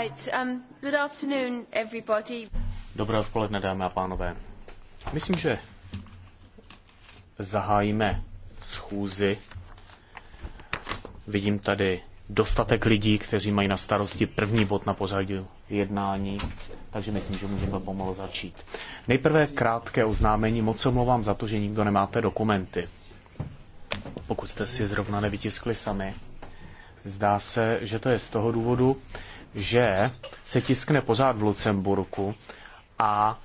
Right, um, good afternoon, everybody. Dobré odpoledne, dámy a pánové. Myslím, že zahájíme schůzi. Vidím tady dostatek lidí, kteří mají na starosti první bod na pořadu jednání, takže myslím, že můžeme pomalu začít. Nejprve krátké oznámení. Moc se omlouvám za to, že nikdo nemáte dokumenty. Pokud jste si je zrovna nevytiskli sami, Zdá se, že to je z toho důvodu, že se tiskne pořád v Lucemburku a,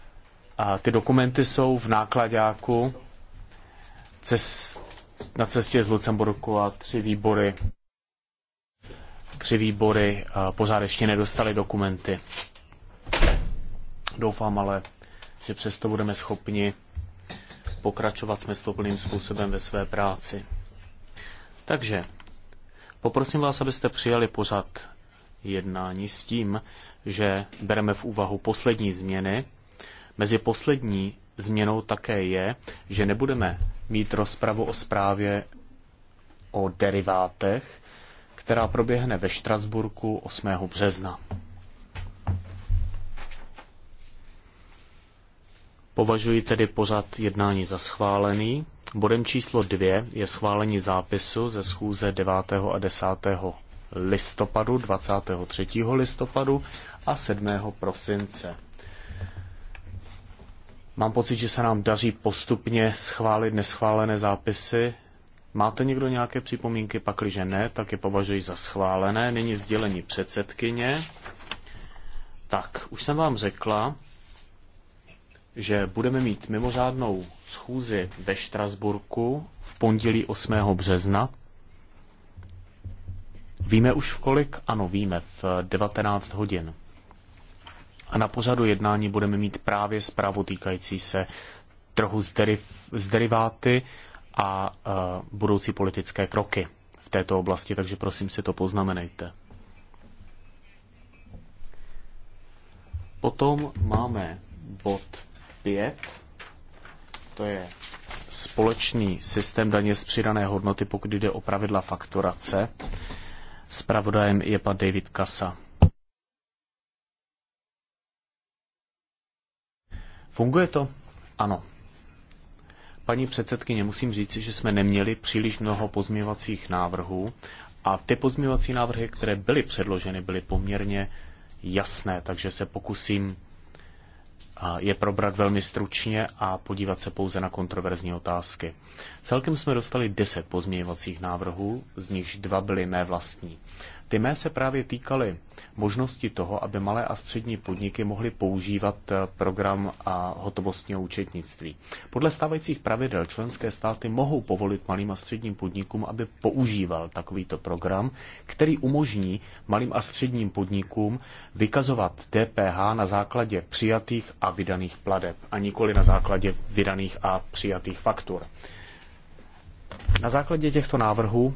a ty dokumenty jsou v nákladáku cest, na cestě z Lucemburku a tři výbory tři výbory pořád ještě nedostali dokumenty. Doufám ale, že přesto budeme schopni pokračovat smysluplným způsobem ve své práci. Takže poprosím vás, abyste přijali pořad jednání s tím, že bereme v úvahu poslední změny. Mezi poslední změnou také je, že nebudeme mít rozpravu o zprávě o derivátech, která proběhne ve Štrasburku 8. března. Považuji tedy pořad jednání za schválený. Bodem číslo 2 je schválení zápisu ze schůze 9. a 10 listopadu, 23. listopadu a 7. prosince. Mám pocit, že se nám daří postupně schválit neschválené zápisy. Máte někdo nějaké připomínky? Pakliže ne, tak je považuji za schválené. Nyní sdělení předsedkyně. Tak, už jsem vám řekla, že budeme mít mimořádnou schůzi ve Štrasburku v pondělí 8. března Víme už v kolik? Ano, víme, v 19 hodin. A na pořadu jednání budeme mít právě zprávu týkající se trhu z, deriv, deriváty a uh, budoucí politické kroky v této oblasti, takže prosím si to poznamenejte. Potom máme bod 5, to je společný systém daně z přidané hodnoty, pokud jde o pravidla fakturace. Uh, Spravodajem je pan David Kasa. Funguje to? Ano. Paní předsedkyně, musím říct, že jsme neměli příliš mnoho pozměvacích návrhů a ty pozměvací návrhy, které byly předloženy, byly poměrně jasné, takže se pokusím je probrat velmi stručně a podívat se pouze na kontroverzní otázky. Celkem jsme dostali 10 pozměňovacích návrhů, z nichž dva byly mé vlastní. Ty mé se právě týkaly možnosti toho, aby malé a střední podniky mohly používat eh, program a hotovostního účetnictví. Podle stávajících pravidel členské státy mohou povolit malým a středním podnikům, aby používal takovýto program, který umožní malým a středním podnikům vykazovat DPH na základě přijatých a vydaných pladeb a nikoli na základě vydaných a přijatých faktur. Na základě těchto návrhů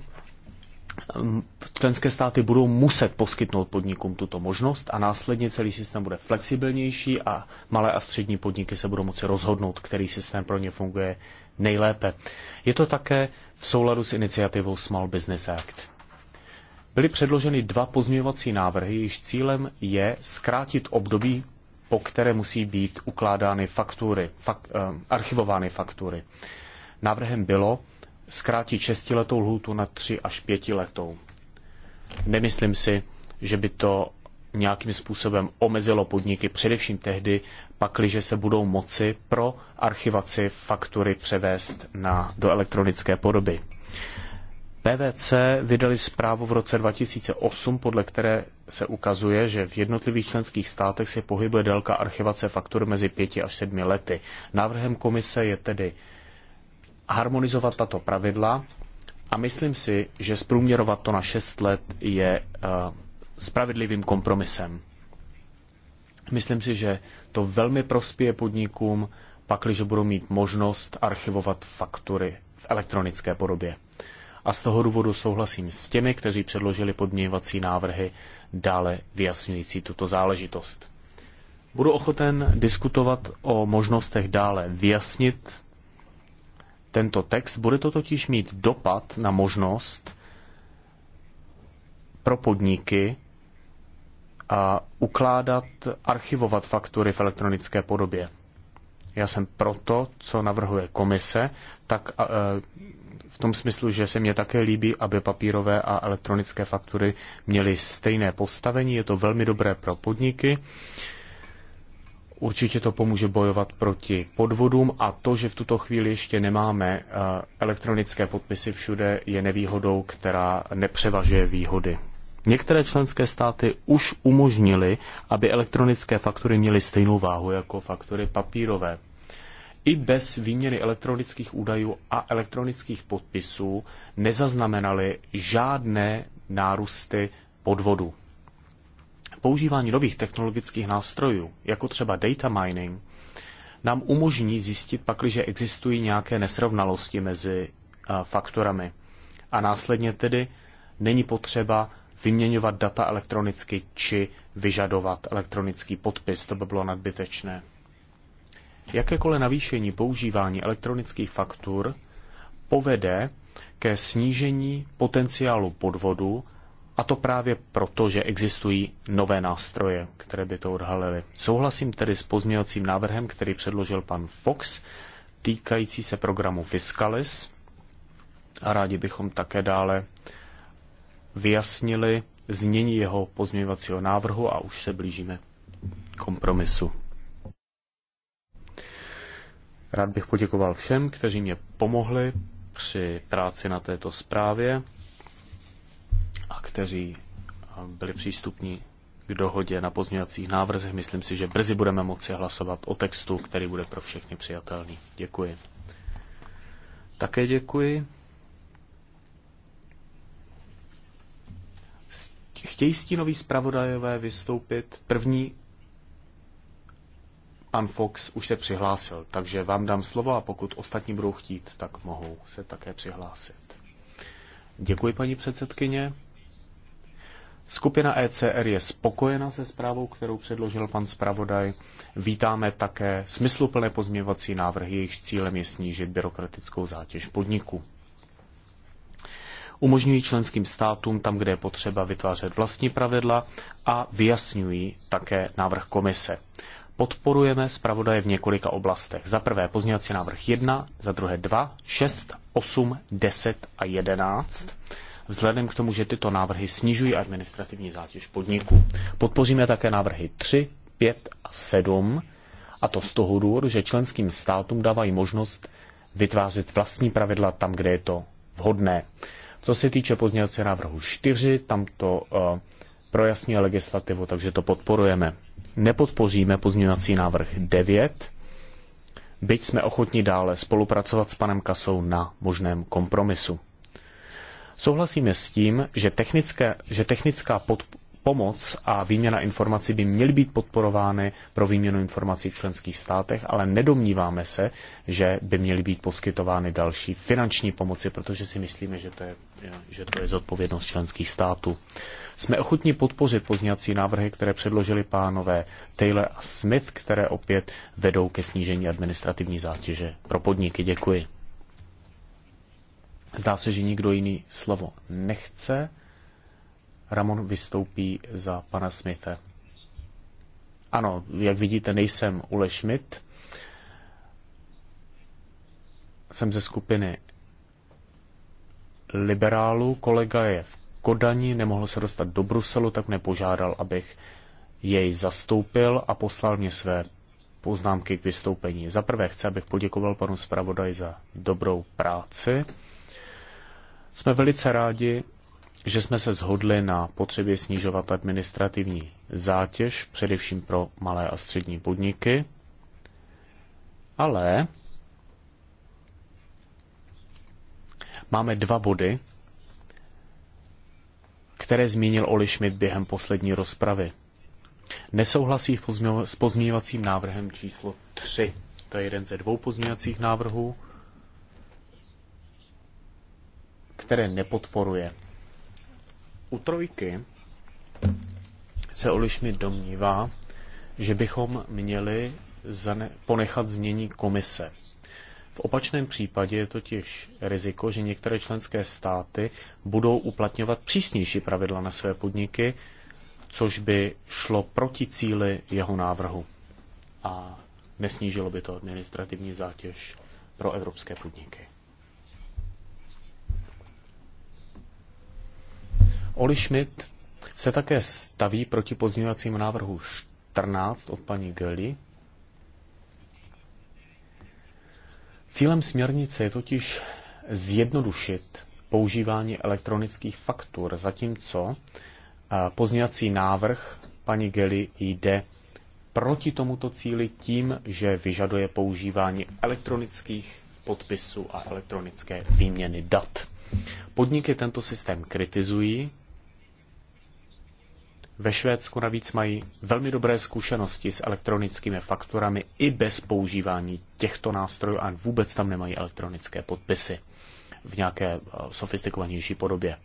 Ehm, členské státy budou muset poskytnout podnikům tuto možnost a následně celý systém bude flexibilnější a malé a střední podniky se budou moci rozhodnout, který systém pro ně funguje nejlépe. Je to také v souladu s iniciativou Small Business Act. Byly předloženy dva pozměňovací návrhy, jejichž cílem je zkrátit období, po které musí být ukládány faktury, fakt, eh, archivovány faktury. Návrhem bylo, zkrátit šestiletou lhůtu na tři až pětiletou. Nemyslím si, že by to nějakým způsobem omezilo podniky, především tehdy, pakliže se budou moci pro archivaci faktury převést na, do elektronické podoby. PVC vydali zprávu v roce 2008, podle které se ukazuje, že v jednotlivých členských státech se pohybuje délka archivace faktur mezi pěti až sedmi lety. Návrhem komise je tedy harmonizovat tato pravidla a myslím si, že zprůměrovat to na 6 let je eh, spravedlivým kompromisem. Myslím si, že to velmi prospěje podnikům, pakliže budou mít možnost archivovat faktury v elektronické podobě. A z toho důvodu souhlasím s těmi, kteří předložili podměňovací návrhy dále vyjasňující tuto záležitost. Budu ochoten diskutovat o možnostech dále vyjasnit tento text, bude to totiž mít dopad na možnost pro podniky a ukládat, archivovat faktury v elektronické podobě. Já jsem proto, co navrhuje komise, tak e, v tom smyslu, že se mně také líbí, aby papírové a elektronické faktury měly stejné postavení. Je to velmi dobré pro podniky Určitě to pomůže bojovat proti podvodům a to, že v tuto chvíli ještě nemáme eh, elektronické podpisy všude, je nevýhodou, která nepřevažuje výhody. Některé členské státy už umožnily, aby elektronické faktury měly stejnou váhu jako faktury papírové. I bez výměny elektronických údajů a elektronických podpisů nezaznamenaly žádné nárůsty podvodu Používání nových technologických nástrojů, jako třeba data mining, nám umožní zjistit pakliže existují nějaké nesrovnalosti mezi eh, faktorami. A následně tedy není potřeba vyměňovat data elektronicky či vyžadovat elektronický podpis. To by bylo nadbytečné. Jakékoliv navýšení používání elektronických faktur povede ke snížení potenciálu podvodu a to právě proto, že existují nové nástroje, které by to odhalily. Souhlasím tedy s pozměňovacím návrhem, který předložil pan Fox, týkající se programu Fiscalis. A rádi bychom také dále vyjasnili znění jeho pozměňovacího návrhu a už se blížíme kompromisu. Rád bych poděkoval všem, kteří mě pomohli při práci na této zprávě kteří eh, byli přístupní k dohodě na pozměňovacích návrzech. Myslím si, že brzy budeme moci hlasovat o textu, který bude pro všechny přijatelný. Děkuji. Také děkuji. Chtějí stínoví zpravodajové vystoupit? První pan Fox už se přihlásil, takže vám dám slovo a pokud ostatní budou chtít, tak mohou se také přihlásit. Děkuji, paní předsedkyně. Skupina ECR je spokojena se zprávou, kterou předložil pan zpravodaj. Vítáme také smysluplné pozměvací návrhy, jejichž cílem je snížit byrokratickou zátěž podniku. Umožňují členským státům tam, kde je potřeba vytvářet vlastní pravidla a vyjasňují také návrh komise. Podporujeme zpravodaje v několika oblastech. Za prvé pozměňovací návrh 1, za druhé 2, 6, 8, 10 a 11 vzhledem k tomu, že tyto návrhy snižují administrativní zátěž podniků. Podpoříme také návrhy 3, 5 a 7, a to z toho důvodu, že členským státům dávají možnost vytvářet vlastní pravidla tam, kde je to vhodné. Co se týče pozdějovacího návrhu 4, tam to uh, eh, projasní legislativu, takže to podporujeme. Nepodpoříme pozměňovací návrh 9, byť jsme ochotni dále spolupracovat s panem Kasou na možném kompromisu. Souhlasíme s tím, že, technické, že technická pod, pomoc a výměna informací by měly být podporovány pro výměnu informací v členských státech, ale nedomníváme se, že by měly být poskytovány další finanční pomoci, protože si myslíme, že to je, že to je zodpovědnost členských států. Jsme ochotní podpořit pozněcí návrhy, které předložili pánové Taylor a Smith, které opět vedou ke snížení administrativní zátěže pro podniky. Děkuji. Zdá se, že nikdo jiný slovo nechce. Ramon vystoupí za pana Smithe. Ano, jak vidíte, nejsem Ule Schmidt. Jsem ze skupiny liberálů. Kolega je v Kodani, nemohl se dostat do Bruselu, tak mě požádal, abych jej zastoupil a poslal mě své poznámky k vystoupení. Za prvé chci, abych poděkoval panu zpravodaji za dobrou práci. Jsme velice rádi, že jsme se shodli na potřebě snižovat administrativní zátěž, především pro malé a střední podniky, ale máme dva body, které zmínil Oli Schmidt během poslední rozpravy. Nesouhlasí s pozměňovacím návrhem číslo 3. To je jeden ze dvou pozměňovacích návrhů, které nepodporuje. U trojky se Olišmi domnívá, že bychom měli ponechat znění komise. V opačném případě je totiž riziko, že některé členské státy budou uplatňovat přísnější pravidla na své podniky, což by šlo proti cíli jeho návrhu a nesnížilo by to administrativní zátěž pro evropské podniky. Oli Schmidt se také staví proti pozměňovacímu návrhu 14 od paní Gely. Cílem směrnice je totiž zjednodušit používání elektronických faktur, zatímco pozměňovací návrh paní Gely jde proti tomuto cíli tím, že vyžaduje používání elektronických podpisů a elektronické výměny dat. Podniky tento systém kritizují ve Švédsku navíc mají velmi dobré zkušenosti s elektronickými fakturami i bez používání těchto nástrojů a vůbec tam nemají elektronické podpisy v nějaké eh, sofistikovanější podobě.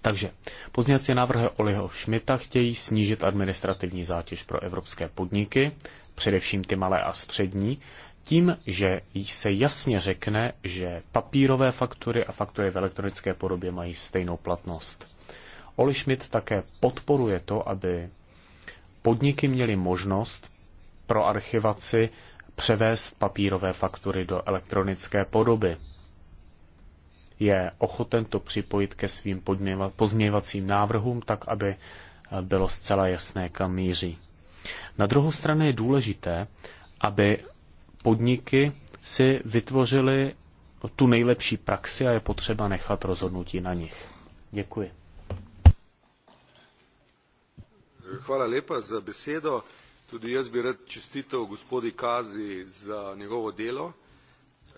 Takže pozněcí návrhy Oliho Šmita chtějí snížit administrativní zátěž pro evropské podniky, především ty malé a střední, tím, že jich se jasně řekne, že papírové faktury a faktury v elektronické podobě mají stejnou platnost. Oli Schmidt také podporuje to, aby podniky měly možnost pro archivaci převést papírové faktury do elektronické podoby. Je ochoten to připojit ke svým pozměňovacím návrhům, tak aby eh, bylo zcela jasné, kam míří. Na druhou stranu je důležité, aby podniky si vytvořily tu nejlepší praxi a je potřeba nechat rozhodnutí na nich. Děkuji. Hvala lepa za besedo. Tudi jaz bi rad čestitev gospodi Kazi za njegovo delo,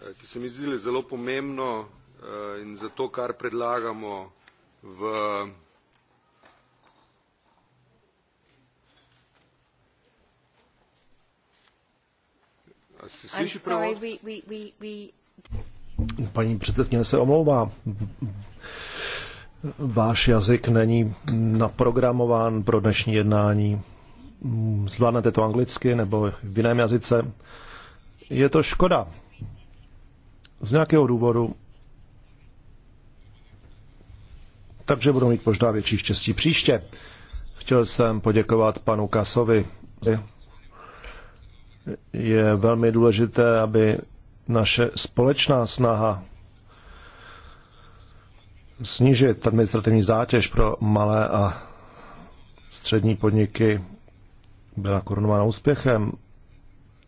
eh, ki se mi zdi zelo pomembno eh, in za to, kar predlagamo v Paní předsedkyně se omlouvá váš jazyk není naprogramován pro dnešní jednání. Zvládnete to anglicky nebo v jiném jazyce. Je to škoda. Z nějakého důvodu. Takže budu mít možná větší štěstí příště. Chtěl jsem poděkovat panu Kasovi. Je velmi důležité, aby naše společná snaha snížit administrativní zátěž pro malé a střední podniky byla korunována úspěchem.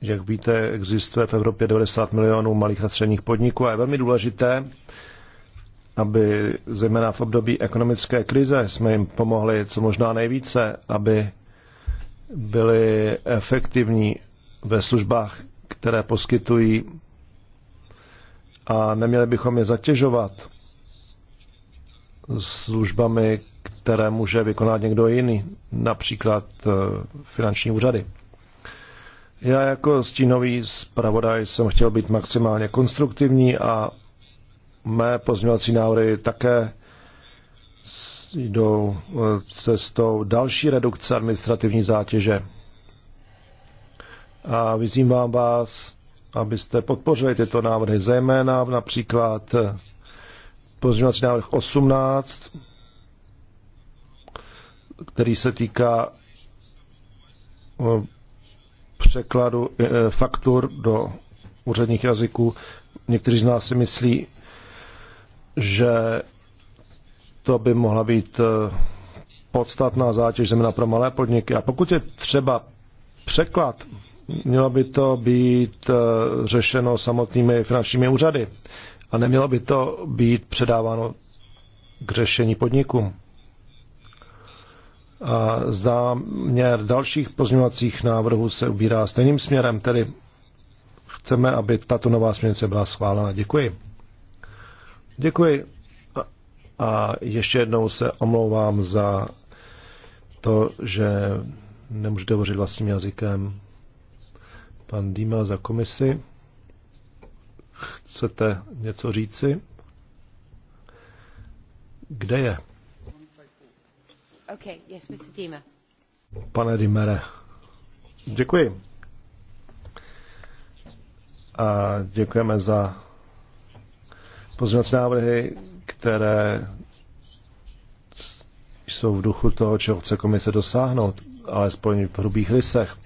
Jak víte, existuje v Evropě 90 milionů malých a středních podniků a je velmi důležité, aby zejména v období ekonomické krize jsme jim pomohli co možná nejvíce, aby byli efektivní ve službách, které poskytují a neměli bychom je zatěžovat službami, které může vykonat někdo jiný, například eh, finanční úřady. Já jako stínový zpravodaj jsem chtěl být maximálně konstruktivní a mé pozměňovací návrhy také jdou eh, cestou další redukce administrativní zátěže. A vyzývám vás, abyste podpořili tyto návrhy, zejména například eh, pozměňovací návrh 18, který se týká eh, překladu eh, faktur do úředních jazyků. Někteří z nás si myslí, že to by mohla být eh, podstatná zátěž zejména pro malé podniky. A pokud je třeba překlad, mělo by to být řešeno samotnými finančními úřady a nemělo by to být předáváno k řešení podnikům. A záměr dalších pozměňovacích návrhů se ubírá stejným směrem, tedy chceme, aby tato nová směrnice byla schválena. Děkuji. Děkuji. A ještě jednou se omlouvám za to, že nemůžete hovořit vlastním jazykem. Pan Dýma za komisi. Chcete něco říci? Kde je? Okay, yes, Mr. Dima. Pane Dimere, děkuji. A děkujeme za pozměnací návrhy, které jsou v duchu toho, čeho chce komise dosáhnout, alespoň v hrubých lisech.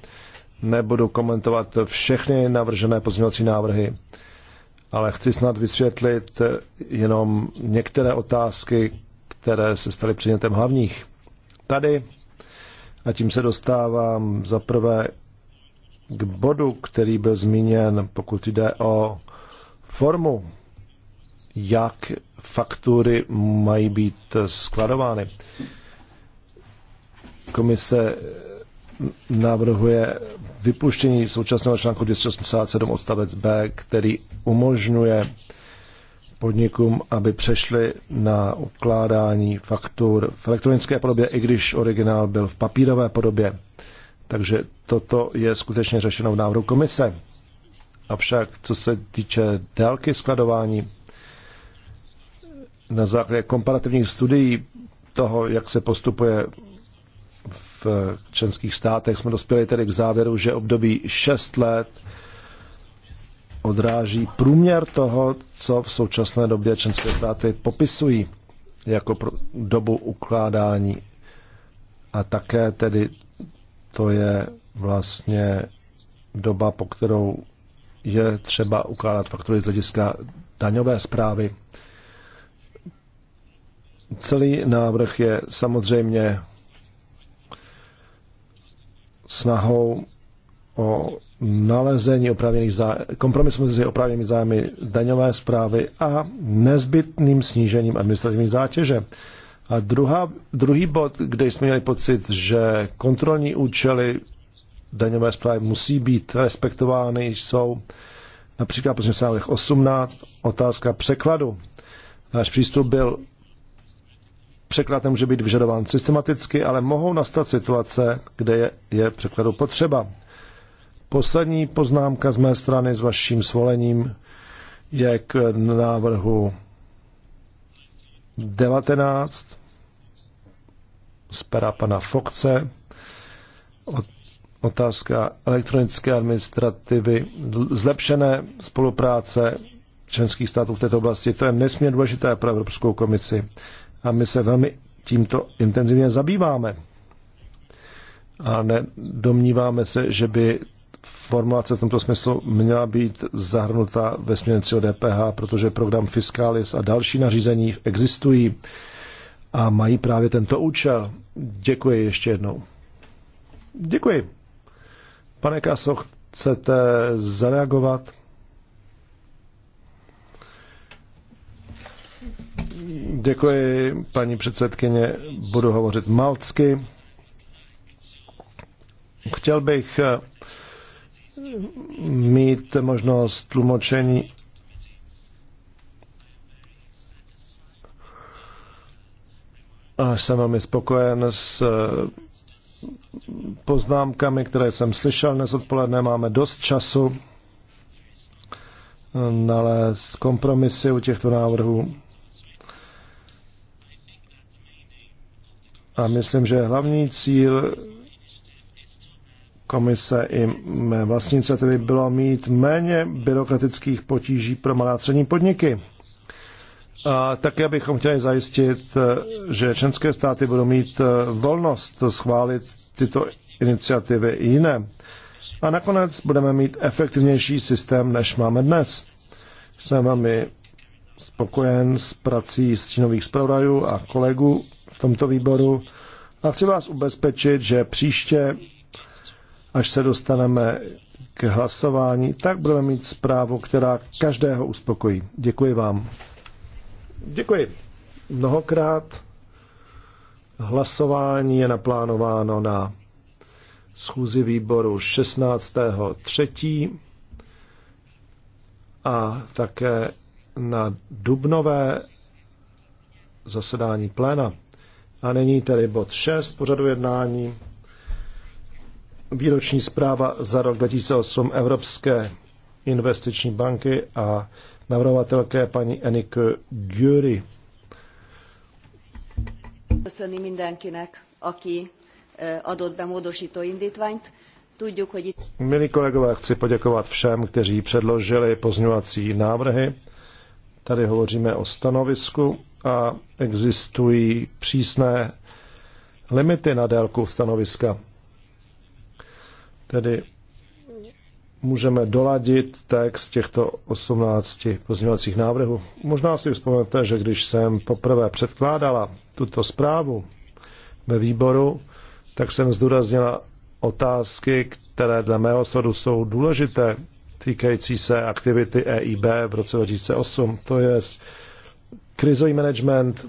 Nebudu komentovat všechny navržené pozměňovací návrhy ale chci snad vysvětlit eh, jenom některé otázky, které se staly předmětem hlavních. Tady, a tím se dostávám za prvé k bodu, který byl zmíněn, pokud jde o formu, jak faktury mají být skladovány. Komise navrhuje vypuštění současného článku 287 odstavec B, který umožňuje podnikům, aby přešli na ukládání faktur v elektronické podobě, i když originál byl v papírové podobě. Takže toto je skutečně řešeno v návrhu komise. Avšak, co se týče délky skladování, na základě komparativních studií toho, jak se postupuje členských státech jsme dospěli tedy k závěru, že období 6 let odráží průměr toho, co v současné době členské státy popisují jako dobu ukládání. A také tedy to je vlastně doba, po kterou je třeba ukládat faktory z hlediska daňové zprávy. Celý návrh je samozřejmě snahou o nalezení oprávněných zájmy, kompromis mezi oprávněnými zájmy daňové zprávy a nezbytným snížením administrativní zátěže. A druhá, druhý bod, kde jsme měli pocit, že kontrolní účely daňové zprávy musí být respektovány, jsou například po 18 otázka překladu. Náš přístup byl překlad nemůže být vyžadován systematicky, ale mohou nastat situace, kde je, je překladu potřeba. Poslední poznámka z mé strany s vaším svolením je k návrhu 19 z pera pana Fokce. Otázka elektronické administrativy, zlepšené spolupráce členských států v této oblasti. To je nesmírně důležité pro Evropskou komisi a my se velmi tímto intenzivně zabýváme. A nedomníváme se, že by formulace v tomto smyslu měla být zahrnuta ve směrnici o DPH, protože program Fiscalis a další nařízení existují a mají právě tento účel. Děkuji ještě jednou. Děkuji. Pane Kaso, chcete zareagovat? Děkuji, paní předsedkyně. Budu hovořit malcky. Chtěl bych eh, mít možnost tlumočení A jsem velmi spokojen s eh, poznámkami, které jsem slyšel dnes odpoledne. Máme dost času eh, nalézt kompromisy u těchto návrhů. A myslím, že hlavní cíl komise i mé vlastnice tedy bylo mít méně byrokratických potíží pro malá střední podniky. A také bychom chtěli zajistit, že členské státy budou mít volnost schválit tyto iniciativy i jiné. A nakonec budeme mít efektivnější systém, než máme dnes. Jsem velmi spokojen s prací stínových zpravodajů a kolegů v tomto výboru. A chci vás ubezpečit, že příště, až se dostaneme k hlasování, tak budeme mít zprávu, která každého uspokojí. Děkuji vám. Děkuji. Mnohokrát hlasování je naplánováno na schůzi výboru 16.3. a také na dubnové zasedání pléna. A nyní tedy bod 6 pořadu jednání. Výroční zpráva za rok 2008 Evropské investiční banky a navrhovatelké je paní Enike Gyuri. Köszönni mindenkinek, aki e, adott be módosító indítványt. Tudjuk, hogy itt... Milí kolegové, chci poděkovat všem, kteří předložili pozňovací návrhy. Tady hovoříme o stanovisku a existují přísné limity na délku stanoviska. Tedy můžeme doladit text těchto 18 pozměňovacích návrhů. Možná si vzpomenete, že když jsem poprvé předkládala tuto zprávu ve výboru, tak jsem zdůraznila otázky, které dle mého soudu jsou důležité, týkající se aktivity EIB v roce 2008. To je krizový management,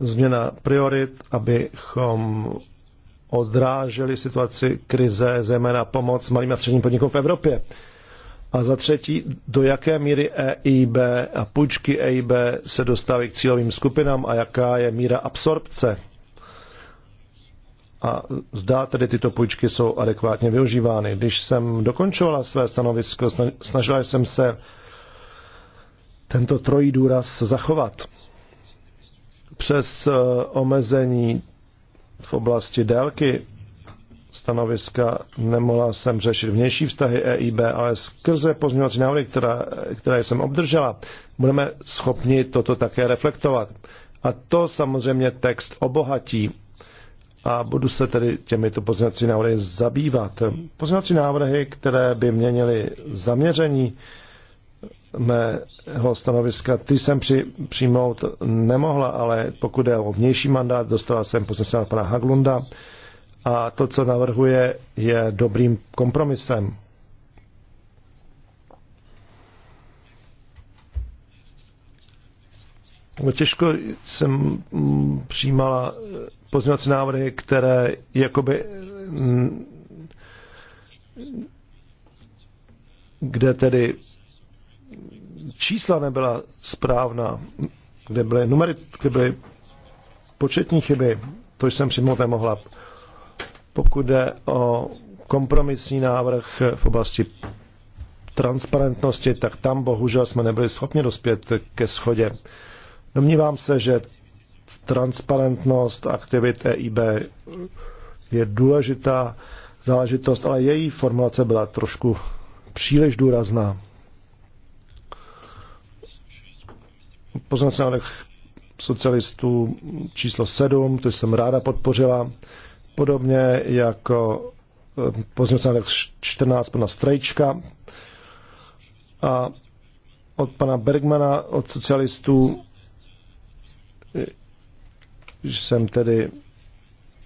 změna priorit, abychom odráželi situaci krize, zejména pomoc malým a středním podnikům v Evropě. A za třetí, do jaké míry EIB a půjčky EIB se dostávají k cílovým skupinám a jaká je míra absorpce? A zdá tedy tyto půjčky jsou adekvátně využívány. Když jsem dokončovala své stanovisko, snažila jsem se tento trojí důraz zachovat. Přes eh, omezení v oblasti délky stanoviska nemohla jsem řešit vnější vztahy EIB, ale skrze pozměňovací návrhy, která, které jsem obdržela, budeme schopni toto také reflektovat. A to samozřejmě text obohatí a budu se tedy těmito pozměňovací návrhy zabývat. Pozměňovací návrhy, které by měnily zaměření mého stanoviska. Ty jsem při, přijmout nemohla, ale pokud je o vnější mandát, dostala jsem od pana Haglunda a to, co navrhuje, je dobrým kompromisem. No, těžko jsem mm, přijímala eh, pozměňovací návrhy, které jakoby mm, kde tedy čísla nebyla správná, kde byly, numerické, kde byly početní chyby, to jsem přímo nemohla. Pokud jde o kompromisní návrh v oblasti transparentnosti, tak tam bohužel jsme nebyli schopni dospět ke schodě. Domnívám se, že transparentnost aktivit EIB je důležitá záležitost, ale její formulace byla trošku příliš důrazná. Poznací se socialistů číslo 7, to jsem ráda podpořila, podobně jako eh, poznací se 14 pana Strejčka a od pana Bergmana, od socialistů eh, jsem tedy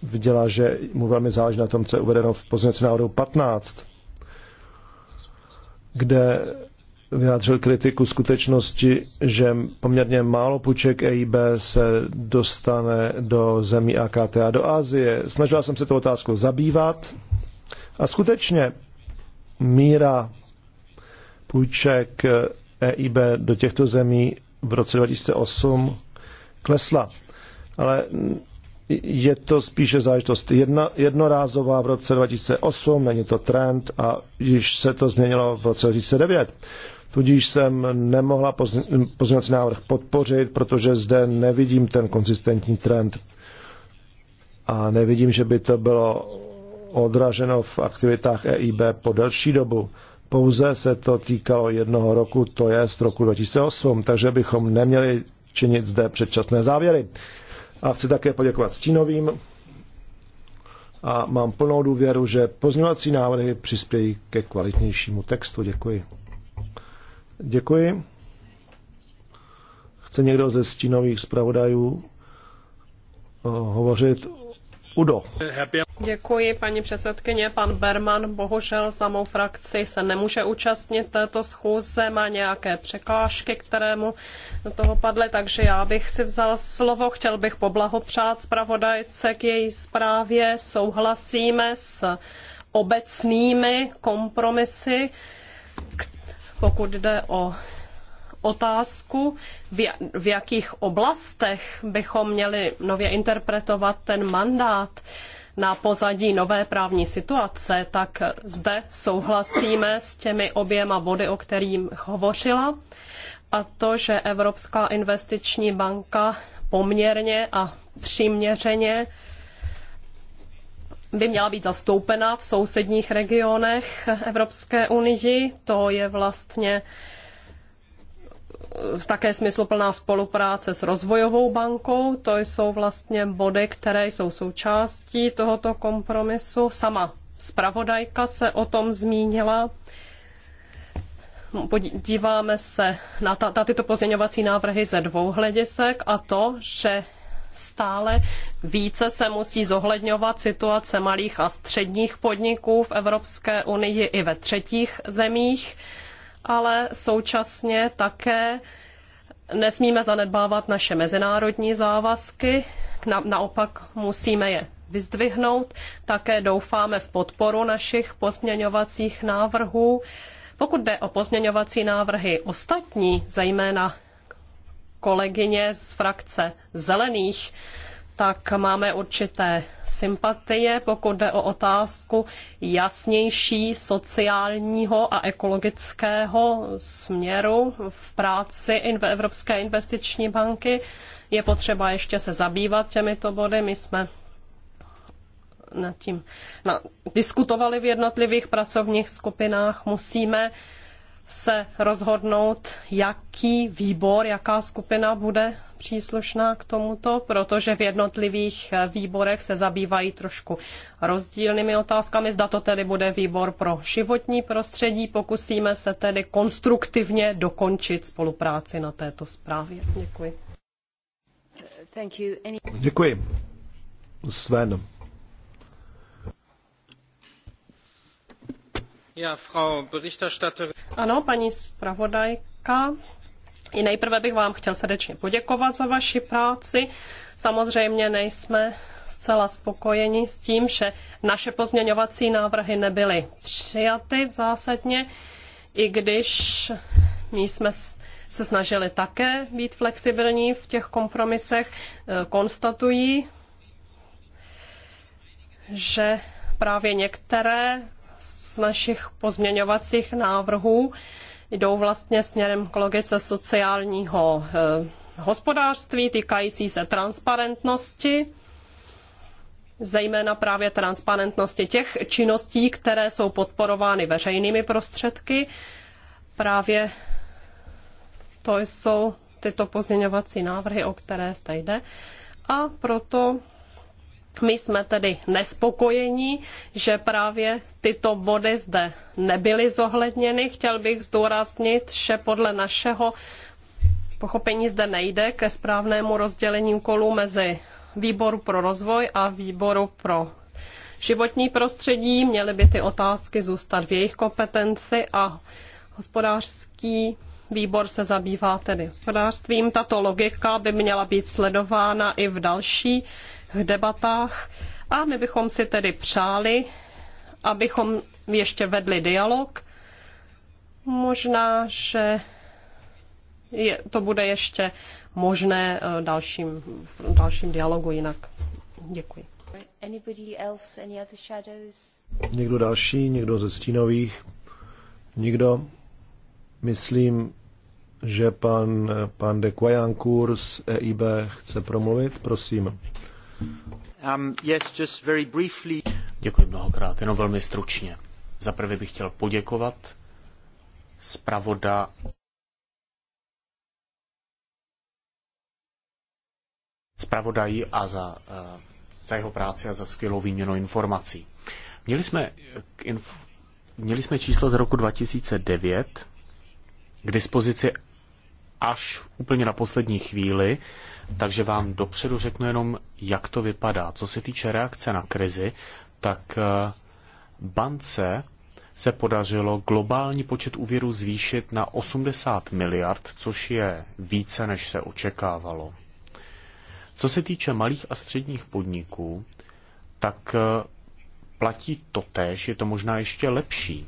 viděla, že mu velmi záleží na tom, co je uvedeno v pozměnci náhodou 15, kde vyjádřil kritiku skutečnosti, že poměrně málo půjček EIB se dostane do zemí AKT a do Asie. Snažila jsem se tu otázku zabývat a skutečně míra půjček EIB do těchto zemí v roce 2008 klesla. Ale je to spíše záležitost jedna, jednorázová v roce 2008, není to trend a již se to změnilo v roce 2009. Tudíž jsem nemohla pozměňovací návrh podpořit, protože zde nevidím ten konzistentní trend. A nevidím, že by to bylo odraženo v aktivitách EIB po delší dobu. Pouze se to týkalo jednoho roku, to je z roku 2008, takže bychom neměli činit zde předčasné závěry. A chci také poděkovat Stínovým a mám plnou důvěru, že pozměňovací návrhy přispějí ke kvalitnějšímu textu. Děkuji. Děkuji. Chce někdo ze stínových zpravodajů eh, hovořit? Udo. Děkuji, paní předsedkyně. Pan Berman bohužel za mou frakci se nemůže účastnit této schůze, má nějaké překážky, které mu do toho padly, takže já bych si vzal slovo. Chtěl bych poblahopřát zpravodajce k její zprávě. Souhlasíme s obecnými kompromisy, které pokud jde o otázku, v jakých oblastech bychom měli nově interpretovat ten mandát na pozadí nové právní situace, tak zde souhlasíme s těmi oběma body, o kterým hovořila. A to, že Evropská investiční banka poměrně a přiměřeně by měla být zastoupena v sousedních regionech Evropské unii. To je vlastně v také smysluplná spolupráce s rozvojovou bankou. To jsou vlastně body, které jsou součástí tohoto kompromisu. Sama zpravodajka se o tom zmínila. Podíváme se na, ta, ta, tyto pozměňovací návrhy ze dvou hledisek a to, že stále více se musí zohledňovat situace malých a středních podniků v Evropské unii i ve třetích zemích, ale současně také nesmíme zanedbávat naše mezinárodní závazky, na, naopak musíme je vyzdvihnout. Také doufáme v podporu našich pozměňovacích návrhů. Pokud jde o pozměňovací návrhy ostatní, zejména kolegyně z frakce Zelených, tak máme určité sympatie, pokud jde o otázku jasnější sociálního a ekologického směru v práci Evropské investiční banky. Je potřeba ještě se zabývat těmito body. My jsme nad tím na, diskutovali v jednotlivých pracovních skupinách. Musíme uh, se rozhodnout, jaký výbor, jaká skupina bude příslušná k tomuto, protože v jednotlivých eh, výborech se zabývají trošku rozdílnými otázkami. Zda to tedy bude výbor pro životní prostředí. Pokusíme se tedy konstruktivně dokončit spolupráci na této zprávě. Děkuji. Děkuji. Sven. Ano, paní zpravodajka. I nejprve bych vám chtěl srdečně poděkovat za vaši práci. Samozřejmě nejsme zcela spokojeni s tím, že naše pozměňovací návrhy nebyly přijaty zásadně, i když my jsme se snažili také být flexibilní v těch kompromisech, e, konstatují, že právě některé z našich pozměňovacích návrhů jdou vlastně směrem k logice sociálního eh, hospodářství týkající se transparentnosti zejména právě transparentnosti těch činností, které jsou podporovány veřejnými prostředky. Právě to jsou tyto pozměňovací návrhy, o které zde jde. A proto my jsme tedy nespokojeni, že právě tyto body zde nebyly zohledněny. Chtěl bych zdůraznit, že podle našeho pochopení zde nejde ke správnému rozdělení úkolů mezi výboru pro rozvoj a výboru pro životní prostředí. Měly by ty otázky zůstat v jejich kompetenci a hospodářský výbor se zabývá tedy hospodářstvím. Tato logika by měla být sledována i v další v debatách a my bychom si tedy přáli, abychom ještě vedli dialog. Možná, že je, to bude ještě možné eh, dalším, v dalším dialogu jinak. Děkuji. Else, někdo další, někdo ze stínových, někdo, myslím, že pan, eh, pan de Quayancourt z EIB chce promluvit, prosím. Um, Děkuji mnohokrát, jenom velmi stručně. Za prvé bych chtěl poděkovat zpravoda zpravodaji a za, eh, za jeho práci a za skvělou výměnu informací. Měli jsme, inf, měli jsme číslo z roku 2009 k dispozici až úplně na poslední chvíli, takže vám dopředu řeknu jenom, jak to vypadá. Co se týče reakce na krizi, tak eh, bance se podařilo globální počet úvěrů zvýšit na 80 miliard, což je více, než se očekávalo. Co se týče malých a středních podniků, tak eh, platí to tež, je to možná ještě lepší.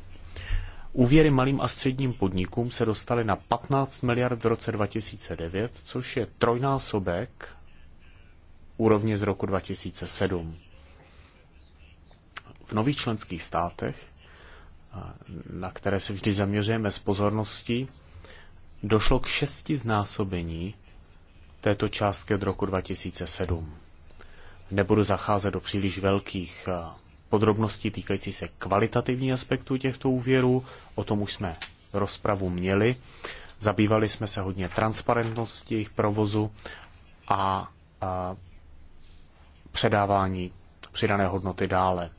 Úvěry malým a středním podnikům se dostaly na 15 miliard v roce 2009, což je trojnásobek úrovně z roku 2007. V nových členských státech, na které se vždy zaměřujeme s pozorností, došlo k šesti znásobení této částky od roku 2007. Nebudu zacházet do příliš velkých podrobnosti týkající se kvalitativní aspektu těchto úvěrů. O tom už jsme rozpravu měli. Zabývali jsme se hodně transparentností jejich provozu a, a předávání přidané hodnoty dále.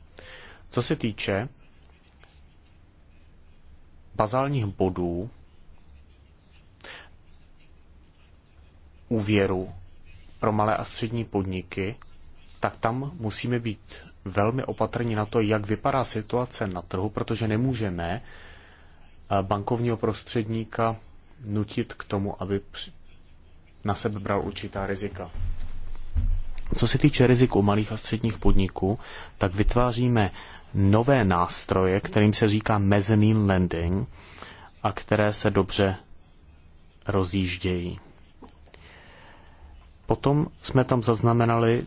Co se týče bazálních bodů úvěru pro malé a střední podniky, tak tam musíme být velmi opatrní na to, jak vypadá situace na trhu, protože nemůžeme eh, bankovního prostředníka nutit k tomu, aby na sebe bral určitá rizika. Co se týče rizik u malých a středních podniků, tak vytváříme nové nástroje, kterým se říká mezzanine lending a které se dobře rozjíždějí. Potom jsme tam zaznamenali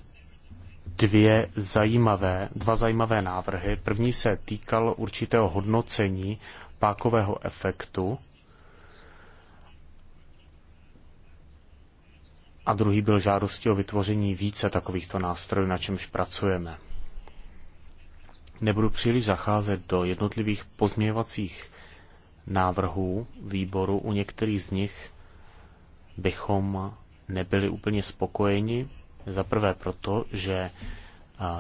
dvě zajímavé, dva zajímavé návrhy. První se týkal určitého hodnocení pákového efektu a druhý byl žádostí o vytvoření více takovýchto nástrojů, na čemž pracujeme. Nebudu příliš zacházet do jednotlivých pozměňovacích návrhů výboru. U některých z nich bychom nebyli úplně spokojeni, za prvé proto, že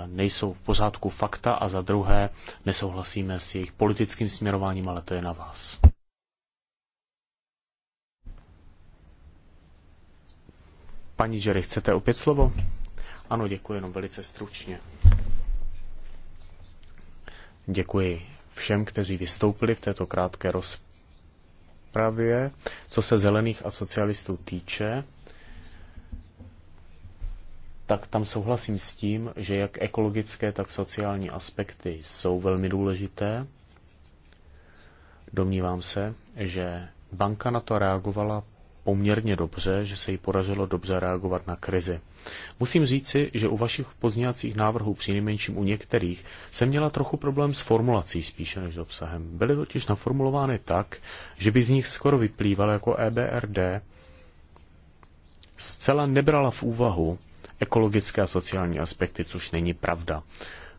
nejsou v pořádku fakta a za druhé nesouhlasíme s jejich politickým směrováním, ale to je na vás. Paní Žery, chcete opět slovo? Ano, děkuji, jenom velice stručně. Děkuji všem, kteří vystoupili v této krátké rozpravě. Co se zelených a socialistů týče, tak tam souhlasím s tím, že jak ekologické, tak sociální aspekty jsou velmi důležité. Domnívám se, že banka na to reagovala poměrně dobře, že se jí podařilo dobře reagovat na krizi. Musím říci, že u vašich pozněcích návrhů, přinejmenším u některých, jsem měla trochu problém s formulací spíše než s obsahem. Byly totiž naformulovány tak, že by z nich skoro vyplýval jako EBRD, zcela nebrala v úvahu ekologické a sociální aspekty, což není pravda.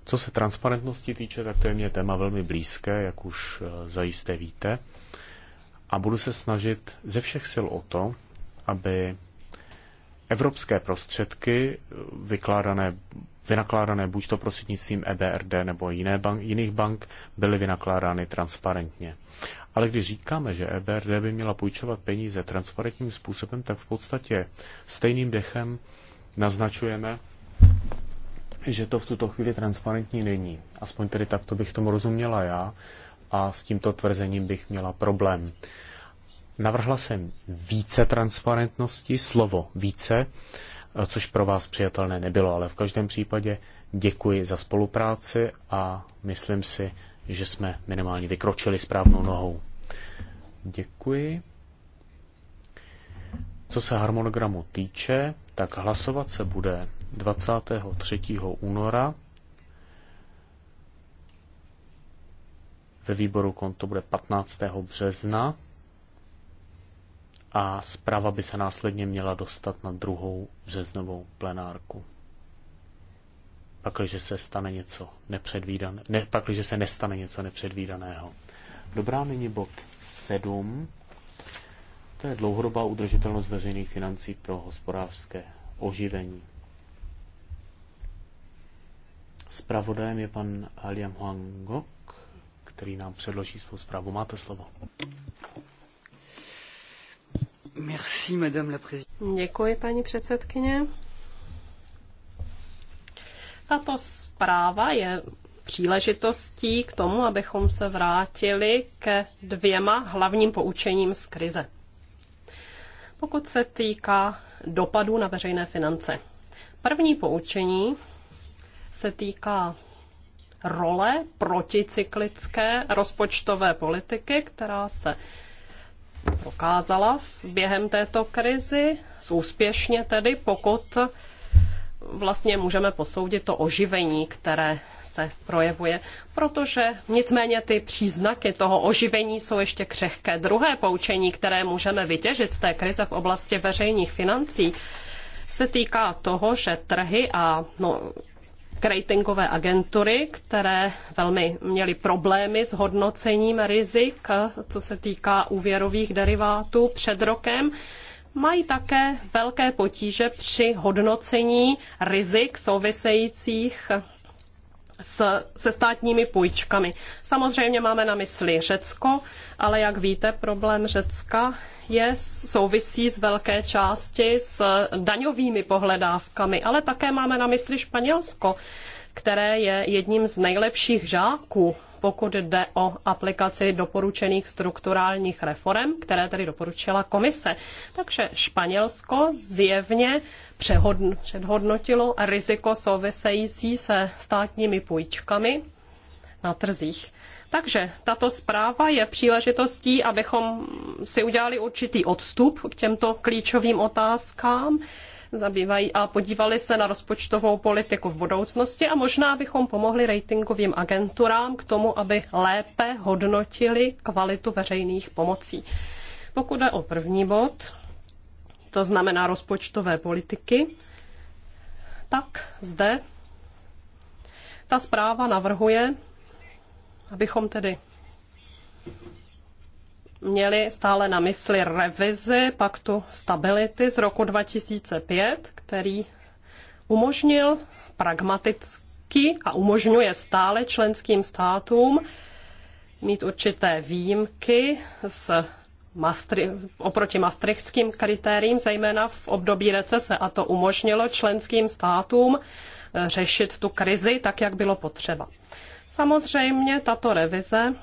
Co se transparentnosti týče, tak to je mě téma velmi blízké, jak už eh, zajisté víte. A budu se snažit ze všech sil o to, aby evropské prostředky eh, vykládané, vynakládané buď to prostřednictvím EBRD nebo jiné bank, jiných bank, byly vynakládány transparentně. Ale když říkáme, že EBRD by měla půjčovat peníze transparentním způsobem, tak v podstatě stejným dechem naznačujeme, že to v tuto chvíli transparentní není. Aspoň tedy takto bych tomu rozuměla já a s tímto tvrzením bych měla problém. Navrhla jsem více transparentnosti, slovo více, což pro vás přijatelné nebylo, ale v každém případě děkuji za spolupráci a myslím si, že jsme minimálně vykročili správnou nohou. Děkuji. Co se harmonogramu týče, tak hlasovat se bude 23. února. Ve výboru konto bude 15. března a zpráva by se následně měla dostat na druhou březnovou plenárku. Pakliže se stane něco nepředvídaného. ne, pakliže se nestane něco nepředvídaného. Dobrá, nyní bod 7. To je dlouhodobá udržitelnost veřejných financí pro hospodářské oživení. Spravodajem je pan Aliam Huangok, který nám předloží svou zprávu. Máte slovo. Merci, madame la Děkuji, paní předsedkyně. Tato zpráva je příležitostí k tomu, abychom se vrátili ke dvěma hlavním poučením z krize. Pokud se týká dopadů na veřejné finance. První poučení se týká role proticyklické rozpočtové politiky, která se prokázala během této krizi, úspěšně tedy, pokud vlastně můžeme posoudit to oživení, které se projevuje, protože nicméně ty příznaky toho oživení jsou ještě křehké. Druhé poučení, které můžeme vytěžit z té krize v oblasti veřejných financí, se týká toho, že trhy a no, ratingové agentury, které velmi měly problémy s hodnocením rizik, co se týká úvěrových derivátů před rokem, mají také velké potíže při hodnocení rizik souvisejících s, se státními půjčkami. Samozřejmě máme na mysli Řecko, ale jak víte, problém Řecka je, souvisí z velké části s daňovými pohledávkami, ale také máme na mysli Španělsko, které je jedním z nejlepších žáků pokud jde o aplikaci doporučených strukturálních reform, které tedy doporučila komise. Takže Španělsko zjevně předhodnotilo riziko související se státními půjčkami na trzích. Takže tato zpráva je příležitostí, abychom si udělali určitý odstup k těmto klíčovým otázkám zabývají a podívali se na rozpočtovou politiku v budoucnosti a možná bychom pomohli ratingovým agenturám k tomu, aby lépe hodnotili kvalitu veřejných pomocí. Pokud je o první bod, to znamená rozpočtové politiky, tak zde ta zpráva navrhuje, abychom tedy měli stále na mysli revizi paktu stability z roku 2005, který umožnil pragmaticky a umožňuje stále členským státům mít určité výjimky z oproti maastrichtským kritériím, zejména v období recese, a to umožnilo členským státům eh, řešit tu krizi tak, jak bylo potřeba. Samozřejmě tato revize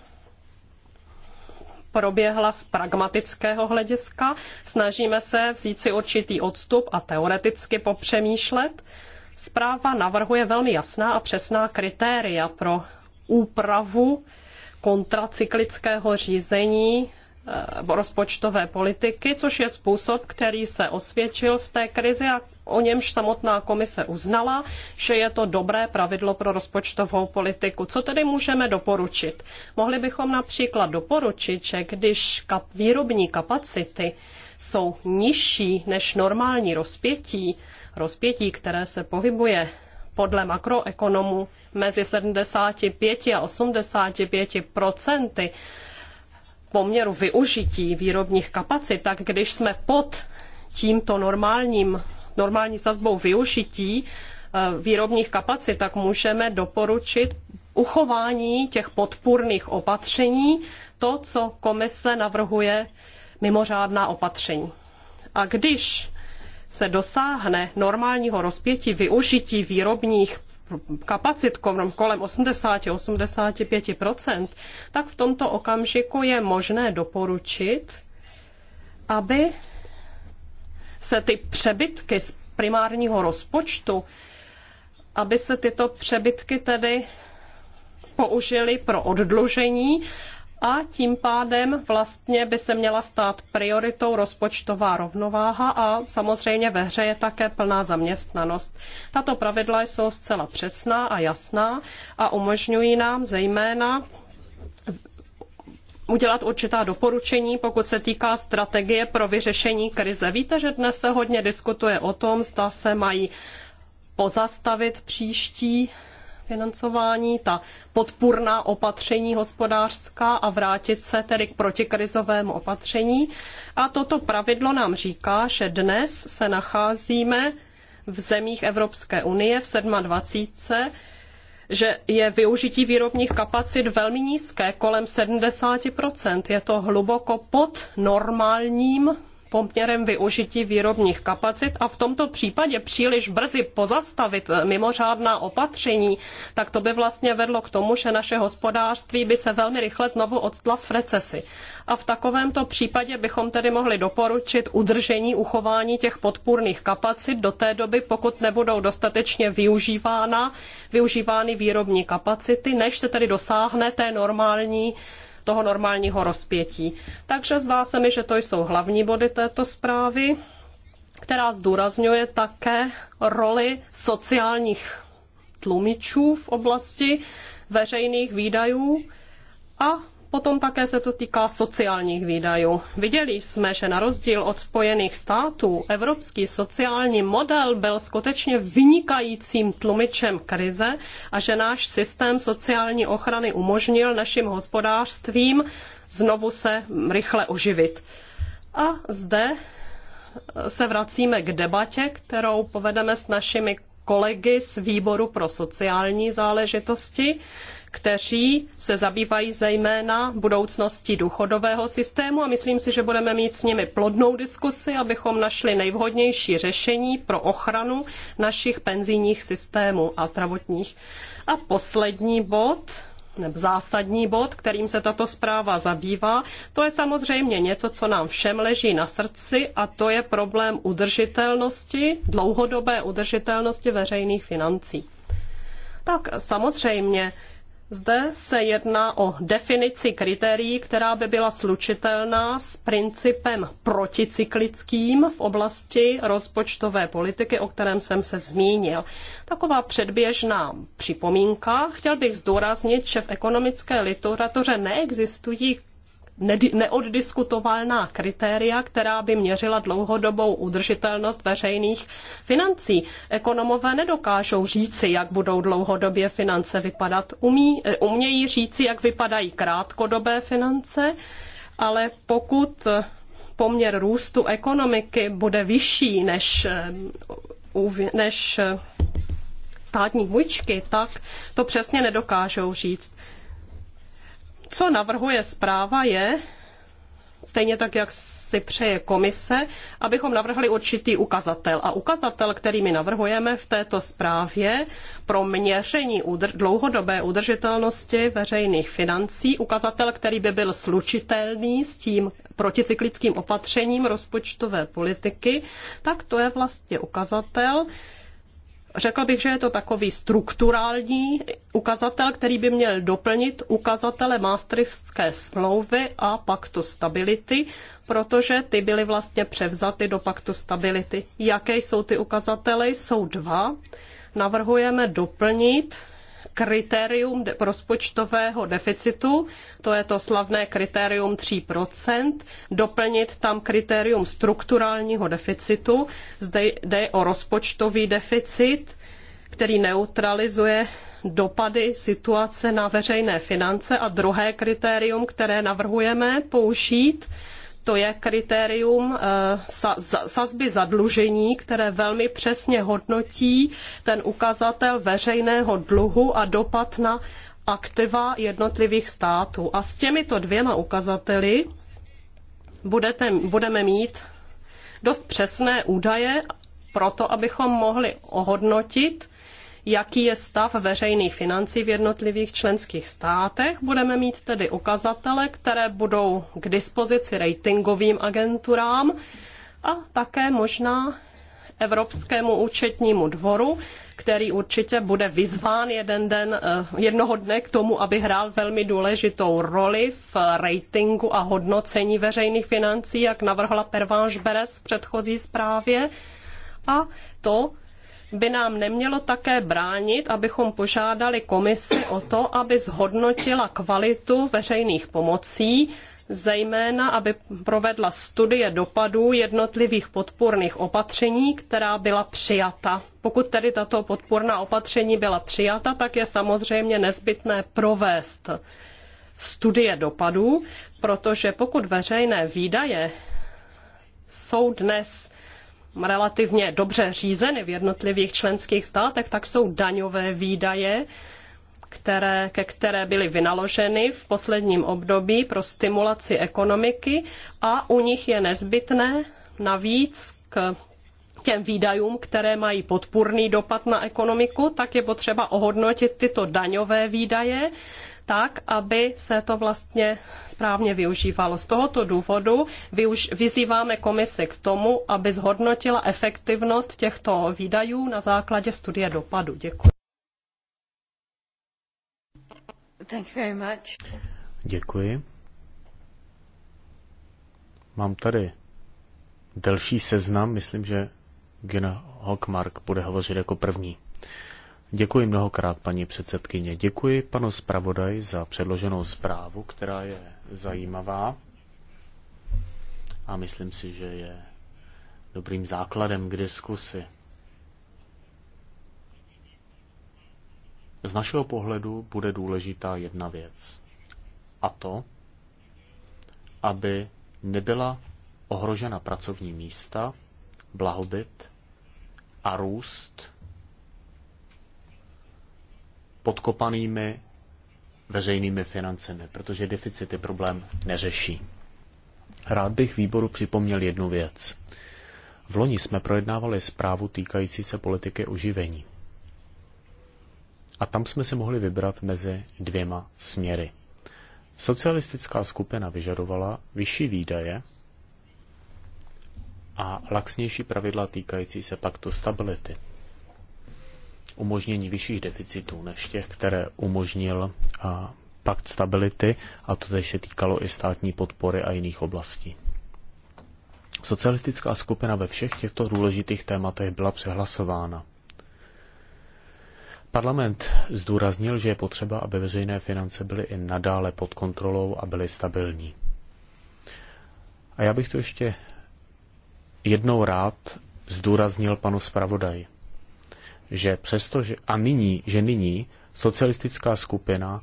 proběhla z pragmatického hlediska. Snažíme se vzít si určitý odstup a teoreticky popřemýšlet. Zpráva navrhuje velmi jasná a přesná kritéria pro úpravu kontracyklického řízení eh, rozpočtové politiky, což je způsob, který se osvědčil v té krizi a o němž samotná komise uznala, že je to dobré pravidlo pro rozpočtovou politiku. Co tedy můžeme doporučit? Mohli bychom například doporučit, že když kap- výrobní kapacity jsou nižší než normální rozpětí, rozpětí, které se pohybuje podle makroekonomů mezi 75 a 85 procenty poměru využití výrobních kapacit, tak když jsme pod tímto normálním normální sazbou využití eh, výrobních kapacit, tak můžeme doporučit uchování těch podpůrných opatření, to, co komise navrhuje mimořádná opatření. A když se dosáhne normálního rozpětí využití výrobních kapacit kolem 80-85%, tak v tomto okamžiku je možné doporučit, aby se ty přebytky z primárního rozpočtu, aby se tyto přebytky tedy použily pro oddlužení a tím pádem vlastně by se měla stát prioritou rozpočtová rovnováha a samozřejmě ve hře je také plná zaměstnanost. Tato pravidla jsou zcela přesná a jasná a umožňují nám zejména udělat určitá doporučení, pokud se týká strategie pro vyřešení krize. Víte, že dnes se hodně diskutuje o tom, zda se mají pozastavit příští financování, ta podpůrná opatření hospodářská a vrátit se tedy k protikrizovému opatření. A toto pravidlo nám říká, že dnes se nacházíme v zemích Evropské unie v 27 že je využití výrobních kapacit velmi nízké, kolem 70%. Je to hluboko pod normálním poměrem využití výrobních kapacit a v tomto případě příliš brzy pozastavit eh, mimořádná opatření, tak to by vlastně vedlo k tomu, že naše hospodářství by se velmi rychle znovu odstla v recesi. A v takovémto případě bychom tedy mohli doporučit udržení, uchování těch podpůrných kapacit do té doby, pokud nebudou dostatečně využívána, využívány výrobní kapacity, než se tedy dosáhne té normální toho normálního rozpětí. Takže zdá se mi, že to jsou hlavní body této zprávy, která zdůrazňuje také roli sociálních tlumičů v oblasti veřejných výdajů a potom také se to týká sociálních výdajů. Viděli jsme, že na rozdíl od Spojených států, evropský sociální model byl skutečně vynikajícím tlumičem krize a že náš systém sociální ochrany umožnil našim hospodářstvím znovu se rychle oživit. A zde se vracíme k debatě, kterou povedeme s našimi kolegy z výboru pro sociální záležitosti, kteří se zabývají zejména budoucností důchodového systému a myslím si, že budeme mít s nimi plodnou diskusi, abychom našli nejvhodnější řešení pro ochranu našich penzijních systémů a zdravotních. A poslední bod nebo zásadní bod, kterým se tato zpráva zabývá, to je samozřejmě něco, co nám všem leží na srdci a to je problém udržitelnosti, dlouhodobé udržitelnosti veřejných financí. Tak samozřejmě zde se jedná o definici kritérií, která by byla slučitelná s principem proticyklickým v oblasti rozpočtové politiky, o kterém jsem se zmínil. Taková předběžná připomínka. Chtěl bych zdůraznit, že v ekonomické literatuře neexistují neoddiskutovalná kritéria, která by měřila dlouhodobou udržitelnost veřejných financí. Ekonomové nedokážou říci, jak budou dlouhodobě finance vypadat. Umí, eh, umějí říci, jak vypadají krátkodobé finance, ale pokud eh, poměr růstu ekonomiky bude vyšší než, eh, než státní půjčky, tak to přesně nedokážou říct co navrhuje zpráva, je, stejně tak, jak si přeje komise, abychom navrhli určitý ukazatel. A ukazatel, který my navrhujeme v této zprávě pro měření dlouhodobé udržitelnosti veřejných financí, ukazatel, který by byl slučitelný s tím proticyklickým opatřením rozpočtové politiky, tak to je vlastně ukazatel, Řekl bych, že je to takový strukturální ukazatel, který by měl doplnit ukazatele Maastrichtské smlouvy a paktu stability, protože ty byly vlastně převzaty do paktu stability. Jaké jsou ty ukazatele? Jsou dva. Navrhujeme doplnit kritérium rozpočtového deficitu, to je to slavné kritérium 3%, doplnit tam kritérium strukturálního deficitu. Zde jde o rozpočtový deficit, který neutralizuje dopady situace na veřejné finance a druhé kritérium, které navrhujeme použít, to je kritérium eh, sazby zadlužení, které velmi přesně hodnotí ten ukazatel veřejného dluhu a dopad na aktiva jednotlivých států. A s těmito dvěma ukazateli budete, budeme mít dost přesné údaje pro to, abychom mohli ohodnotit jaký je stav veřejných financí v jednotlivých členských státech. Budeme mít tedy ukazatele, které budou k dispozici ratingovým agenturám a také možná Evropskému účetnímu dvoru, který určitě bude vyzván jeden den, eh, jednoho dne k tomu, aby hrál velmi důležitou roli v ratingu a hodnocení veřejných financí, jak navrhla Pervanche Beres v předchozí zprávě. A to by nám nemělo také bránit, abychom požádali komisi o to, aby zhodnotila kvalitu veřejných pomocí, zejména aby provedla studie dopadů jednotlivých podpůrných opatření, která byla přijata. Pokud tedy tato podpůrná opatření byla přijata, tak je samozřejmě nezbytné provést studie dopadů, protože pokud veřejné výdaje jsou dnes relativně dobře řízeny v jednotlivých členských státech, tak jsou daňové výdaje, které, ke které byly vynaloženy v posledním období pro stimulaci ekonomiky a u nich je nezbytné navíc k těm výdajům, které mají podpůrný dopad na ekonomiku, tak je potřeba ohodnotit tyto daňové výdaje tak, aby se to vlastně správně využívalo. Z tohoto důvodu vyzýváme komisi k tomu, aby zhodnotila efektivnost těchto výdajů na základě studie dopadu. Děkuji. Thank you very much. Děkuji. Mám tady delší seznam, myslím, že Gina Hockmark bude hovořit jako první. Děkuji mnohokrát, paní předsedkyně. Děkuji panu zpravodaj za předloženou zprávu, která je zajímavá a myslím si, že je dobrým základem k diskusi. Z našeho pohledu bude důležitá jedna věc. A to, aby nebyla ohrožena pracovní místa, blahobyt a růst podkopanými veřejnými financemi, protože deficity problém neřeší. Rád bych výboru připomněl jednu věc. V loni jsme projednávali zprávu týkající se politiky oživení. A tam jsme se mohli vybrat mezi dvěma směry. Socialistická skupina vyžadovala vyšší výdaje a laxnější pravidla týkající se paktu stability umožnění vyšších deficitů než těch, které umožnil a pakt stability a to se týkalo i státní podpory a jiných oblastí. Socialistická skupina ve všech těchto důležitých tématech byla přehlasována. Parlament zdůraznil, že je potřeba, aby veřejné finance byly i nadále pod kontrolou a byly stabilní. A já bych to ještě jednou rád zdůraznil panu zpravodaji že přesto, že, a nyní, že nyní socialistická skupina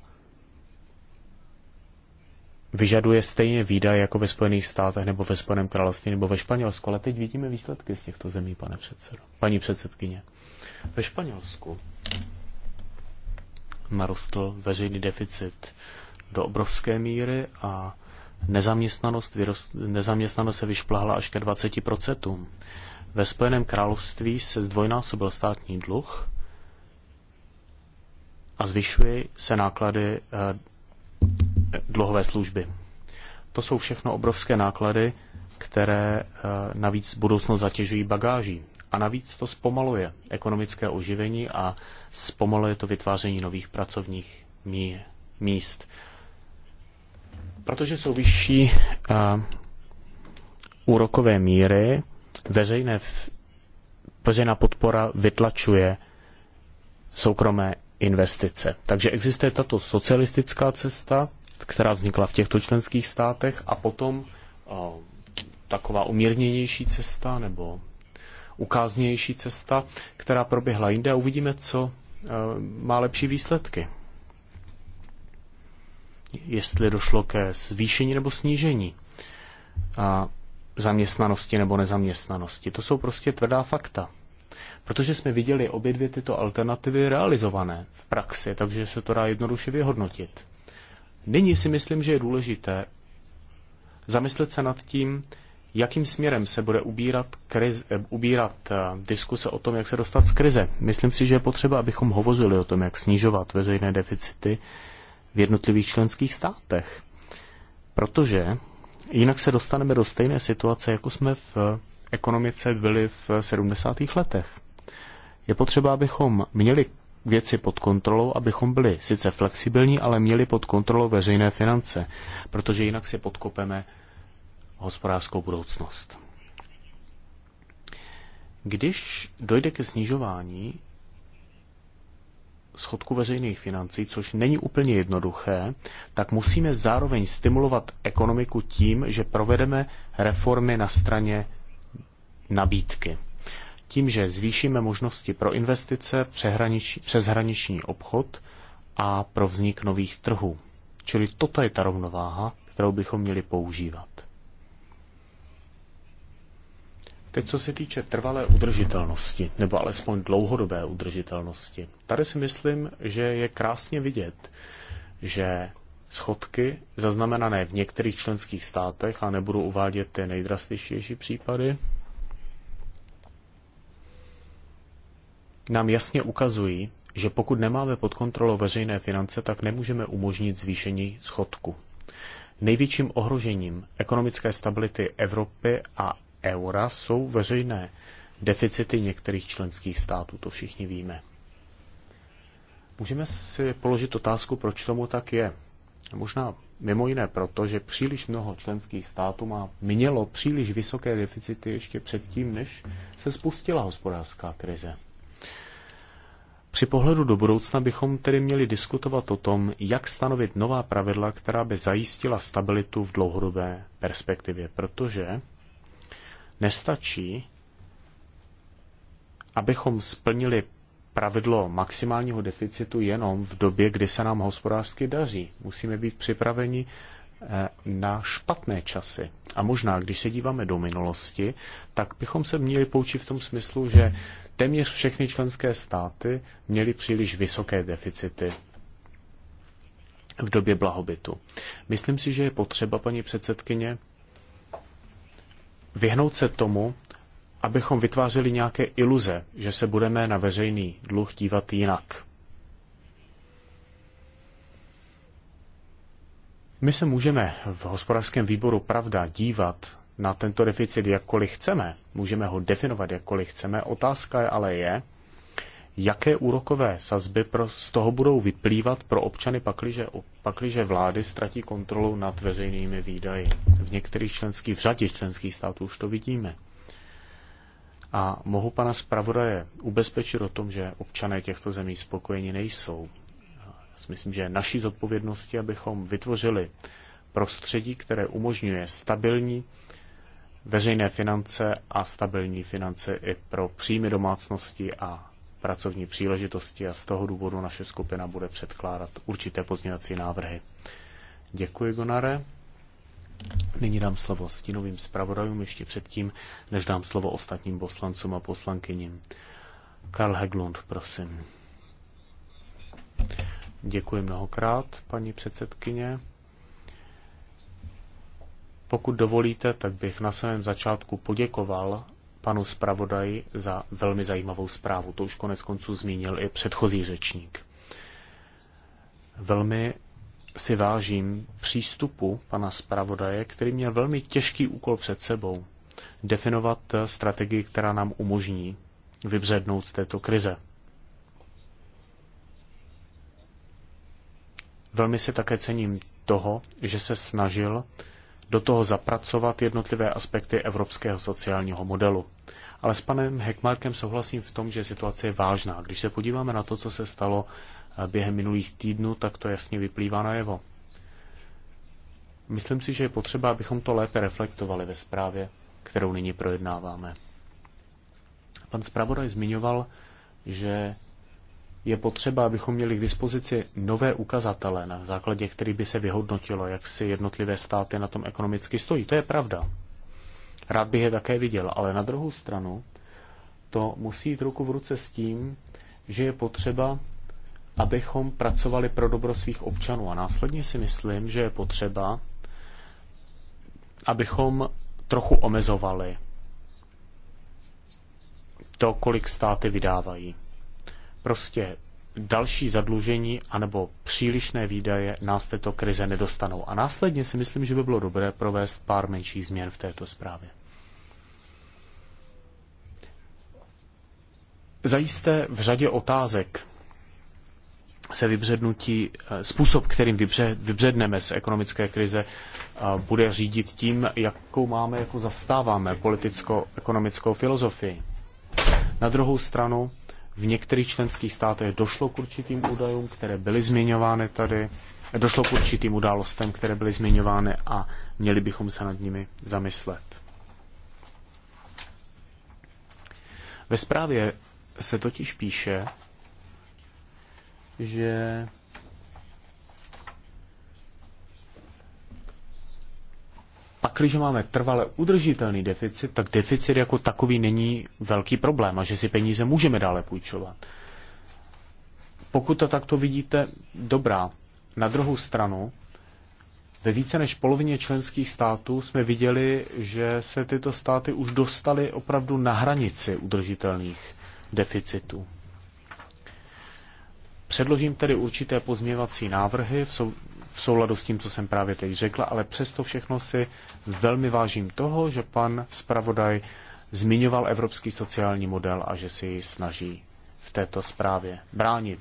vyžaduje stejně výdaje jako ve Spojených státech nebo ve Spojeném království nebo ve Španělsku. Ale teď vidíme výsledky z těchto zemí, pane předsedo. Paní předsedkyně. Ve Španělsku narostl veřejný deficit do obrovské míry a nezaměstnanost, vyrost, nezaměstnanost se vyšplhala až ke 20%. Ve Spojeném království se zdvojnásobil státní dluh a zvyšují se náklady eh, dluhové služby. To jsou všechno obrovské náklady, které eh, navíc budoucnost zatěžují bagáží. A navíc to zpomaluje ekonomické oživení a zpomaluje to vytváření nových pracovních míst. Protože jsou vyšší eh, úrokové míry, veřejné, veřejná podpora vytlačuje soukromé investice. Takže existuje tato socialistická cesta, která vznikla v těchto členských státech a potom o, eh, taková umírněnější cesta nebo ukáznější cesta, která proběhla jinde a uvidíme, co o, eh, má lepší výsledky. Jestli došlo ke zvýšení nebo snížení. A zaměstnanosti nebo nezaměstnanosti. To jsou prostě tvrdá fakta. Protože jsme viděli obě dvě tyto alternativy realizované v praxi, takže se to dá jednoduše vyhodnotit. Nyní si myslím, že je důležité zamyslet se nad tím, jakým směrem se bude ubírat, kriz, eh, ubírat eh, diskuse o tom, jak se dostat z krize. Myslím si, že je potřeba, abychom hovořili o tom, jak snižovat veřejné deficity v jednotlivých členských státech. Protože Jinak se dostaneme do stejné situace, jako jsme v ekonomice byli v 70. letech. Je potřeba, abychom měli věci pod kontrolou, abychom byli sice flexibilní, ale měli pod kontrolou veřejné finance, protože jinak si podkopeme hospodářskou budoucnost. Když dojde ke snižování schodku veřejných financí, což není úplně jednoduché, tak musíme zároveň stimulovat ekonomiku tím, že provedeme reformy na straně nabídky. Tím, že zvýšíme možnosti pro investice, přeshraniční obchod a pro vznik nových trhů. Čili toto je ta rovnováha, kterou bychom měli používat. Teď co se týče trvalé udržitelnosti, nebo alespoň dlouhodobé udržitelnosti, tady si myslím, že je krásně vidět, že schodky zaznamenané v některých členských státech, a nebudu uvádět ty nejdrastičtější případy, nám jasně ukazují, že pokud nemáme pod kontrolou veřejné finance, tak nemůžeme umožnit zvýšení schodku. Největším ohrožením ekonomické stability Evropy a eura jsou veřejné deficity některých členských států, to všichni víme. Můžeme si položit otázku, proč tomu tak je. Možná mimo jiné proto, že příliš mnoho členských států má mělo příliš vysoké deficity ještě předtím, než se spustila hospodářská krize. Při pohledu do budoucna bychom tedy měli diskutovat o tom, jak stanovit nová pravidla, která by zajistila stabilitu v dlouhodobé perspektivě, protože Nestačí, abychom splnili pravidlo maximálního deficitu jenom v době, kdy se nám hospodářsky daří. Musíme být připraveni eh, na špatné časy. A možná, když se díváme do minulosti, tak bychom se měli poučit v tom smyslu, že téměř všechny členské státy měly příliš vysoké deficity v době blahobytu. Myslím si, že je potřeba, paní předsedkyně, vyhnout se tomu, abychom vytvářeli nějaké iluze, že se budeme na veřejný dluh dívat jinak. My se můžeme v hospodářském výboru pravda dívat na tento deficit jakkoliv chceme, můžeme ho definovat jakkoliv chceme. Otázka ale je, jaké úrokové sazby pro, z toho budou vyplývat pro občany, pakliže, pakliže vlády ztratí kontrolu nad veřejnými výdaji. V některých členských, v řadě členských států už to vidíme. A mohu pana zpravodaje ubezpečit o tom, že občané těchto zemí spokojeni nejsou. Já si myslím, že je naší zodpovědnosti, abychom vytvořili prostředí, které umožňuje stabilní veřejné finance a stabilní finance i pro příjmy domácnosti a pracovní příležitosti a z toho důvodu naše skupina bude předkládat určité pozměňovací návrhy. Děkuji, Gonare. Nyní dám slovo stínovým zpravodajům ještě předtím, než dám slovo ostatním poslancům a poslankyním. Karl Heglund, prosím. Děkuji mnohokrát, paní předsedkyně. Pokud dovolíte, tak bych na svém začátku poděkoval panu zpravodaji za velmi zajímavou zprávu. To už konec konců zmínil i předchozí řečník. Velmi si vážím přístupu pana zpravodaje, který měl velmi těžký úkol před sebou. Definovat strategii, která nám umožní vybřednout z této krize. Velmi si také cením toho, že se snažil do toho zapracovat jednotlivé aspekty evropského sociálního modelu. Ale s panem Heckmarkem souhlasím v tom, že situace je vážná. Když se podíváme na to, co se stalo eh, během minulých týdnů, tak to jasně vyplývá najevo. Myslím si, že je potřeba, abychom to lépe reflektovali ve zprávě, kterou nyní projednáváme. Pan zpravodaj zmiňoval, že je potřeba, abychom měli k dispozici nové ukazatele, na základě kterých by se vyhodnotilo, jak si jednotlivé státy na tom ekonomicky stojí. To je pravda. Rád bych je také viděl, ale na druhou stranu to musí jít ruku v ruce s tím, že je potřeba, abychom pracovali pro dobro svých občanů. A následně si myslím, že je potřeba, abychom trochu omezovali to, kolik státy vydávají. Prostě další zadlužení anebo přílišné výdaje nás této krize nedostanou. A následně si myslím, že by bylo dobré provést pár menších změn v této zprávě. Zajisté v řadě otázek se vybřednutí, eh, způsob, kterým vybře, vybředneme z ekonomické krize, eh, bude řídit tím, jakou máme, jako zastáváme politicko-ekonomickou filozofii. Na druhou stranu v některých členských státech došlo k určitým údajům, které byly zmiňovány tady, došlo k určitým událostem, které byly zmiňovány a měli bychom se nad nimi zamyslet. Ve zprávě se totiž píše, že pakliže máme trvale udržitelný deficit, tak deficit jako takový není velký problém a že si peníze můžeme dále půjčovat. Pokud to takto vidíte, dobrá. Na druhou stranu, ve více než polovině členských států jsme viděli, že se tyto státy už dostaly opravdu na hranici udržitelných deficitů. Předložím tedy určité pozměvací návrhy v, sou, v souladu s tím, co jsem právě teď řekla, ale přesto všechno si velmi vážím toho, že pan zpravodaj zmiňoval evropský sociální model a že si ji snaží v této zprávě bránit.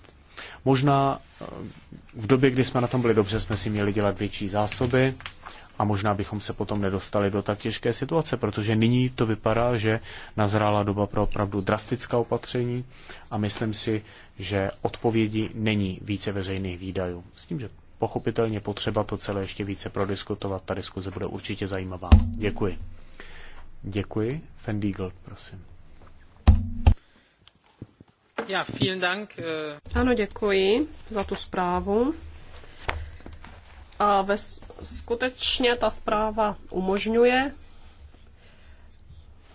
Možná eh, v době, kdy jsme na tom byli dobře, jsme si měli dělat větší zásoby a možná bychom se potom nedostali do tak těžké situace, protože nyní to vypadá, že nazrála doba pro opravdu drastická opatření a myslím si, že odpovědi není více veřejných výdajů. S tím, že pochopitelně potřeba to celé ještě více prodiskutovat. Ta diskuze bude určitě zajímavá. Děkuji. Děkuji. Fendigl, prosím. Ja, vielen Dank. Eh. Ano, děkuji za tu zprávu. A ve, skutečně ta zpráva umožňuje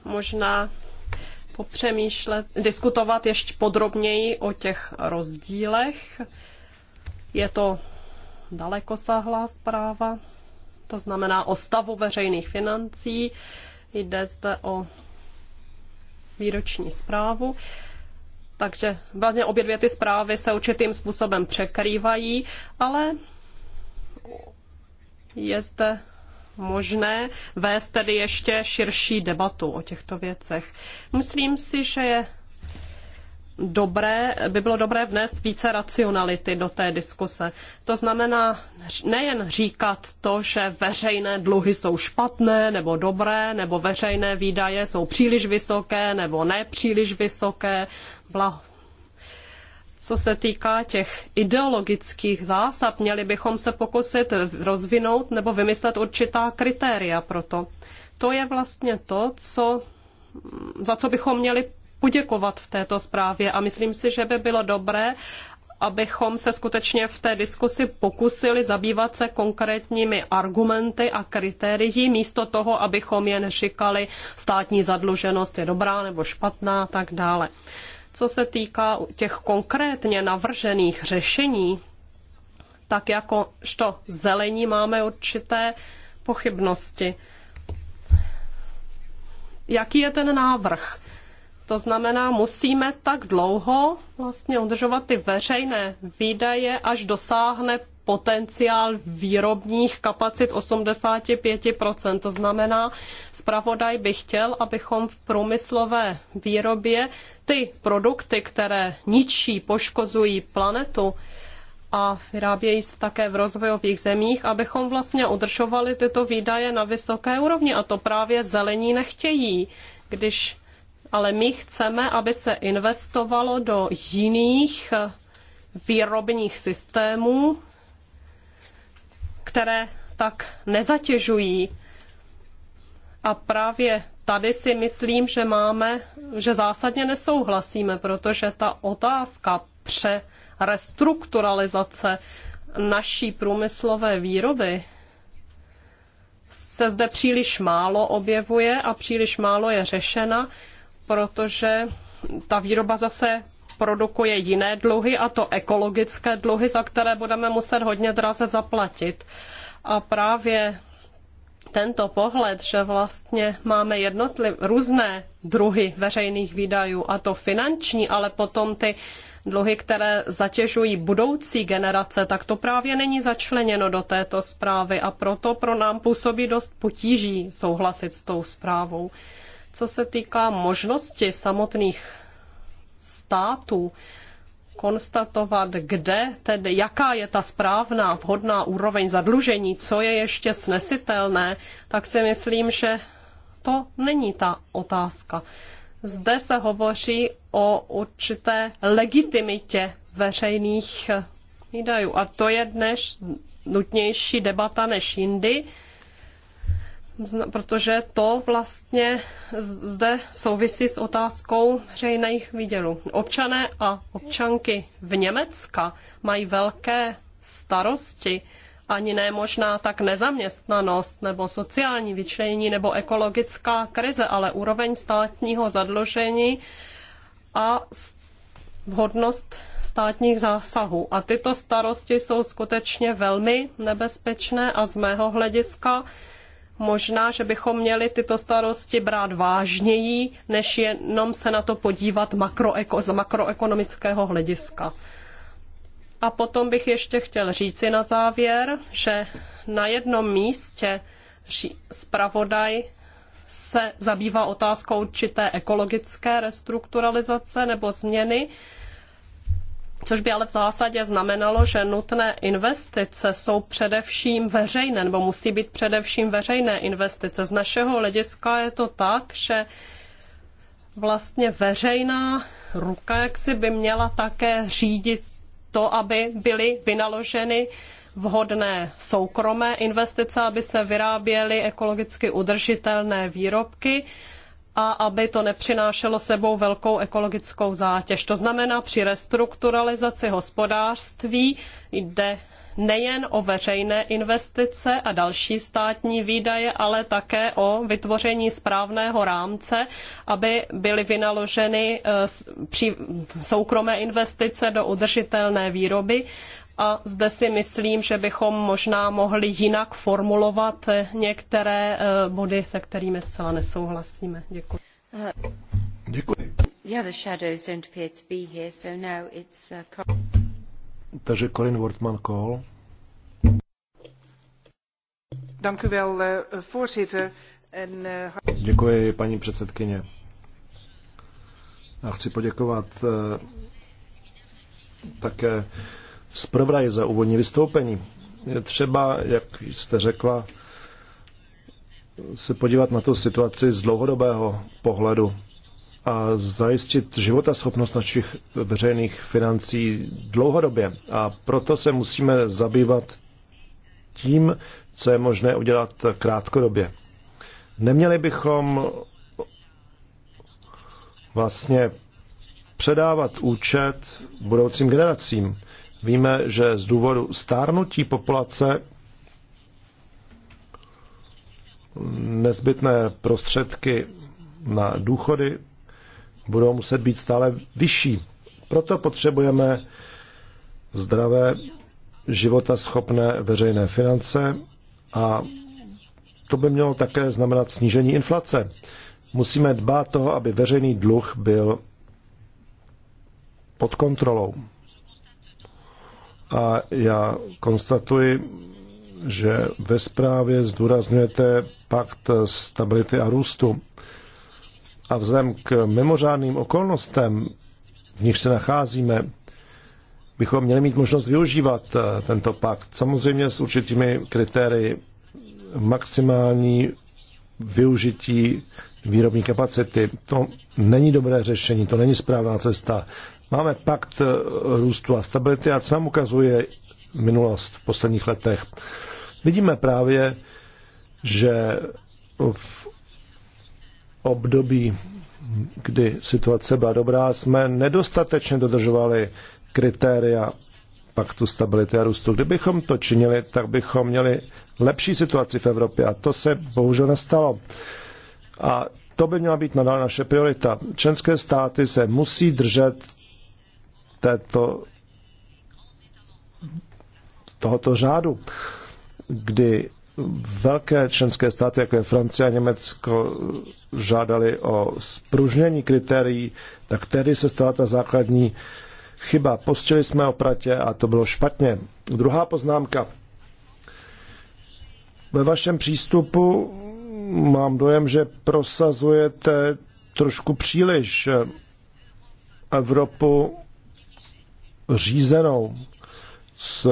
možná popřemýšlet, diskutovat ještě podrobněji o těch rozdílech. Je to dalekosáhlá zpráva, to znamená o stavu veřejných financí. Jde zde o výroční zprávu. Takže vlastně obě dvě ty zprávy se určitým způsobem překrývají, ale je zde možné vést tedy ještě širší debatu o těchto věcech. Myslím si, že je dobré, by bylo dobré vnést více racionality do té diskuse. To znamená nejen říkat to, že veřejné dluhy jsou špatné nebo dobré, nebo veřejné výdaje jsou příliš vysoké nebo nepříliš vysoké, bla, co se týká těch ideologických zásad, měli bychom se pokusit rozvinout nebo vymyslet určitá kritéria pro to. To je vlastně to, co, za co bychom měli poděkovat v této zprávě a myslím si, že by bylo dobré, abychom se skutečně v té diskusi pokusili zabývat se konkrétními argumenty a kritérii, místo toho, abychom jen říkali, státní zadluženost je dobrá nebo špatná a tak dále. Co se týká těch konkrétně navržených řešení, tak jakožto zelení máme určité pochybnosti. Jaký je ten návrh? To znamená, musíme tak dlouho vlastně udržovat ty veřejné výdaje, až dosáhne potenciál výrobních kapacit 85%. To znamená, zpravodaj by chtěl, abychom v průmyslové výrobě ty produkty, které ničí, poškozují planetu, a vyrábějí se také v rozvojových zemích, abychom vlastně udržovali tyto výdaje na vysoké úrovni. A to právě zelení nechtějí. Když ale my chceme, aby se investovalo do jiných výrobních systémů, které tak nezatěžují. A právě tady si myslím, že máme, že zásadně nesouhlasíme, protože ta otázka pře restrukturalizace naší průmyslové výroby se zde příliš málo objevuje a příliš málo je řešena protože ta výroba zase produkuje jiné dluhy, a to ekologické dluhy, za které budeme muset hodně draze zaplatit. A právě tento pohled, že vlastně máme jednotliv, různé druhy veřejných výdajů, a to finanční, ale potom ty dluhy, které zatěžují budoucí generace, tak to právě není začleněno do této zprávy a proto pro nám působí dost potíží souhlasit s tou zprávou. Co se týká možnosti samotných států konstatovat, kde tedy, jaká je ta správná, vhodná úroveň zadlužení, co je ještě snesitelné, tak si myslím, že to není ta otázka. Zde se hovoří o určité legitimitě veřejných eh, výdajů a to je dnes nutnější debata než jindy protože to vlastně zde souvisí s otázkou veřejných výdělů. Občané a občanky v Německa mají velké starosti, ani ne možná tak nezaměstnanost nebo sociální vyčlenění nebo ekologická krize, ale úroveň státního zadlužení a vhodnost státních zásahů. A tyto starosti jsou skutečně velmi nebezpečné a z mého hlediska Možná, že bychom měli tyto starosti brát vážněji, než jenom se na to podívat makroeko, z makroekonomického hlediska. A potom bych ještě chtěl říci na závěr, že na jednom místě zpravodaj se zabývá otázkou určité ekologické restrukturalizace nebo změny, Což by ale v zásadě znamenalo, že nutné investice jsou především veřejné, nebo musí být především veřejné investice. Z našeho hlediska je to tak, že vlastně veřejná ruka jaksi by měla také řídit to, aby byly vynaloženy vhodné soukromé investice, aby se vyráběly ekologicky udržitelné výrobky a aby to nepřinášelo sebou velkou ekologickou zátěž. To znamená, při restrukturalizaci hospodářství jde nejen o veřejné investice a další státní výdaje, ale také o vytvoření správného rámce, aby byly vynaloženy eh, soukromé investice do udržitelné výroby a zde si myslím, že bychom možná mohli jinak formulovat některé eh, body, se kterými zcela nesouhlasíme. Děkuji. Děkuji. Takže Corin Wortman Kool. Eh, eh, Děkuji, paní předsedkyně. A chci poděkovat také je za úvodní vystoupení. Je třeba, jak jste řekla, se podívat na tu situaci z dlouhodobého pohledu a zajistit schopnost našich veřejných financí dlouhodobě. A proto se musíme zabývat tím, co je možné udělat krátkodobě. Neměli bychom vlastně předávat účet budoucím generacím. Víme, že z důvodu stárnutí populace nezbytné prostředky na důchody budou muset být stále vyšší. Proto potřebujeme zdravé, životaschopné veřejné finance a to by mělo také znamenat snížení inflace. Musíme dbát toho, aby veřejný dluh byl pod kontrolou. A já konstatuji, že ve zprávě zdůrazňujete pakt stability a růstu. A vzhledem k mimořádným okolnostem, v nich se nacházíme, bychom měli mít možnost využívat eh, tento pakt. Samozřejmě s určitými kritérii maximální využití výrobní kapacity. To není dobré řešení, to není správná cesta. Máme pakt eh, růstu a stability a co nám ukazuje minulost v posledních letech. Vidíme právě, že v období, kdy situace byla dobrá, jsme nedostatečně dodržovali kritéria paktu stability a růstu. Kdybychom to činili, tak bychom měli lepší situaci v Evropě a to se bohužel nestalo. A to by měla být nadále naše priorita. Členské státy se musí držet této, tohoto řádu, kdy velké členské státy, jako je Francie a Německo, žádali o spružnění kritérií, tak tedy se stala ta základní chyba. Postili jsme o pratě a to bylo špatně. Druhá poznámka. Ve vašem přístupu mám dojem, že prosazujete trošku příliš Evropu řízenou, s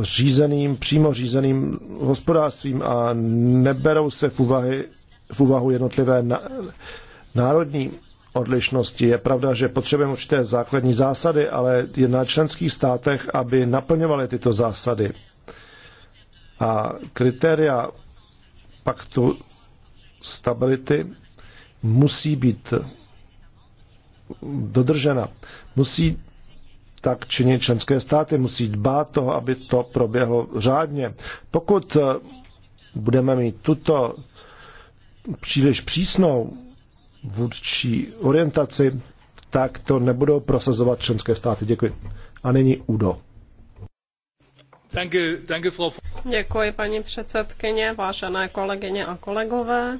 řízeným, přímo řízeným hospodářstvím a neberou se v, úvahy, v úvahu jednotlivé na, národní odlišnosti. Je pravda, že potřebujeme určité základní zásady, ale je na členských státech, aby naplňovaly tyto zásady. A kritéria paktu stability musí být dodržena. Musí tak činí členské státy. Musí dbát toho, aby to proběhlo řádně. Pokud eh, budeme mít tuto příliš přísnou vůdčí orientaci, tak to nebudou prosazovat členské státy. Děkuji. A nyní Udo. Děkuji, paní předsedkyně, vážené kolegyně a kolegové.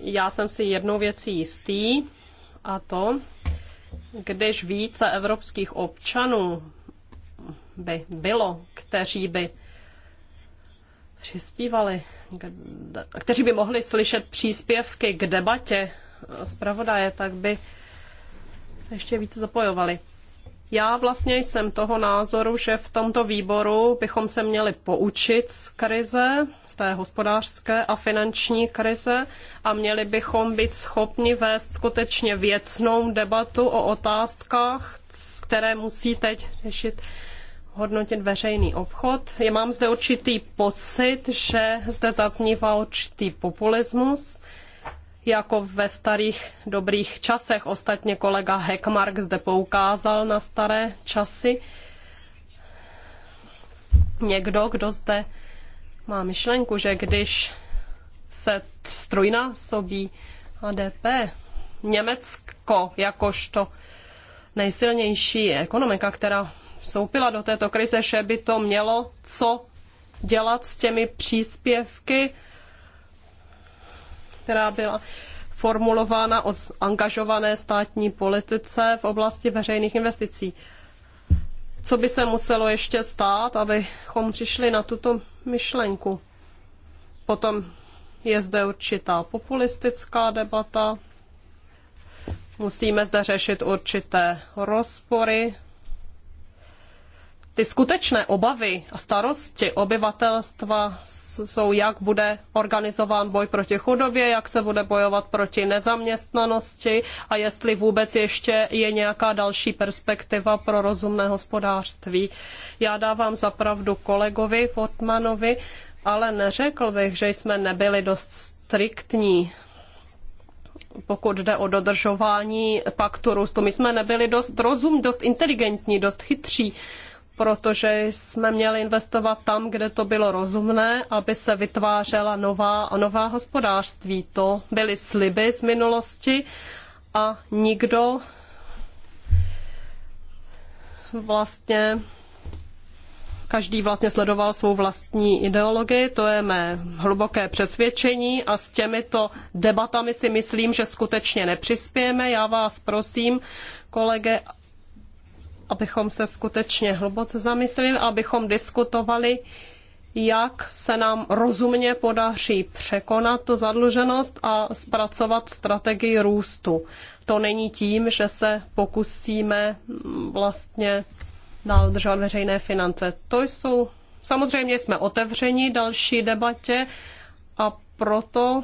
Já jsem si jednou věcí jistý, a to, když více evropských občanů by bylo, kteří by přispívali, kteří by mohli slyšet příspěvky k debatě zpravodaje, tak by se ještě více zapojovali. Já vlastně jsem toho názoru, že v tomto výboru bychom se měli poučit z krize, z té hospodářské a finanční krize a měli bychom být schopni vést skutečně věcnou debatu o otázkách, které musí teď řešit hodnotit veřejný obchod. Já mám zde určitý pocit, že zde zaznívá určitý populismus jako ve starých dobrých časech. Ostatně kolega Heckmark zde poukázal na staré časy. Někdo, kdo zde má myšlenku, že když se sobí HDP, Německo jakožto nejsilnější ekonomika, která vstoupila do této krize, že by to mělo co dělat s těmi příspěvky která byla formulována o angažované státní politice v oblasti veřejných investicí. Co by se muselo ještě stát, abychom přišli na tuto myšlenku? Potom je zde určitá populistická debata. Musíme zde řešit určité rozpory ty skutečné obavy a starosti obyvatelstva jsou, jak bude organizován boj proti chudobě, jak se bude bojovat proti nezaměstnanosti a jestli vůbec ještě je nějaká další perspektiva pro rozumné hospodářství. Já dávám zapravdu kolegovi Votmanovi, ale neřekl bych, že jsme nebyli dost striktní pokud jde o dodržování paktu růstu. My jsme nebyli dost rozum, dost inteligentní, dost chytří protože jsme měli investovat tam, kde to bylo rozumné, aby se vytvářela nová, nová hospodářství. To byly sliby z minulosti a nikdo vlastně každý vlastně sledoval svou vlastní ideologii, to je mé hluboké přesvědčení a s těmito debatami si myslím, že skutečně nepřispějeme. Já vás prosím, kolege, abychom se skutečně hluboce zamysleli, abychom diskutovali, jak se nám rozumně podaří překonat tu zadluženost a zpracovat strategii růstu. To není tím, že se pokusíme mm, vlastně dál veřejné finance. To jsou, samozřejmě jsme otevřeni další debatě a proto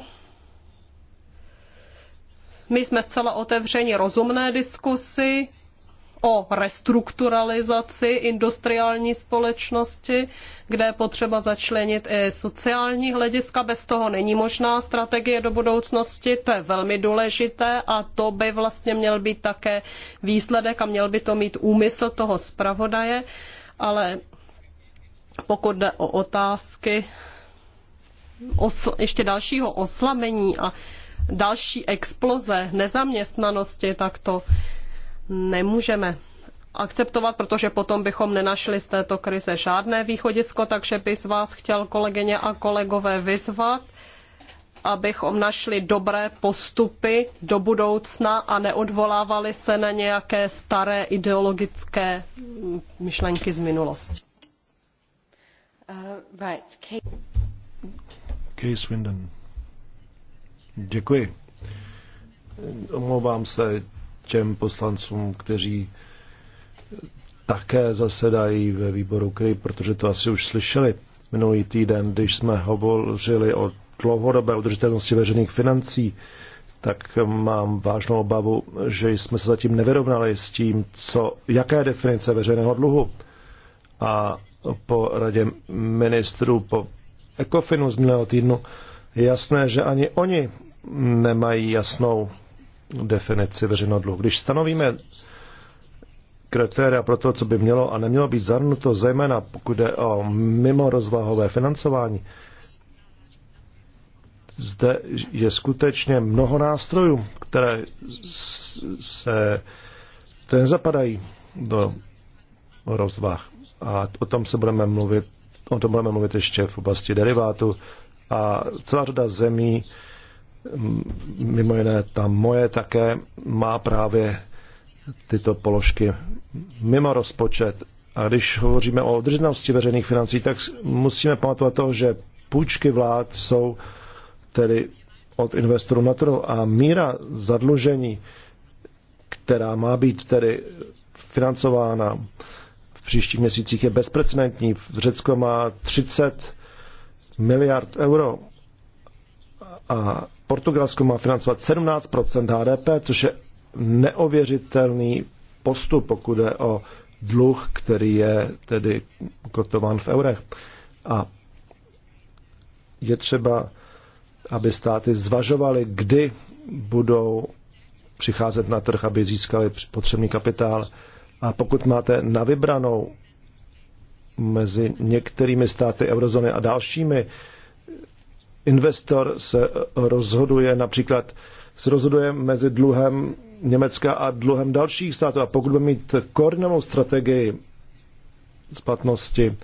my jsme zcela otevřeni rozumné diskusy, o restrukturalizaci industriální společnosti, kde je potřeba začlenit i sociální hlediska. Bez toho není možná strategie do budoucnosti. To je velmi důležité a to by vlastně měl být také výsledek a měl by to mít úmysl toho zpravodaje. Ale pokud jde o otázky osl- ještě dalšího oslamení a další exploze nezaměstnanosti, tak to nemůžeme akceptovat, protože potom bychom nenašli z této krize žádné východisko, takže bych z vás chtěl kolegyně a kolegové vyzvat, abychom našli dobré postupy do budoucna a neodvolávali se na nějaké staré ideologické myšlenky z minulosti. Uh, right. Kate. Kay Swindon. Děkuji. Omlouvám se, těm poslancům, kteří také zasedají ve výboru KRY, protože to asi už slyšeli minulý týden, když jsme hovořili o dlouhodobé udržitelnosti veřejných financí, tak mám vážnou obavu, že jsme se zatím nevyrovnali s tím, co, jaká je definice veřejného dluhu. A po radě ministrů, po ECOFINu z minulého týdnu, je jasné, že ani oni nemají jasnou definici veřejného dluhu. Když stanovíme kritéria pro to, co by mělo a nemělo být zahrnuto, zejména pokud jde o rozvahové financování, zde je skutečně mnoho nástrojů, které se které nezapadají do rozvah. A o tom se budeme mluvit, o tom budeme mluvit ještě v oblasti derivátu. A celá řada zemí mimo jiné ta moje také má právě tyto položky mimo rozpočet. A když hovoříme o održitelnosti veřejných financí, tak musíme pamatovat to, že půjčky vlád jsou tedy od investorů na trhu a míra zadlužení, která má být tedy financována v příštích měsících, je bezprecedentní. V Řecko má 30 miliard euro a Portugalsko má financovat 17 HDP, což je neověřitelný postup, pokud je o dluh, který je tedy kotován v eurech. A je třeba, aby státy zvažovaly, kdy budou přicházet na trh, aby získali potřebný kapitál. A pokud máte na vybranou mezi některými státy eurozóny a dalšími, investor se rozhoduje například se rozhoduje mezi dluhem Německa a dluhem dalších států. A pokud by mít koordinovou strategii splatnosti,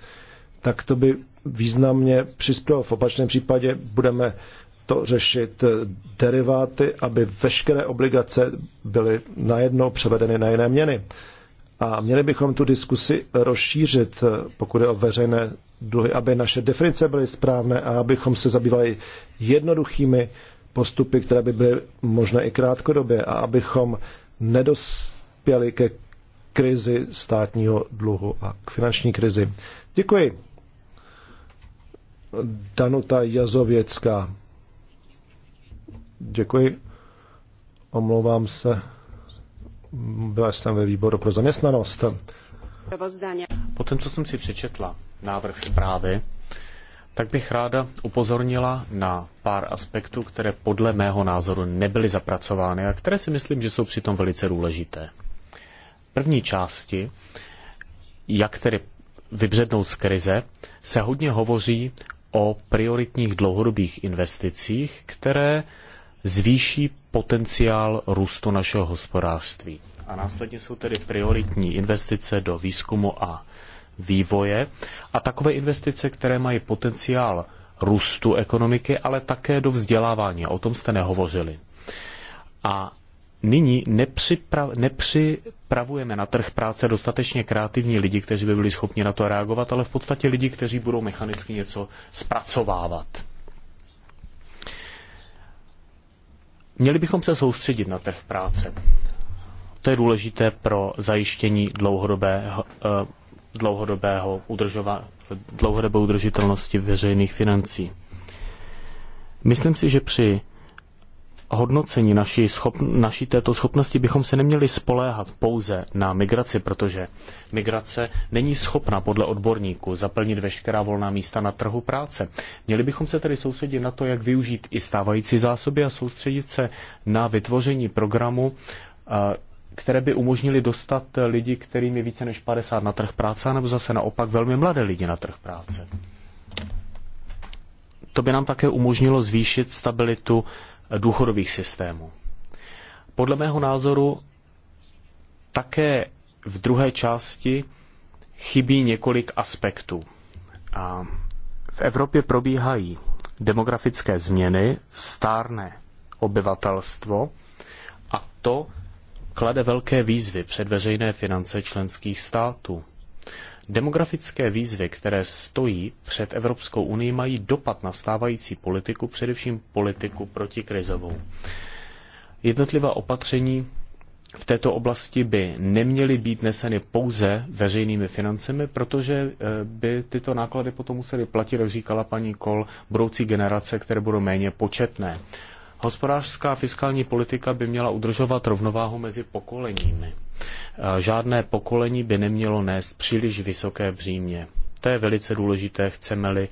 tak to by významně přispělo. V opačném případě budeme to řešit deriváty, aby veškeré obligace byly najednou převedeny na jiné měny. A měli bychom tu diskusi rozšířit, eh, pokud je o veřejné dluhy, aby naše definice byly správné a abychom se zabývali jednoduchými postupy, které by byly možné i krátkodobě a abychom nedospěli ke krizi státního dluhu a k finanční krizi. Děkuji. Danuta Jazověcká. Děkuji. Omlouvám se. Byla jsem ve výboru pro zaměstnanost. Po tom, co jsem si přečetla návrh zprávy, tak bych ráda upozornila na pár aspektů, které podle mého názoru nebyly zapracovány a které si myslím, že jsou přitom velice důležité. první části, jak tedy vybřednout z krize, se hodně hovoří o prioritních dlouhodobých investicích, které zvýší potenciál růstu našeho hospodářství. A následně jsou tedy prioritní investice do výzkumu a vývoje a takové investice, které mají potenciál růstu ekonomiky, ale také do vzdělávání. O tom jste nehovořili. A nyní nepřipra- nepřipravujeme na trh práce dostatečně kreativní lidi, kteří by byli schopni na to reagovat, ale v podstatě lidi, kteří budou mechanicky něco zpracovávat. Měli bychom se soustředit na trh práce. To je důležité pro zajištění dlouhodobého, eh, dlouhodobého udržova, dlouhodobé udržitelnosti veřejných financí. Myslím si, že při hodnocení naší, schop, naší této schopnosti bychom se neměli spoléhat pouze na migraci, protože migrace není schopna podle odborníků zaplnit veškerá volná místa na trhu práce. Měli bychom se tedy soustředit na to, jak využít i stávající zásoby a soustředit se na vytvoření programu, které by umožnili dostat lidi, kterým je více než 50 na trh práce, nebo zase naopak velmi mladé lidi na trh práce. To by nám také umožnilo zvýšit stabilitu důchodových systémů. Podle mého názoru také v druhé části chybí několik aspektů. A v Evropě probíhají demografické změny, stárné obyvatelstvo a to klade velké výzvy před veřejné finance členských států. Demografické výzvy, které stojí před Evropskou unii, mají dopad na stávající politiku, především politiku protikrizovou. Jednotlivá opatření v této oblasti by neměly být neseny pouze veřejnými financemi, protože eh, by tyto náklady potom museli platit, jak říkala paní Kol, budoucí generace, které budou méně početné. Hospodářská fiskální politika by měla udržovat rovnováhu mezi pokoleními. Žádné pokolení by nemělo nést příliš vysoké břímě. To je velice důležité, chceme-li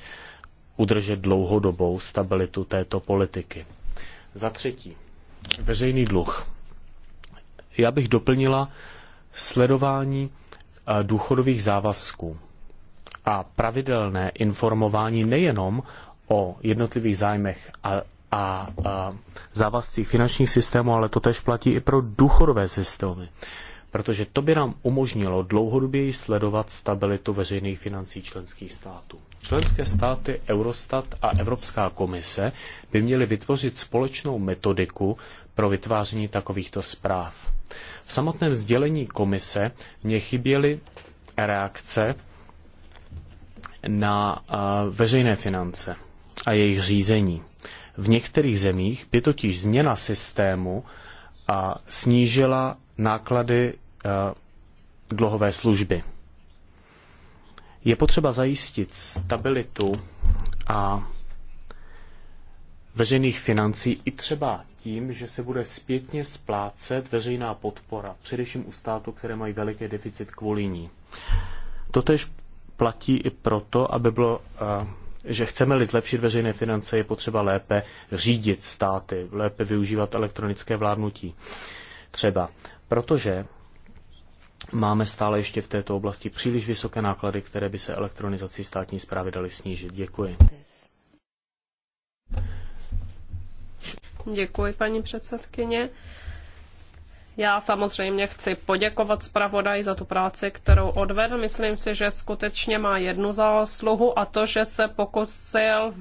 udržet dlouhodobou stabilitu této politiky. Za třetí, veřejný dluh. Já bych doplnila sledování důchodových závazků a pravidelné informování nejenom o jednotlivých zájmech a a, a závazcích finančních systémů, ale to tež platí i pro důchodové systémy. Protože to by nám umožnilo dlouhodoběji sledovat stabilitu veřejných financí členských států. Členské státy, Eurostat a Evropská komise by měly vytvořit společnou metodiku pro vytváření takovýchto zpráv. V samotném sdělení komise mě chyběly reakce na veřejné finance a jejich řízení. V některých zemích by totiž změna systému a snížila náklady e, dluhové služby. Je potřeba zajistit stabilitu a veřejných financí i třeba tím, že se bude zpětně splácet veřejná podpora, především u států, které mají veliký deficit kvůli ní. Totež platí i proto, aby bylo e, že chceme-li zlepšit veřejné finance, je potřeba lépe řídit státy, lépe využívat elektronické vládnutí. Třeba protože máme stále ještě v této oblasti příliš vysoké náklady, které by se elektronizací státní zprávy daly snížit. Děkuji. Děkuji, paní předsedkyně. Já samozřejmě chci poděkovat zpravodaji za tu práci, kterou odvedl. Myslím si, že skutečně má jednu zásluhu a to, že se pokusil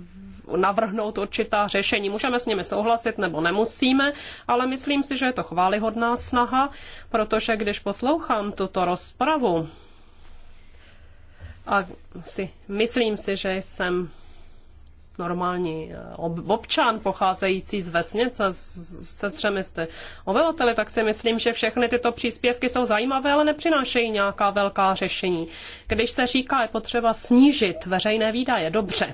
navrhnout určitá řešení. Můžeme s nimi souhlasit nebo nemusíme, ale myslím si, že je to chválihodná snaha, protože když poslouchám tuto rozpravu a si, myslím si, že jsem normální eh, občan pocházející z vesnice se třemi sty obyvateli, tak si myslím, že všechny tyto příspěvky jsou zajímavé, ale nepřinášejí nějaká velká řešení. Když se říká, je potřeba snížit veřejné výdaje, dobře,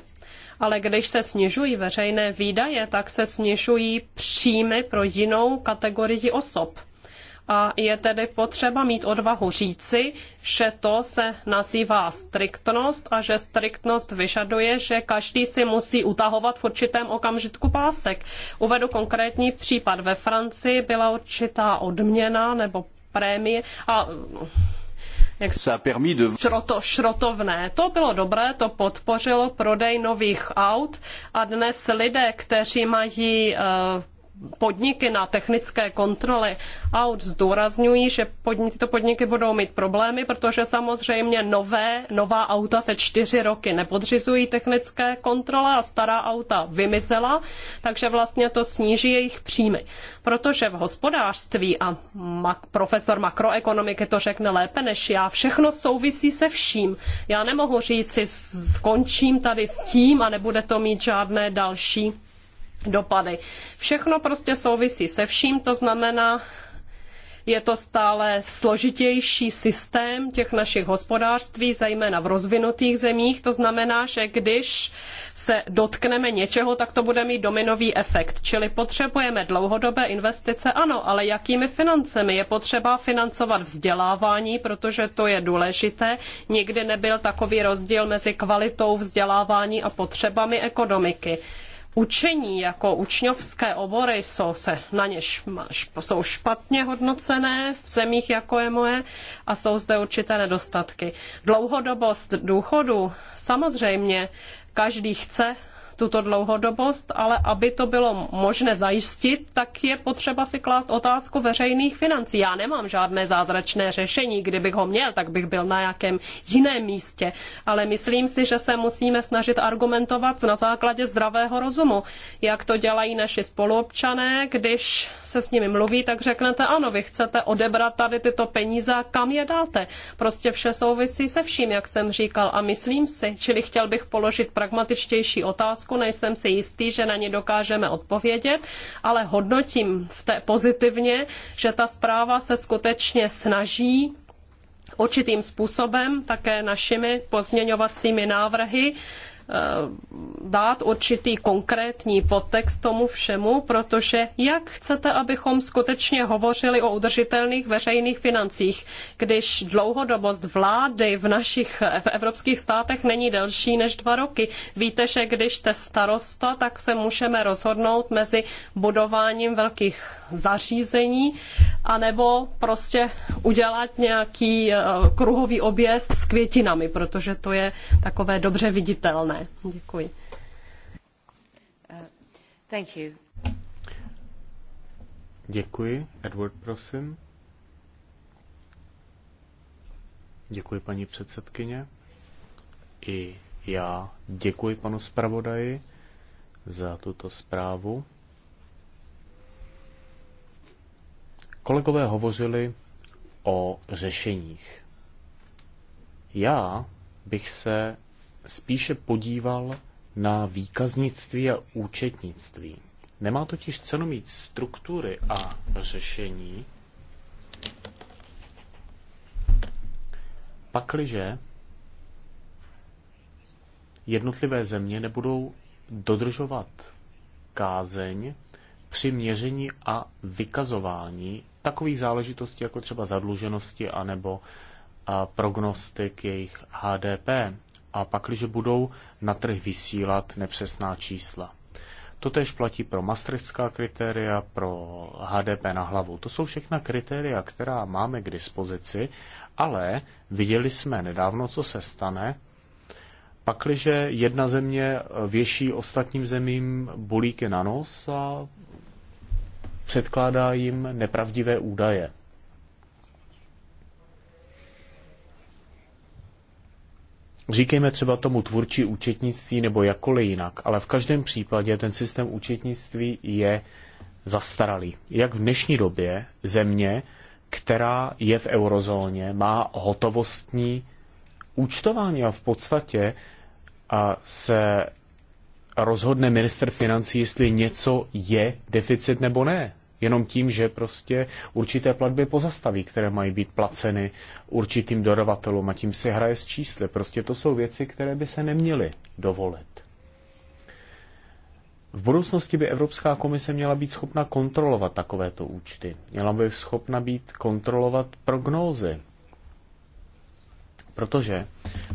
ale když se snižují veřejné výdaje, tak se snižují příjmy pro jinou kategorii osob a je tedy potřeba mít odvahu říci, že to se nazývá striktnost a že striktnost vyžaduje, že každý si musí utahovat v určitém okamžitku pásek. Uvedu konkrétní případ. Ve Francii byla určitá odměna nebo prémie a no, jak se de... šroto, šrotovné. To bylo dobré, to podpořilo prodej nových aut a dnes lidé, kteří mají uh, podniky na technické kontroly aut zdůrazňují, že podnik, tyto podniky budou mít problémy, protože samozřejmě nové, nová auta se čtyři roky nepodřizují technické kontrole a stará auta vymizela, takže vlastně to sníží jejich příjmy. Protože v hospodářství, a mak, profesor makroekonomiky to řekne lépe než já, všechno souvisí se vším. Já nemohu říci, skončím tady s tím a nebude to mít žádné další dopady. Všechno prostě souvisí se vším, to znamená, je to stále složitější systém těch našich hospodářství, zejména v rozvinutých zemích. To znamená, že když se dotkneme něčeho, tak to bude mít dominový efekt. Čili potřebujeme dlouhodobé investice, ano, ale jakými financemi? Je potřeba financovat vzdělávání, protože to je důležité. Nikdy nebyl takový rozdíl mezi kvalitou vzdělávání a potřebami ekonomiky učení jako učňovské obory jsou se na jsou špatně hodnocené v zemích jako je moje a jsou zde určité nedostatky. Dlouhodobost důchodu samozřejmě každý chce tuto dlouhodobost, ale aby to bylo možné zajistit, tak je potřeba si klást otázku veřejných financí. Já nemám žádné zázračné řešení, kdybych ho měl, tak bych byl na nějakém jiném místě, ale myslím si, že se musíme snažit argumentovat na základě zdravého rozumu, jak to dělají naši spoluobčané, když se s nimi mluví, tak řeknete ano, vy chcete odebrat tady tyto peníze a kam je dáte. Prostě vše souvisí se vším, jak jsem říkal a myslím si, čili chtěl bych položit pragmatičtější otázku, otázku, nejsem si jistý, že na ně dokážeme odpovědět, ale hodnotím v té pozitivně, že ta zpráva se skutečně snaží určitým způsobem, také našimi pozměňovacími návrhy, Eh, dát určitý konkrétní podtext tomu všemu, protože jak chcete, abychom skutečně hovořili o udržitelných veřejných financích, když dlouhodobost vlády v našich v evropských státech není delší než dva roky. Víte, že když jste starosta, tak se můžeme rozhodnout mezi budováním velkých zařízení anebo prostě udělat nějaký eh, kruhový objezd s květinami, protože to je takové dobře viditelné nutné. Děkuji. Uh, thank you. Děkuji. Edward, prosím. Děkuji, paní předsedkyně. I já děkuji panu zpravodaji za tuto zprávu. Kolegové hovořili o řešeních. Já bych se spíše podíval na výkaznictví a účetnictví. Nemá totiž cenu mít struktury a řešení, pakliže jednotlivé země nebudou dodržovat kázeň při měření a vykazování takových záležitostí, jako třeba zadluženosti anebo a prognostik jejich HDP a pakliže budou na trh vysílat nepřesná čísla. Totež platí pro maastrichtská kritéria, pro HDP na hlavu. To jsou všechna kritéria, která máme k dispozici, ale viděli jsme nedávno, co se stane, pakliže jedna země věší ostatním zemím bulíky na nos a předkládá jim nepravdivé údaje. Říkejme třeba tomu tvůrčí účetnictví nebo jakkoliv jinak, ale v každém případě ten systém účetnictví je zastaralý. Jak v dnešní době země, která je v eurozóně, má hotovostní účtování a v podstatě a se rozhodne minister financí, jestli něco je deficit nebo ne jenom tím, že prostě určité platby pozastaví, které mají být placeny určitým dodavatelům a tím si hraje s čísly. Prostě to jsou věci, které by se neměly dovolit. V budoucnosti by Evropská komise měla být schopna kontrolovat takovéto účty. Měla by schopna být kontrolovat prognózy. Protože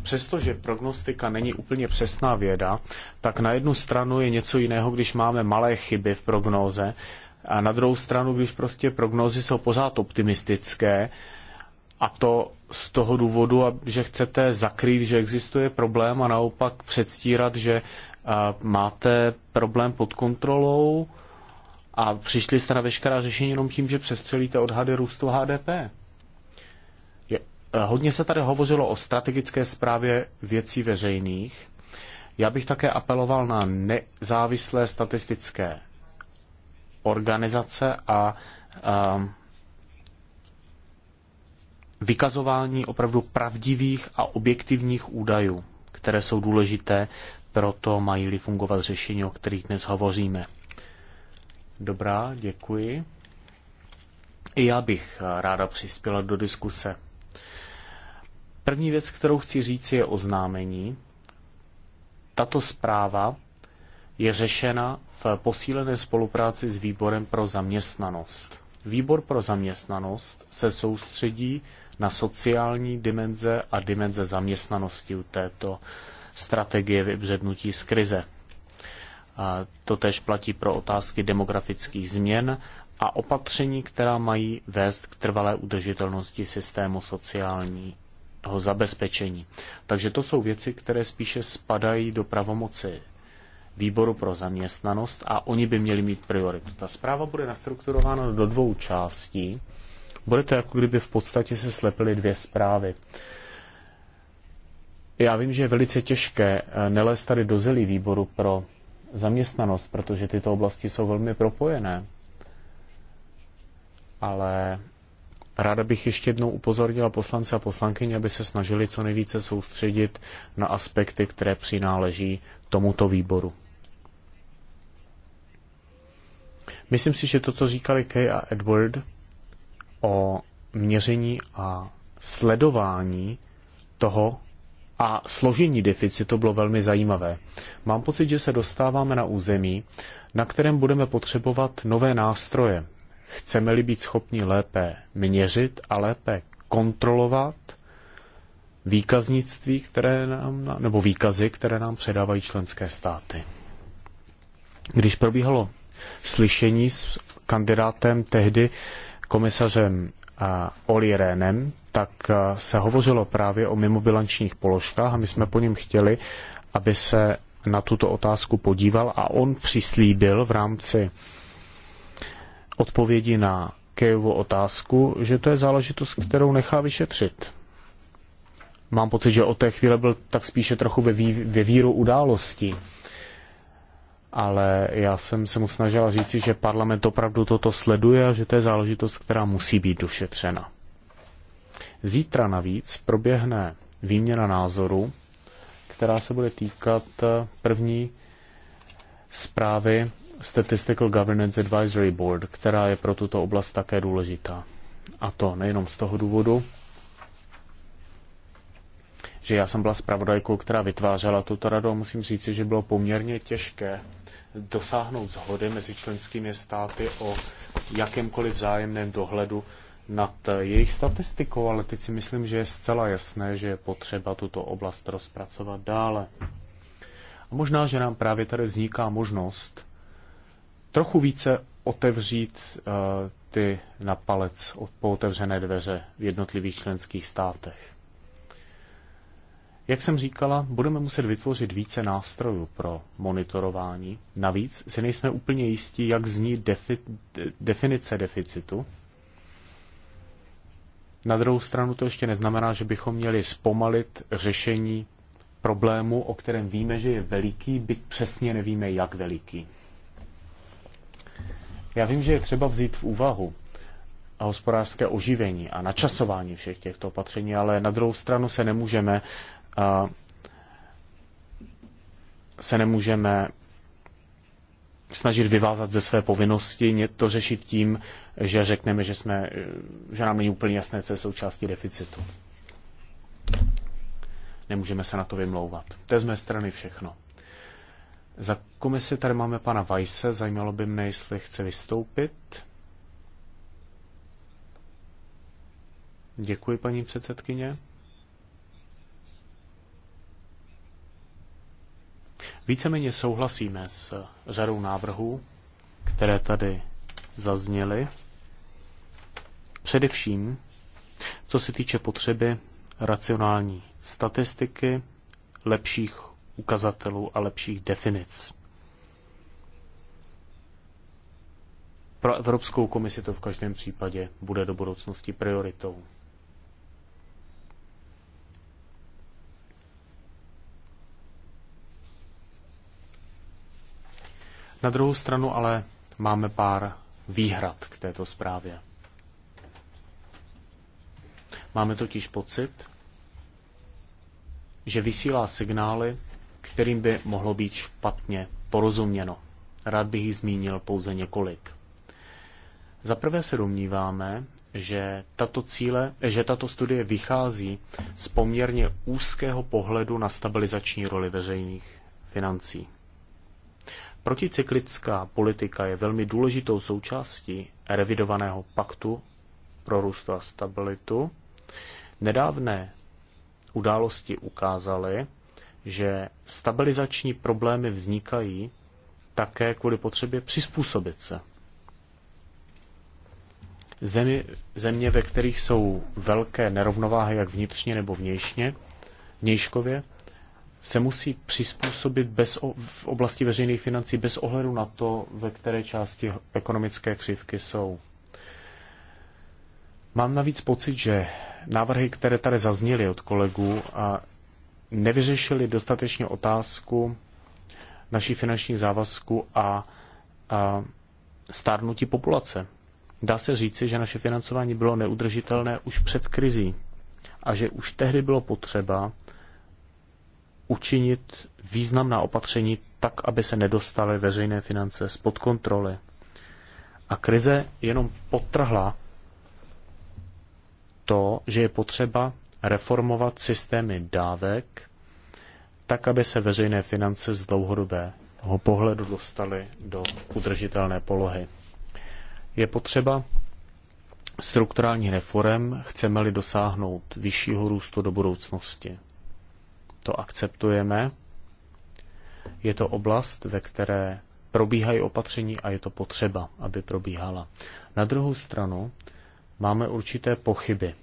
přestože prognostika není úplně přesná věda, tak na jednu stranu je něco jiného, když máme malé chyby v prognóze a na druhou stranu, když prostě prognózy jsou pořád optimistické, a to z toho důvodu, že chcete zakrýt, že existuje problém a naopak předstírat, že máte problém pod kontrolou a přišli jste na veškerá řešení jenom tím, že přestřelíte odhady růstu HDP. Je, e, hodně se tady hovořilo o strategické zprávě věcí veřejných. Já bych také apeloval na nezávislé statistické organizace a ehm, vykazování opravdu pravdivých a objektivních údajů, které jsou důležité, proto mají-li fungovat řešení, o kterých dnes hovoříme. Dobrá, děkuji. I já bych eh, ráda přispěla do diskuse. První věc, kterou chci říct, je oznámení. Tato zpráva je řešena v posílené spolupráci s výborem pro zaměstnanost. Výbor pro zaměstnanost se soustředí na sociální dimenze a dimenze zaměstnanosti u této strategie vybřednutí z krize. A to tež platí pro otázky demografických změn a opatření, která mají vést k trvalé udržitelnosti systému sociálního zabezpečení. Takže to jsou věci, které spíše spadají do pravomoci výboru pro zaměstnanost a oni by měli mít prioritu. Ta zpráva bude nastrukturována do dvou částí. Bude to jako kdyby v podstatě se slepily dvě zprávy. Já vím, že je velice těžké eh, nelézt tady do zelí výboru pro zaměstnanost, protože tyto oblasti jsou velmi propojené. Ale Ráda bych ještě jednou upozornila poslance a poslankyně, aby se snažili co nejvíce soustředit na aspekty, které přináleží tomuto výboru. Myslím si, že to, co říkali Kay a Edward o měření a sledování toho a složení deficitu bylo velmi zajímavé. Mám pocit, že se dostáváme na území, na kterém budeme potřebovat nové nástroje, Chceme-li být schopni lépe měřit a lépe kontrolovat výkaznictví, které nám, nebo výkazy, které nám předávají členské státy. Když probíhalo slyšení s kandidátem tehdy komisařem Oli Rénem, tak se hovořilo právě o mimobilančních položkách a my jsme po něm chtěli, aby se na tuto otázku podíval a on přislíbil v rámci odpovědi na Kejovu otázku, že to je záležitost, kterou nechá vyšetřit. Mám pocit, že od té chvíle byl tak spíše trochu ve, vý, ve víru události. Ale já jsem se mu snažila říci, že parlament opravdu toto sleduje a že to je záležitost, která musí být došetřena. Zítra navíc proběhne výměna názoru, která se bude týkat eh, první zprávy Statistical Governance Advisory Board, která je pro tuto oblast také důležitá. A to nejenom z toho důvodu, že já jsem byla zpravodajkou, která vytvářela tuto radu a musím říci, že bylo poměrně těžké dosáhnout zhody mezi členskými státy o jakémkoliv vzájemném dohledu nad jejich statistikou, ale teď si myslím, že je zcela jasné, že je potřeba tuto oblast rozpracovat dále. A možná, že nám právě tady vzniká možnost trochu více otevřít eh, ty na palec pootevřené dveře v jednotlivých členských státech. Jak jsem říkala, budeme muset vytvořit více nástrojů pro monitorování. Navíc si nejsme úplně jistí, jak zní defi- definice deficitu. Na druhou stranu to ještě neznamená, že bychom měli zpomalit řešení problému, o kterém víme, že je veliký, byť přesně nevíme, jak veliký. Já vím, že je třeba vzít v úvahu a hospodářské oživení a načasování všech těchto opatření, ale na druhou stranu se nemůžeme se nemůžeme snažit vyvázat ze své povinnosti, to řešit tím, že řekneme, že, jsme, že nám není úplně jasné, co je součástí deficitu. Nemůžeme se na to vymlouvat. To je z mé strany všechno. Za komisi tady máme pana Vajse, zajímalo by mě, jestli chce vystoupit. Děkuji, paní předsedkyně. Víceméně souhlasíme s řadou návrhů, které tady zazněly. Především, co se týče potřeby racionální statistiky, lepších ukazatelů a lepších definic. Pro Evropskou komisi to v každém případě bude do budoucnosti prioritou. Na druhou stranu ale máme pár výhrad k této zprávě. Máme totiž pocit, že vysílá signály, kterým by mohlo být špatně porozuměno. Rád bych ji zmínil pouze několik. Za prvé se domníváme, že tato, cíle, že tato studie vychází z poměrně úzkého pohledu na stabilizační roli veřejných financí. Proticyklická politika je velmi důležitou součástí revidovaného paktu pro růst a stabilitu. Nedávné události ukázaly, že stabilizační problémy vznikají také kvůli potřebě přizpůsobit se. země země, ve kterých jsou velké nerovnováhy, jak vnitřně nebo vnějšně, vnějškově, se musí přizpůsobit bez, v oblasti veřejných financí bez ohledu na to, ve které části ekonomické křivky jsou. Mám navíc pocit, že návrhy, které tady zazněly od kolegů a nevyřešili dostatečně otázku naší finanční závazku a, a stárnutí populace. Dá se říci, že naše financování bylo neudržitelné už před krizí a že už tehdy bylo potřeba učinit významná opatření tak, aby se nedostaly veřejné finance spod kontroly. A krize jenom potrhla to, že je potřeba reformovat systémy dávek, tak, aby se veřejné finance z dlouhodobého pohledu dostaly do udržitelné polohy. Je potřeba strukturální reform, chceme-li dosáhnout vyššího růstu do budoucnosti. To akceptujeme. Je to oblast, ve které probíhají opatření a je to potřeba, aby probíhala. Na druhou stranu máme určité pochyby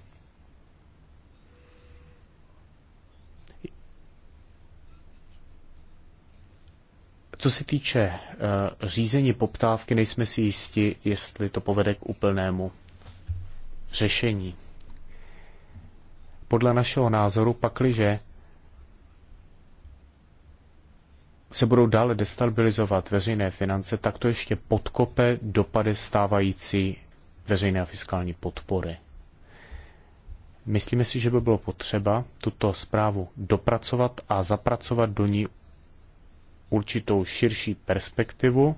Co se týče eh, řízení poptávky, nejsme si jisti, jestli to povede k úplnému řešení. Podle našeho názoru pakliže se budou dále destabilizovat veřejné finance, tak to ještě podkope dopady stávající veřejné a fiskální podpory. Myslíme si, že by bylo potřeba tuto zprávu dopracovat a zapracovat do ní určitou širší perspektivu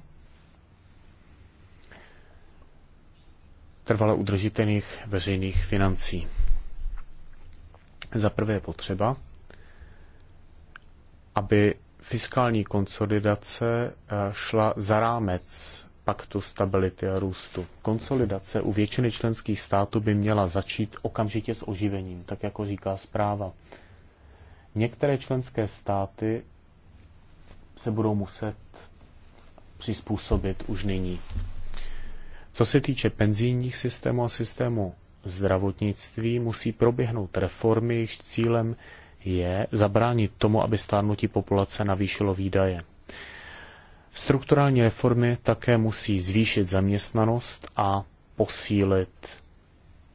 trvale udržitelných veřejných financí. Za prvé je potřeba, aby fiskální konsolidace eh, šla za rámec paktu stability a růstu. Konsolidace u většiny členských států by měla začít okamžitě s oživením, tak jako říká zpráva. Některé členské státy se budou muset přizpůsobit už nyní. Co se týče penzijních systémů a systému zdravotnictví, musí proběhnout reformy, jejichž cílem je zabránit tomu, aby stárnutí populace navýšilo výdaje. Strukturální reformy také musí zvýšit zaměstnanost a posílit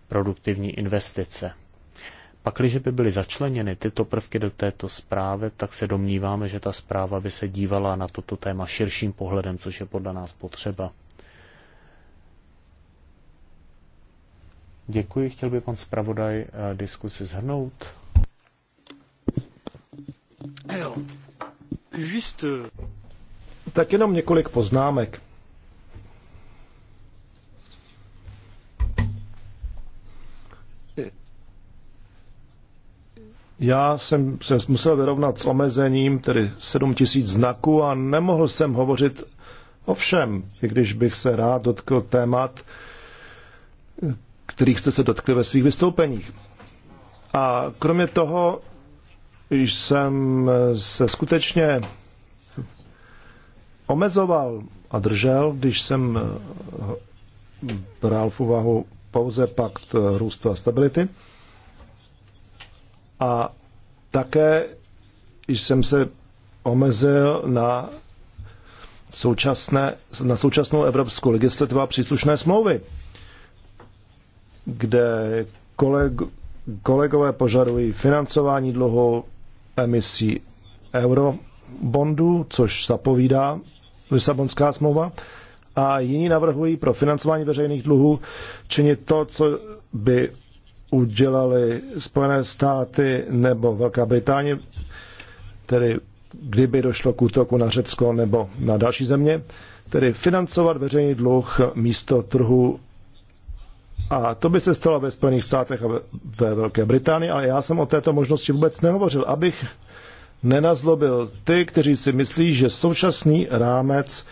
produktivní investice. Pakliže by byly začleněny tyto prvky do této zprávy, tak se domníváme, že ta zpráva by se dívala na toto téma širším pohledem, což je podle nás potřeba. Děkuji. Chtěl by pan zpravodaj eh, diskusi zhrnout? Just... Tak jenom několik poznámek. já jsem se musel vyrovnat s omezením, tedy 7 tisíc znaků a nemohl jsem hovořit o všem, i když bych se rád dotkl témat, kterých jste se dotkli ve svých vystoupeních. A kromě toho jsem se skutečně omezoval a držel, když jsem bral v úvahu pouze pakt růstu a stability, a také jsem se omezil na, současné, na současnou evropskou legislativu a příslušné smlouvy, kde koleg, kolegové požadují financování dluhu emisí eurobondů, což zapovídá Lisabonská smlouva, a jiní navrhují pro financování veřejných dluhů činit to, co by udělali Spojené státy nebo Velká Británie, tedy kdyby došlo k útoku na Řecko nebo na další země, tedy financovat veřejný dluh místo trhu. A to by se stalo ve Spojených státech a ve Velké Británii, ale já jsem o této možnosti vůbec nehovořil, abych nenazlobil ty, kteří si myslí, že současný rámec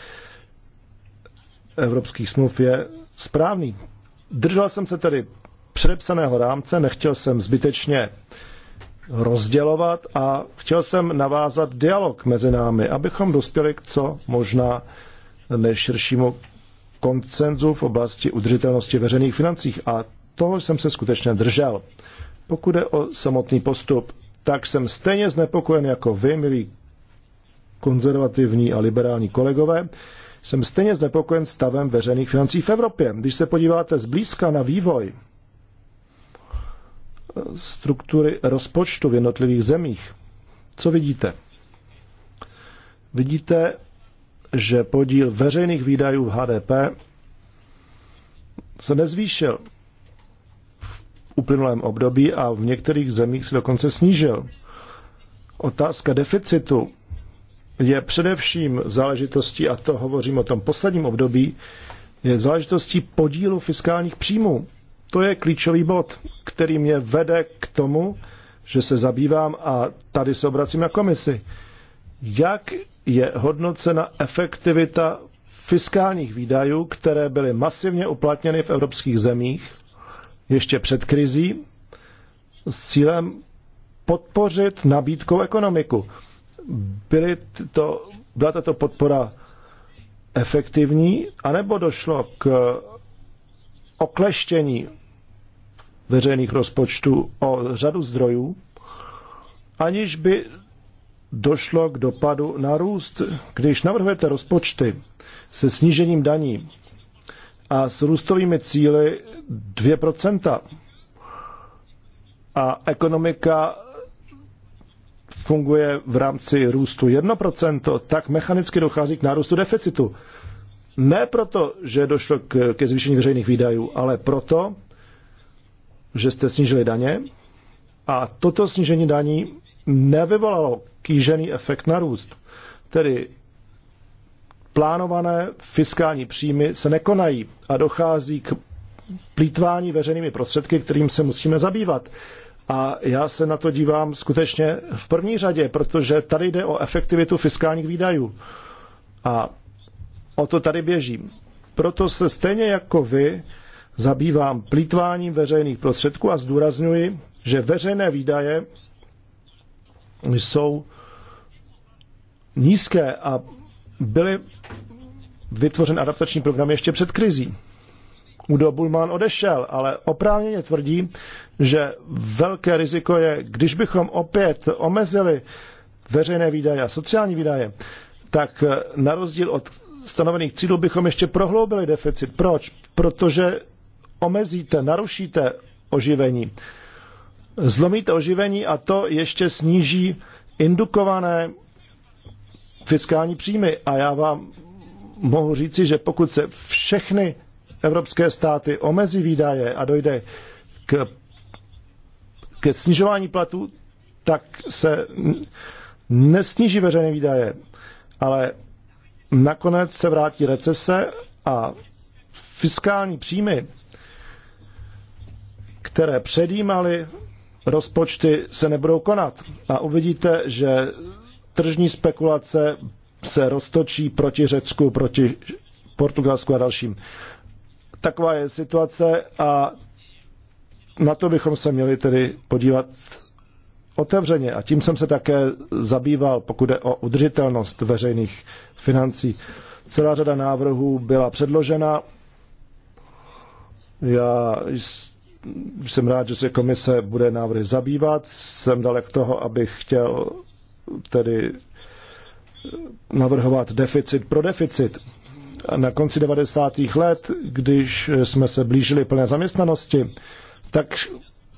evropských smluv je správný. Držel jsem se tedy předepsaného rámce, nechtěl jsem zbytečně rozdělovat a chtěl jsem navázat dialog mezi námi, abychom dospěli k co možná nejširšímu koncenzu v oblasti udržitelnosti veřejných financích a toho jsem se skutečně držel. Pokud je o samotný postup, tak jsem stejně znepokojen jako vy, milí konzervativní a liberální kolegové, jsem stejně znepokojen stavem veřejných financí v Evropě. Když se podíváte zblízka na vývoj struktury rozpočtu v jednotlivých zemích, co vidíte? Vidíte, že podíl veřejných výdajů v HDP se nezvýšil v uplynulém období a v některých zemích se dokonce snížil. Otázka deficitu je především záležitostí, a to hovořím o tom posledním období, je záležitostí podílu fiskálních příjmů to je klíčový bod, který mě vede k tomu, že se zabývám a tady se obracím na komisi. Jak je hodnocena efektivita fiskálních výdajů, které byly masivně uplatněny v evropských zemích ještě před krizí s cílem podpořit nabídkou ekonomiku. Byly to, byla tato podpora efektivní, anebo došlo k okleštění veřejných rozpočtů o řadu zdrojů, aniž by došlo k dopadu na růst. Když navrhujete rozpočty se snížením daní a s růstovými cíly 2% a ekonomika funguje v rámci růstu 1%, tak mechanicky dochází k nárůstu deficitu. Ne proto, že došlo k, ke zvýšení veřejných výdajů, ale proto, že jste snížili daně a toto snížení daní nevyvolalo kýžený efekt na růst. Tedy plánované fiskální příjmy se nekonají a dochází k plítvání veřejnými prostředky, kterým se musíme zabývat. A já se na to dívám skutečně v první řadě, protože tady jde o efektivitu fiskálních výdajů. A o to tady běžím. Proto se stejně jako vy zabývám plítváním veřejných prostředků a zdůrazňuji, že veřejné výdaje jsou nízké a byly vytvořen adaptační program ještě před krizí. Udo Bulman odešel, ale oprávněně tvrdí, že velké riziko je, když bychom opět omezili veřejné výdaje a sociální výdaje, tak eh, na rozdíl od stanovených cílů bychom ještě prohloubili deficit. Proč? Protože omezíte, narušíte oživení, zlomíte oživení a to ještě sníží indukované fiskální příjmy. A já vám mohu říci, že pokud se všechny evropské státy omezí výdaje a dojde k, ke snižování platů, tak se nesníží veřejné výdaje, ale nakonec se vrátí recese a fiskální příjmy které předjímaly rozpočty, se nebudou konat. A uvidíte, že tržní spekulace se roztočí proti Řecku, proti Portugalsku a dalším. Taková je situace a na to bychom se měli tedy podívat otevřeně. A tím jsem se také zabýval, pokud je o udržitelnost veřejných financí. Celá řada návrhů byla předložena. Já jsem rád, že se komise bude návrhy zabývat. Jsem dalek toho, abych chtěl tedy navrhovat deficit pro deficit. A na konci 90. let, když jsme se blížili plné zaměstnanosti, tak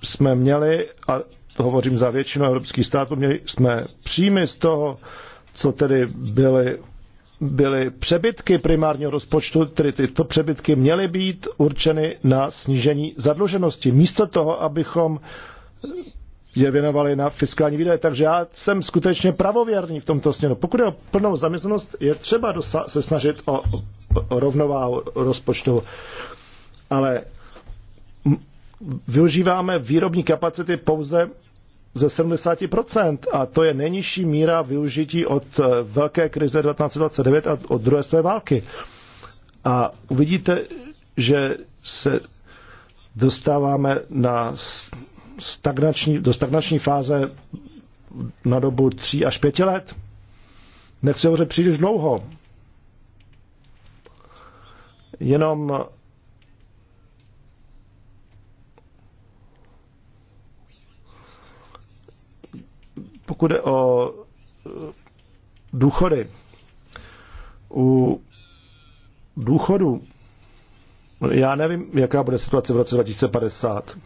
jsme měli, a to hovořím za většinu evropských států, měli jsme příjmy z toho, co tedy byly byly přebytky primárního rozpočtu, tedy tyto přebytky měly být určeny na snížení zadluženosti. Místo toho, abychom je věnovali na fiskální výdaje. Takže já jsem skutečně pravověrný v tomto směru. Pokud je o plnou zaměstnanost, je třeba se snažit o rovnováhu rozpočtu. Ale využíváme výrobní kapacity pouze ze 70% a to je nejnižší míra využití od eh, velké krize 1929 a od druhé světové války. A uvidíte, že se dostáváme na stagnační, do stagnační fáze na dobu 3 až 5 let. Nechci hovořit příliš dlouho. Jenom Pokud jde o e, důchody, u důchodu, já nevím, jaká bude situace v roce 2050.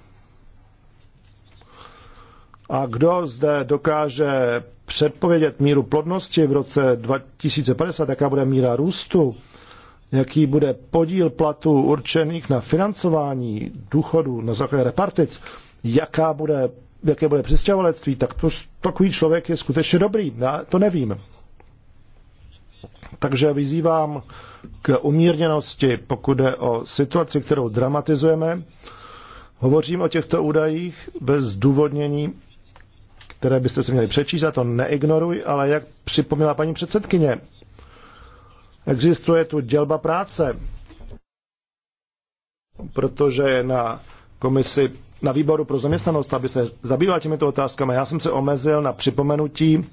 A kdo zde dokáže předpovědět míru plodnosti v roce 2050, jaká bude míra růstu, jaký bude podíl platů určených na financování důchodu na základě repartic, jaká bude jaké bude přistěhovalectví, tak to, takový člověk je skutečně dobrý. Já to nevím. Takže vyzývám k umírněnosti, pokud jde o situaci, kterou dramatizujeme. Hovořím o těchto údajích bez důvodnění, které byste si měli přečíst, a to neignoruj, ale jak připomněla paní předsedkyně, existuje tu dělba práce, protože je na komisi na výboru pro zaměstnanost, aby se zabýval těmito otázkami. Já jsem se omezil na připomenutí,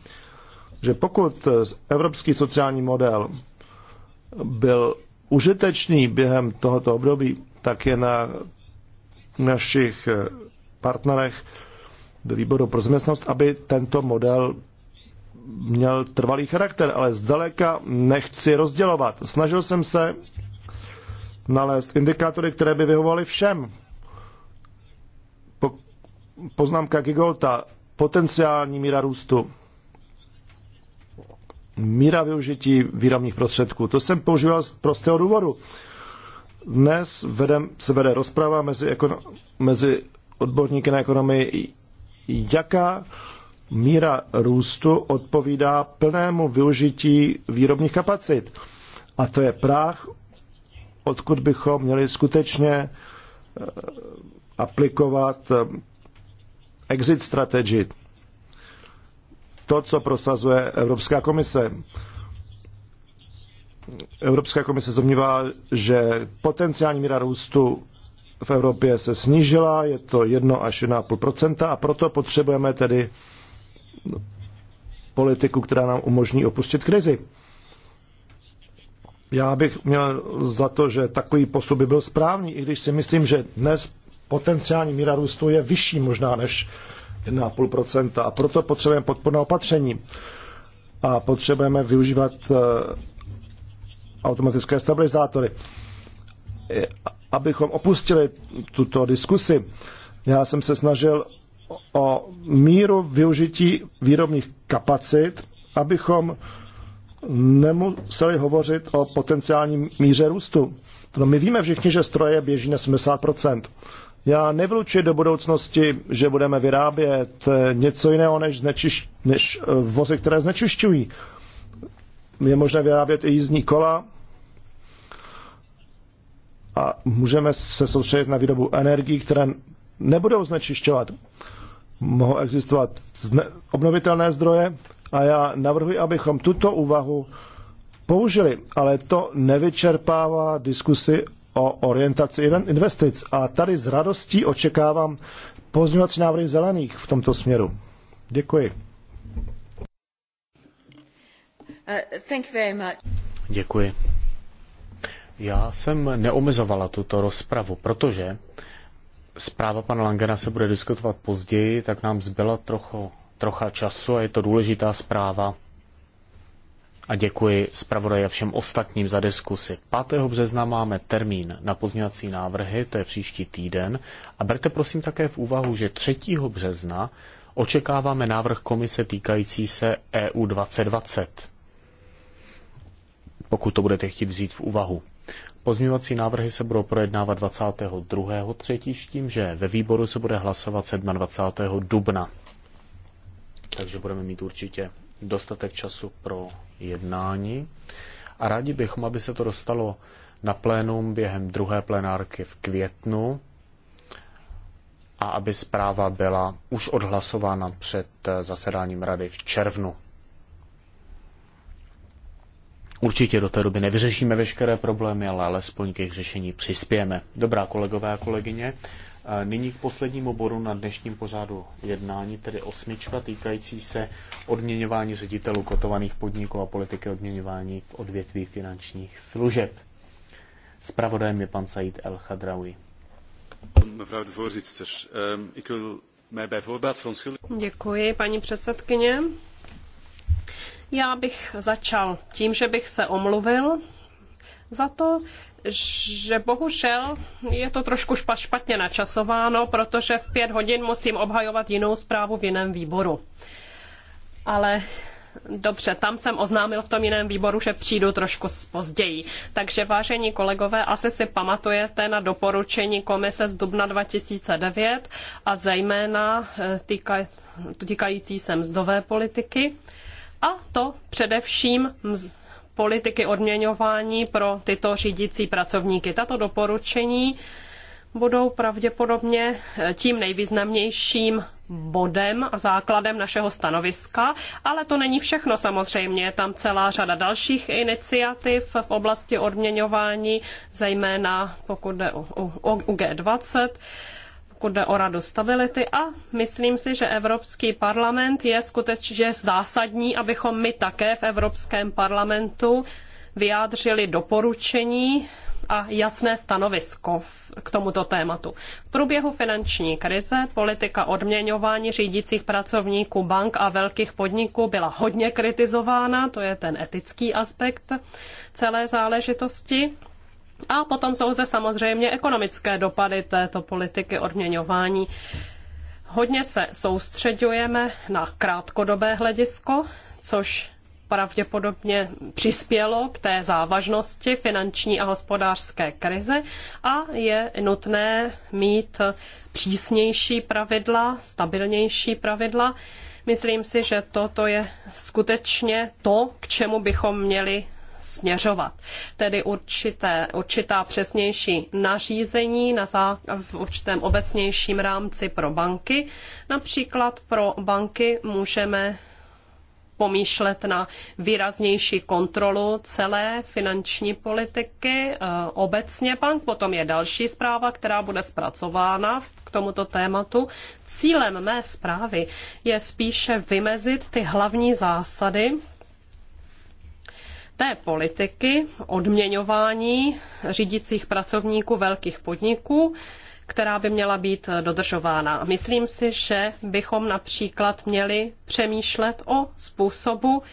že pokud evropský sociální model byl užitečný během tohoto období, tak je na našich partnerech ve výboru pro zaměstnanost, aby tento model měl trvalý charakter, ale zdaleka nechci rozdělovat. Snažil jsem se nalézt indikátory, které by vyhovovaly všem poznámka Gigolta, potenciální míra růstu, míra využití výrobních prostředků. To jsem používal z prostého důvodu. Dnes vedem, se vede rozprava mezi, ekono, mezi odborníky na ekonomii, jaká míra růstu odpovídá plnému využití výrobních kapacit. A to je práh, odkud bychom měli skutečně eh, aplikovat eh, exit strategy, to, co prosazuje Evropská komise. Evropská komise zomnívá, že potenciální míra růstu v Evropě se snížila, je to 1 až 1,5 a proto potřebujeme tedy politiku, která nám umožní opustit krizi. Já bych měl za to, že takový postup by byl správný, i když si myslím, že dnes potenciální míra růstu je vyšší možná než 1,5%. A proto potřebujeme podporné opatření a potřebujeme využívat eh, automatické stabilizátory. Eh, abychom opustili tuto diskusi, já jsem se snažil o míru využití výrobních kapacit, abychom nemuseli hovořit o potenciální míře růstu. No my víme všichni, že stroje běží na 70%. Já nevlučuji do budoucnosti, že budeme vyrábět eh, něco jiného než, znečiš, než eh, vozy, které znečišťují. Je možné vyrábět i jízdní kola a můžeme se soustředit na výrobu energií, které nebudou znečišťovat. Mohou existovat obnovitelné zdroje a já navrhuji, abychom tuto úvahu použili, ale to nevyčerpává diskusy o orientaci investic a tady s radostí očekávám pozměňovací návrhy zelených v tomto směru. Děkuji. Uh, Děkuji. Já jsem neomezovala tuto rozpravu, protože zpráva pana Langena se bude diskutovat později, tak nám zbyla trochu, trocha času a je to důležitá zpráva a děkuji zpravodaji a všem ostatním za diskusi. 5. března máme termín na pozměňovací návrhy, to je příští týden. A berte prosím také v úvahu, že 3. března očekáváme návrh komise týkající se EU 2020, pokud to budete chtít vzít v úvahu. Pozměňovací návrhy se budou projednávat 22. třetí s tím, že ve výboru se bude hlasovat 27. dubna. Takže budeme mít určitě dostatek času pro jednání a rádi bychom, aby se to dostalo na plénum během druhé plenárky v květnu a aby zpráva byla už odhlasována před eh, zasedáním rady v červnu. Určitě do té doby nevyřešíme veškeré problémy, ale alespoň k jejich řešení přispějeme. Dobrá kolegové a kolegyně, Nyní k poslednímu bodu na dnešním pořádu jednání, tedy osmička týkající se odměňování ředitelů kotovaných podniků a politiky odměňování v odvětví finančních služeb. Spravodajem je pan Said El Khadraoui. Ehm, Děkuji, paní předsedkyně. Já bych začal tím, že bych se omluvil za to, že bohužel je to trošku špatně načasováno, protože v pět hodin musím obhajovat jinou zprávu v jiném výboru. Ale Dobře, tam jsem oznámil v tom jiném výboru, že přijdu trošku později. Takže vážení kolegové, asi si pamatujete na doporučení komise z dubna 2009 a zejména eh, týkaj, týkající se mzdové politiky a to především mz, politiky odměňování pro tyto řídící pracovníky. Tato doporučení budou pravděpodobně eh, tím nejvýznamnějším bodem a základem našeho stanoviska, ale to není všechno samozřejmě. Je tam celá řada dalších iniciativ v oblasti odměňování, zejména pokud jde o, o, o G20 pokud jde o radu stability a myslím si, že Evropský parlament je skutečně zásadní, abychom my také v Evropském parlamentu vyjádřili doporučení a jasné stanovisko k tomuto tématu. V průběhu finanční krize politika odměňování řídících pracovníků bank a velkých podniků byla hodně kritizována, to je ten etický aspekt celé záležitosti. A potom jsou zde samozřejmě ekonomické dopady této politiky odměňování. Hodně se soustředujeme na krátkodobé hledisko, což pravděpodobně přispělo k té závažnosti finanční a hospodářské krize a je nutné mít přísnější pravidla, stabilnější pravidla. Myslím si, že toto je skutečně to, k čemu bychom měli směřovat. Tedy určité, určitá přesnější nařízení na zá, v určitém obecnějším rámci pro banky. Například pro banky můžeme pomýšlet na výraznější kontrolu celé finanční politiky eh, obecně bank. Potom je další zpráva, která bude zpracována k tomuto tématu. Cílem mé zprávy je spíše vymezit ty hlavní zásady, té politiky odměňování řídících pracovníků velkých podniků, která by měla být dodržována. Myslím si, že bychom například měli přemýšlet o způsobu,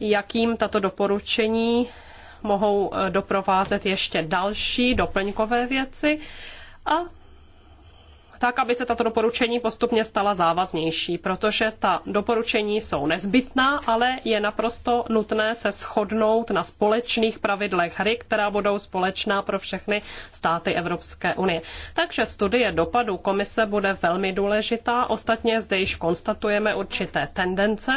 jakým tato doporučení mohou doprovázet ještě další doplňkové věci a tak aby se tato doporučení postupně stala závaznější, protože ta doporučení jsou nezbytná, ale je naprosto nutné se shodnout na společných pravidlech hry, která budou společná pro všechny státy Evropské unie. Takže studie dopadu komise bude velmi důležitá. Ostatně zde již konstatujeme určité tendence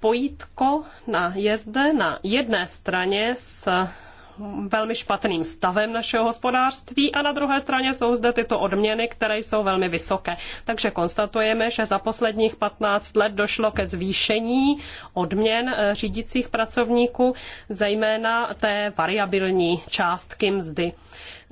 pojítko na, je zde na jedné straně s velmi špatným stavem našeho hospodářství a na druhé straně jsou zde tyto odměny, které jsou velmi vysoké. Takže konstatujeme, že za posledních 15 let došlo ke zvýšení odměn eh, řídících pracovníků, zejména té variabilní částky mzdy.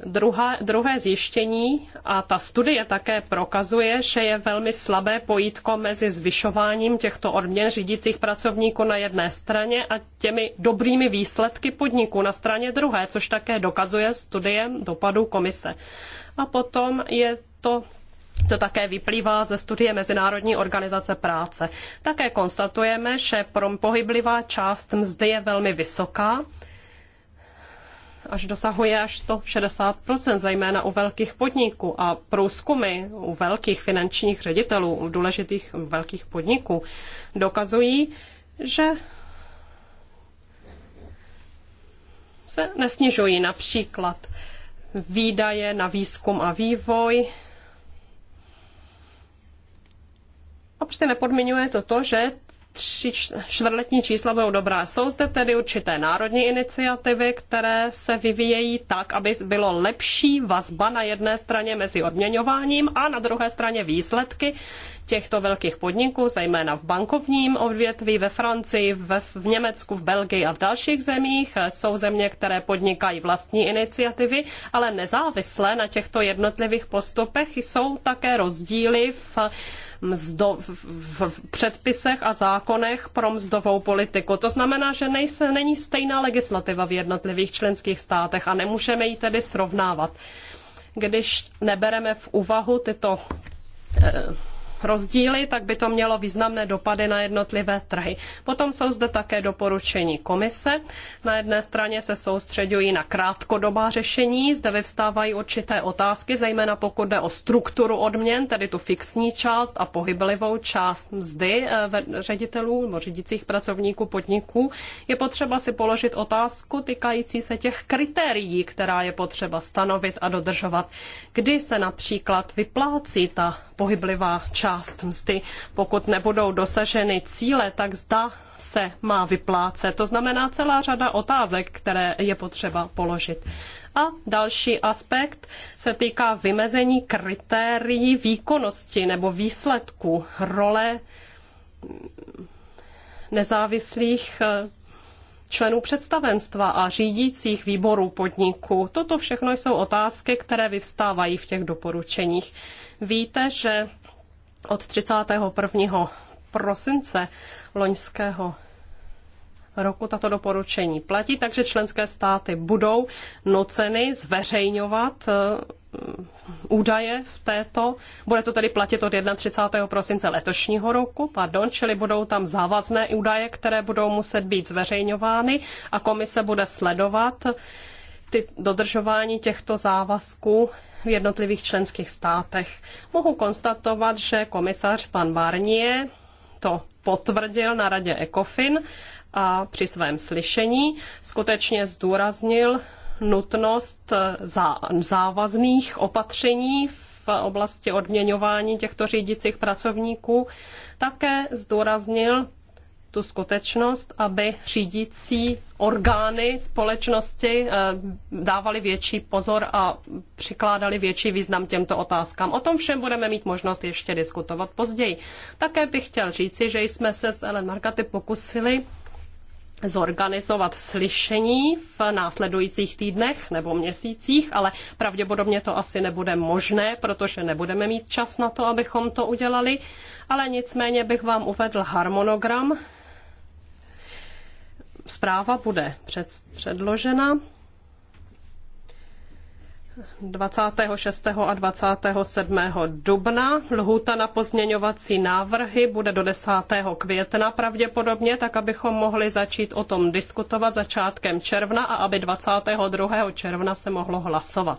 Druhá, druhé zjištění a ta studie také prokazuje, že je velmi slabé pojítko mezi zvyšováním těchto odměn řídících pracovníků na jedné straně a těmi dobrými výsledky podniků na straně druhé, což také dokazuje studie dopadů komise. A potom je to to také vyplývá ze studie Mezinárodní organizace práce. Také konstatujeme, že pohyblivá část mzdy je velmi vysoká až dosahuje až 160%, zejména u velkých podniků a průzkumy u velkých finančních ředitelů, u důležitých velkých podniků dokazují, že se nesnižují například výdaje na výzkum a vývoj, a prostě nepodmiňuje to to, že tři čtvrtletní čísla budou dobrá. Jsou zde tedy určité národní iniciativy, které se vyvíjejí tak, aby bylo lepší vazba na jedné straně mezi odměňováním a na druhé straně výsledky, těchto velkých podniků, zejména v bankovním odvětví ve Francii, v Německu, v Belgii a v dalších zemích. Jsou země, které podnikají vlastní iniciativy, ale nezávisle na těchto jednotlivých postupech jsou také rozdíly v, mzdo, v, v, v předpisech a zákonech pro mzdovou politiku. To znamená, že nejse, není stejná legislativa v jednotlivých členských státech a nemůžeme ji tedy srovnávat. Když nebereme v úvahu tyto eh, rozdíly, tak by to mělo významné dopady na jednotlivé trhy. Potom jsou zde také doporučení komise. Na jedné straně se soustředují na krátkodobá řešení, zde vyvstávají určité otázky, zejména pokud jde o strukturu odměn, tedy tu fixní část a pohyblivou část mzdy eh, ředitelů nebo řídících pracovníků podniků. Je potřeba si položit otázku týkající se těch kritérií, která je potřeba stanovit a dodržovat. Kdy se například vyplácí ta pohyblivá část část mzdy. Pokud nebudou dosaženy cíle, tak zda se má vyplácet. To znamená celá řada otázek, které je potřeba položit. A další aspekt se týká vymezení kritérií výkonnosti nebo výsledku role nezávislých eh, členů představenstva a řídících výborů podniku. Toto všechno jsou otázky, které vyvstávají v těch doporučeních. Víte, že od 31. prosince loňského roku tato doporučení platí, takže členské státy budou nuceny zveřejňovat eh, údaje v této, bude to tedy platit od 31. prosince letošního roku, pardon, čili budou tam závazné údaje, které budou muset být zveřejňovány a komise bude sledovat, ty dodržování těchto závazků v jednotlivých členských státech. Mohu konstatovat, že komisař pan Barnier to potvrdil na radě ECOFIN a při svém slyšení skutečně zdůraznil nutnost eh, závazných opatření v oblasti odměňování těchto řídících pracovníků. Také zdůraznil tu skutečnost, aby řídící orgány společnosti eh, dávali větší pozor a přikládali větší význam těmto otázkám. O tom všem budeme mít možnost ještě diskutovat později. Také bych chtěl říci, že jsme se s Ellen Markaty pokusili zorganizovat slyšení v následujících týdnech nebo měsících, ale pravděpodobně to asi nebude možné, protože nebudeme mít čas na to, abychom to udělali. Ale nicméně bych vám uvedl harmonogram zpráva bude před, předložena 26. a 27. dubna. Lhůta na pozměňovací návrhy bude do 10. května pravděpodobně, tak abychom mohli začít o tom diskutovat začátkem června a aby 22. června se mohlo hlasovat.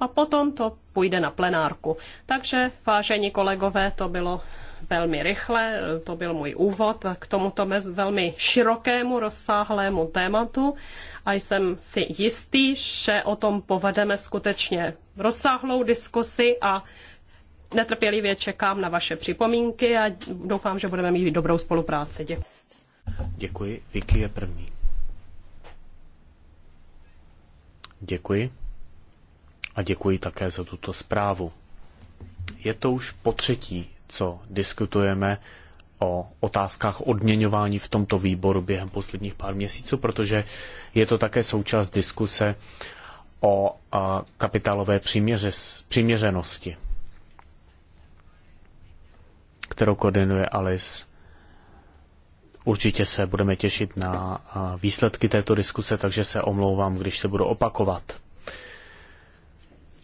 A potom to půjde na plenárku. Takže, vážení kolegové, to bylo velmi rychle. To byl můj úvod k tomuto velmi širokému, rozsáhlému tématu a jsem si jistý, že o tom povedeme skutečně rozsáhlou diskusi a netrpělivě čekám na vaše připomínky a doufám, že budeme mít dobrou spolupráci. Děkuji. Děkuji. Vicky je první. Děkuji. A děkuji také za tuto zprávu. Je to už po třetí, co diskutujeme o otázkách odměňování v tomto výboru během posledních pár měsíců, protože je to také součást diskuse o kapitálové přiměřenosti, kterou koordinuje Alice. Určitě se budeme těšit na výsledky této diskuse, takže se omlouvám, když se budu opakovat.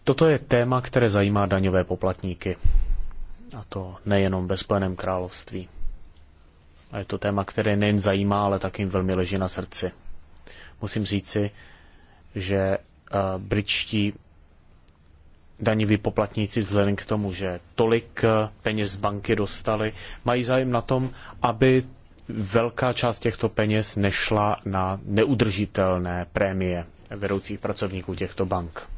Toto je téma, které zajímá daňové poplatníky a to nejenom ve Spojeném království. A je to téma, které nejen zajímá, ale taky jim velmi leží na srdci. Musím říci, že eh, britští daňoví poplatníci vzhledem k tomu, že tolik eh, peněz z banky dostali, mají zájem na tom, aby velká část těchto peněz nešla na neudržitelné prémie vedoucích pracovníků těchto bank.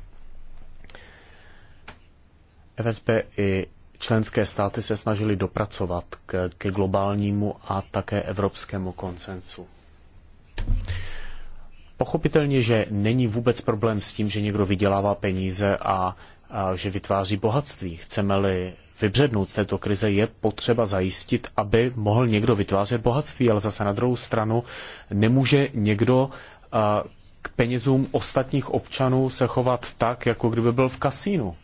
FSB i členské státy se snažily dopracovat k, ke globálnímu a také evropskému konsensu. Pochopitelně, že není vůbec problém s tím, že někdo vydělává peníze a, a že vytváří bohatství. Chceme-li vybřednout z této krize, je potřeba zajistit, aby mohl někdo vytvářet bohatství, ale zase na druhou stranu nemůže někdo a, k penězům ostatních občanů se chovat tak, jako kdyby byl v kasínu.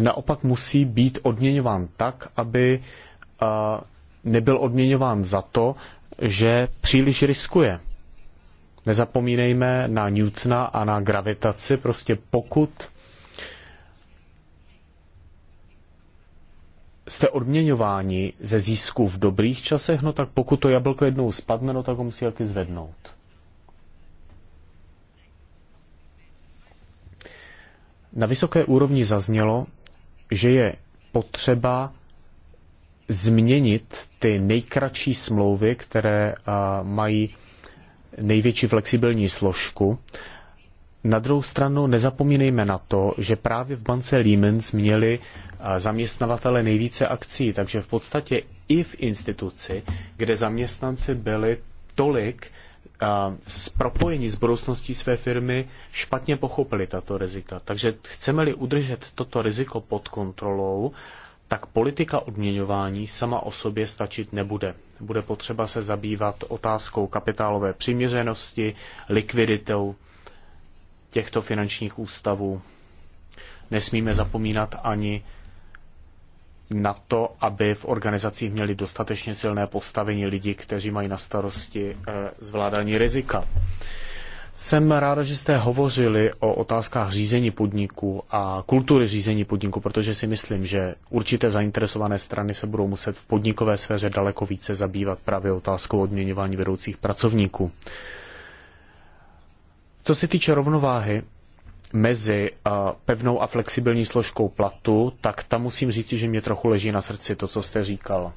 naopak musí být odměňován tak, aby nebyl odměňován za to, že příliš riskuje. Nezapomínejme na Newtona a na gravitaci. Prostě pokud jste odměňováni ze zisku v dobrých časech, no tak pokud to jablko jednou spadne, no tak ho musí taky zvednout. Na vysoké úrovni zaznělo, že je potřeba změnit ty nejkratší smlouvy, které mají největší flexibilní složku. Na druhou stranu nezapomínejme na to, že právě v bance Lehman měli zaměstnavatele nejvíce akcí, takže v podstatě i v instituci, kde zaměstnanci byli tolik, s propojení s budoucností své firmy špatně pochopili tato rizika. Takže chceme-li udržet toto riziko pod kontrolou, tak politika odměňování sama o sobě stačit nebude. Bude potřeba se zabývat otázkou kapitálové přiměřenosti, likviditou těchto finančních ústavů. Nesmíme zapomínat ani na to, aby v organizacích měli dostatečně silné postavení lidi, kteří mají na starosti eh, zvládání rizika. Jsem ráda, že jste hovořili o otázkách řízení podniku a kultury řízení podniku, protože si myslím, že určité zainteresované strany se budou muset v podnikové sféře daleko více zabývat právě otázkou odměňování vedoucích pracovníků. Co se týče rovnováhy mezi pevnou a flexibilní složkou platu, tak tam musím říct, že mě trochu leží na srdci to, co jste říkal.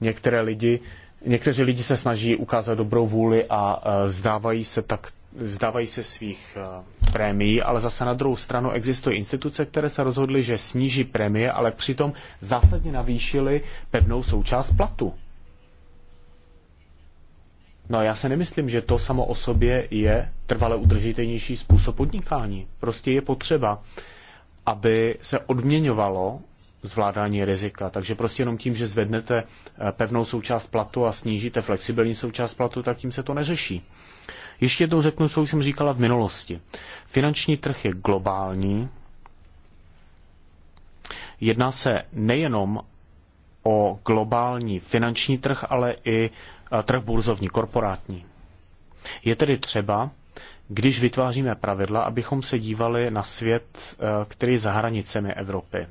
Některé lidi, někteří lidi se snaží ukázat dobrou vůli a e, vzdávají se tak vzdávají se svých e, prémií, ale zase na druhou stranu existují instituce, které se rozhodly, že sníží prémie, ale přitom zásadně navýšily pevnou součást platu. No já se nemyslím, že to samo o sobě je trvale udržitelnější způsob podnikání. Prostě je potřeba, aby se odměňovalo zvládání rizika. Takže prostě jenom tím, že zvednete eh, pevnou součást platu a snížíte flexibilní součást platu, tak tím se to neřeší. Ještě jednou řeknu, co už jsem říkala v minulosti. Finanční trh je globální. Jedná se nejenom o globální finanční trh, ale i trh burzovní, korporátní. Je tedy třeba, když vytváříme pravidla, abychom se dívali na svět, eh, který je za hranicemi Evropy.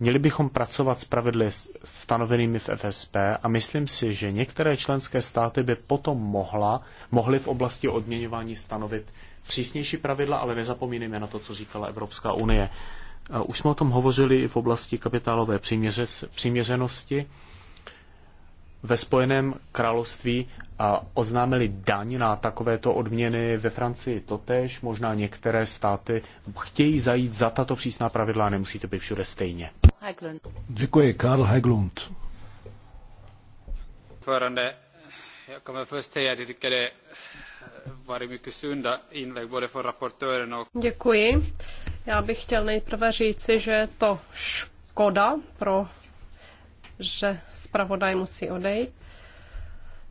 Měli bychom pracovat s pravidly stanovenými v FSP a myslím si, že některé členské státy by potom mohla, mohly v oblasti odměňování stanovit přísnější pravidla, ale nezapomínejme na to, co říkala Evropská unie. Eh, už jsme o tom hovořili i v oblasti kapitálové přiměřenosti ve Spojeném království oznámili daň na takovéto odměny ve Francii totéž. Možná některé státy chtějí zajít za tato přísná pravidla a nemusí to být všude stejně. Heglund. Děkuji, Karl Heglund. Förande, jag kommer först säga att jag tycker det varit mycket sunda inlägg både från rapportören och... Děkuji. Já bych chtěl nejprve říci, že to škoda pro že zpravodaj musí odejít.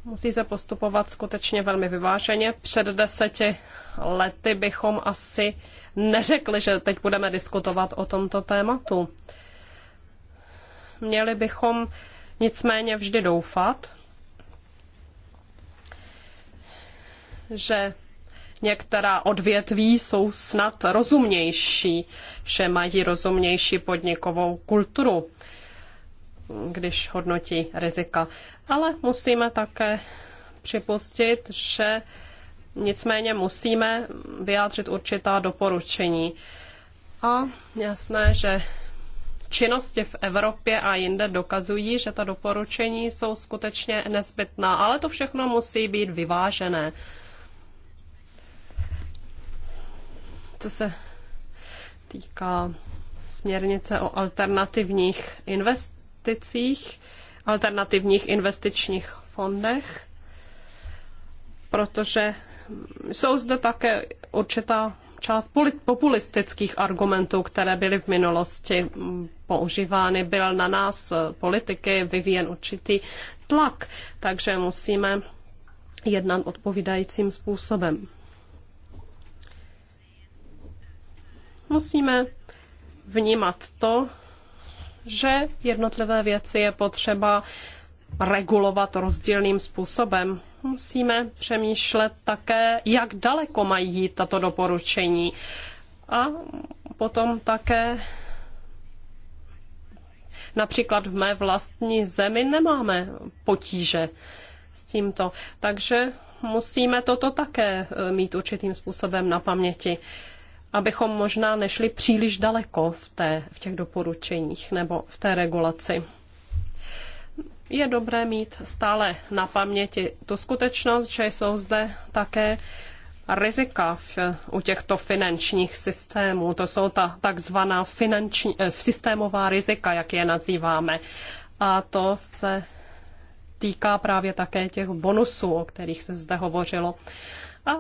Musí se postupovat skutečně velmi vyváženě. Před deseti lety bychom asi neřekli, že teď budeme diskutovat o tomto tématu. Měli bychom nicméně vždy doufat, že některá odvětví jsou snad rozumnější, že mají rozumnější podnikovou kulturu když hodnotí rizika. Ale musíme také připustit, že nicméně musíme vyjádřit určitá doporučení. A jasné, že činnosti v Evropě a jinde dokazují, že ta doporučení jsou skutečně nezbytná, ale to všechno musí být vyvážené. Co se týká směrnice o alternativních invest investicích, alternativních investičních fondech, protože jsou zde také určitá část populistických argumentů, které byly v minulosti používány. Byl na nás politiky vyvíjen určitý tlak, takže musíme jednat odpovídajícím způsobem. Musíme vnímat to, že jednotlivé věci je potřeba regulovat rozdílným způsobem. Musíme přemýšlet také, jak daleko mají jít tato doporučení. A potom také například v mé vlastní zemi nemáme potíže s tímto. Takže musíme toto také eh, mít určitým způsobem na paměti abychom možná nešli příliš daleko v, té, v těch doporučeních nebo v té regulaci. Je dobré mít stále na paměti tu skutečnost, že jsou zde také rizika v, u těchto finančních systémů. To jsou ta takzvaná finanční, eh, systémová rizika, jak je nazýváme. A to se týká právě také těch bonusů, o kterých se zde hovořilo. A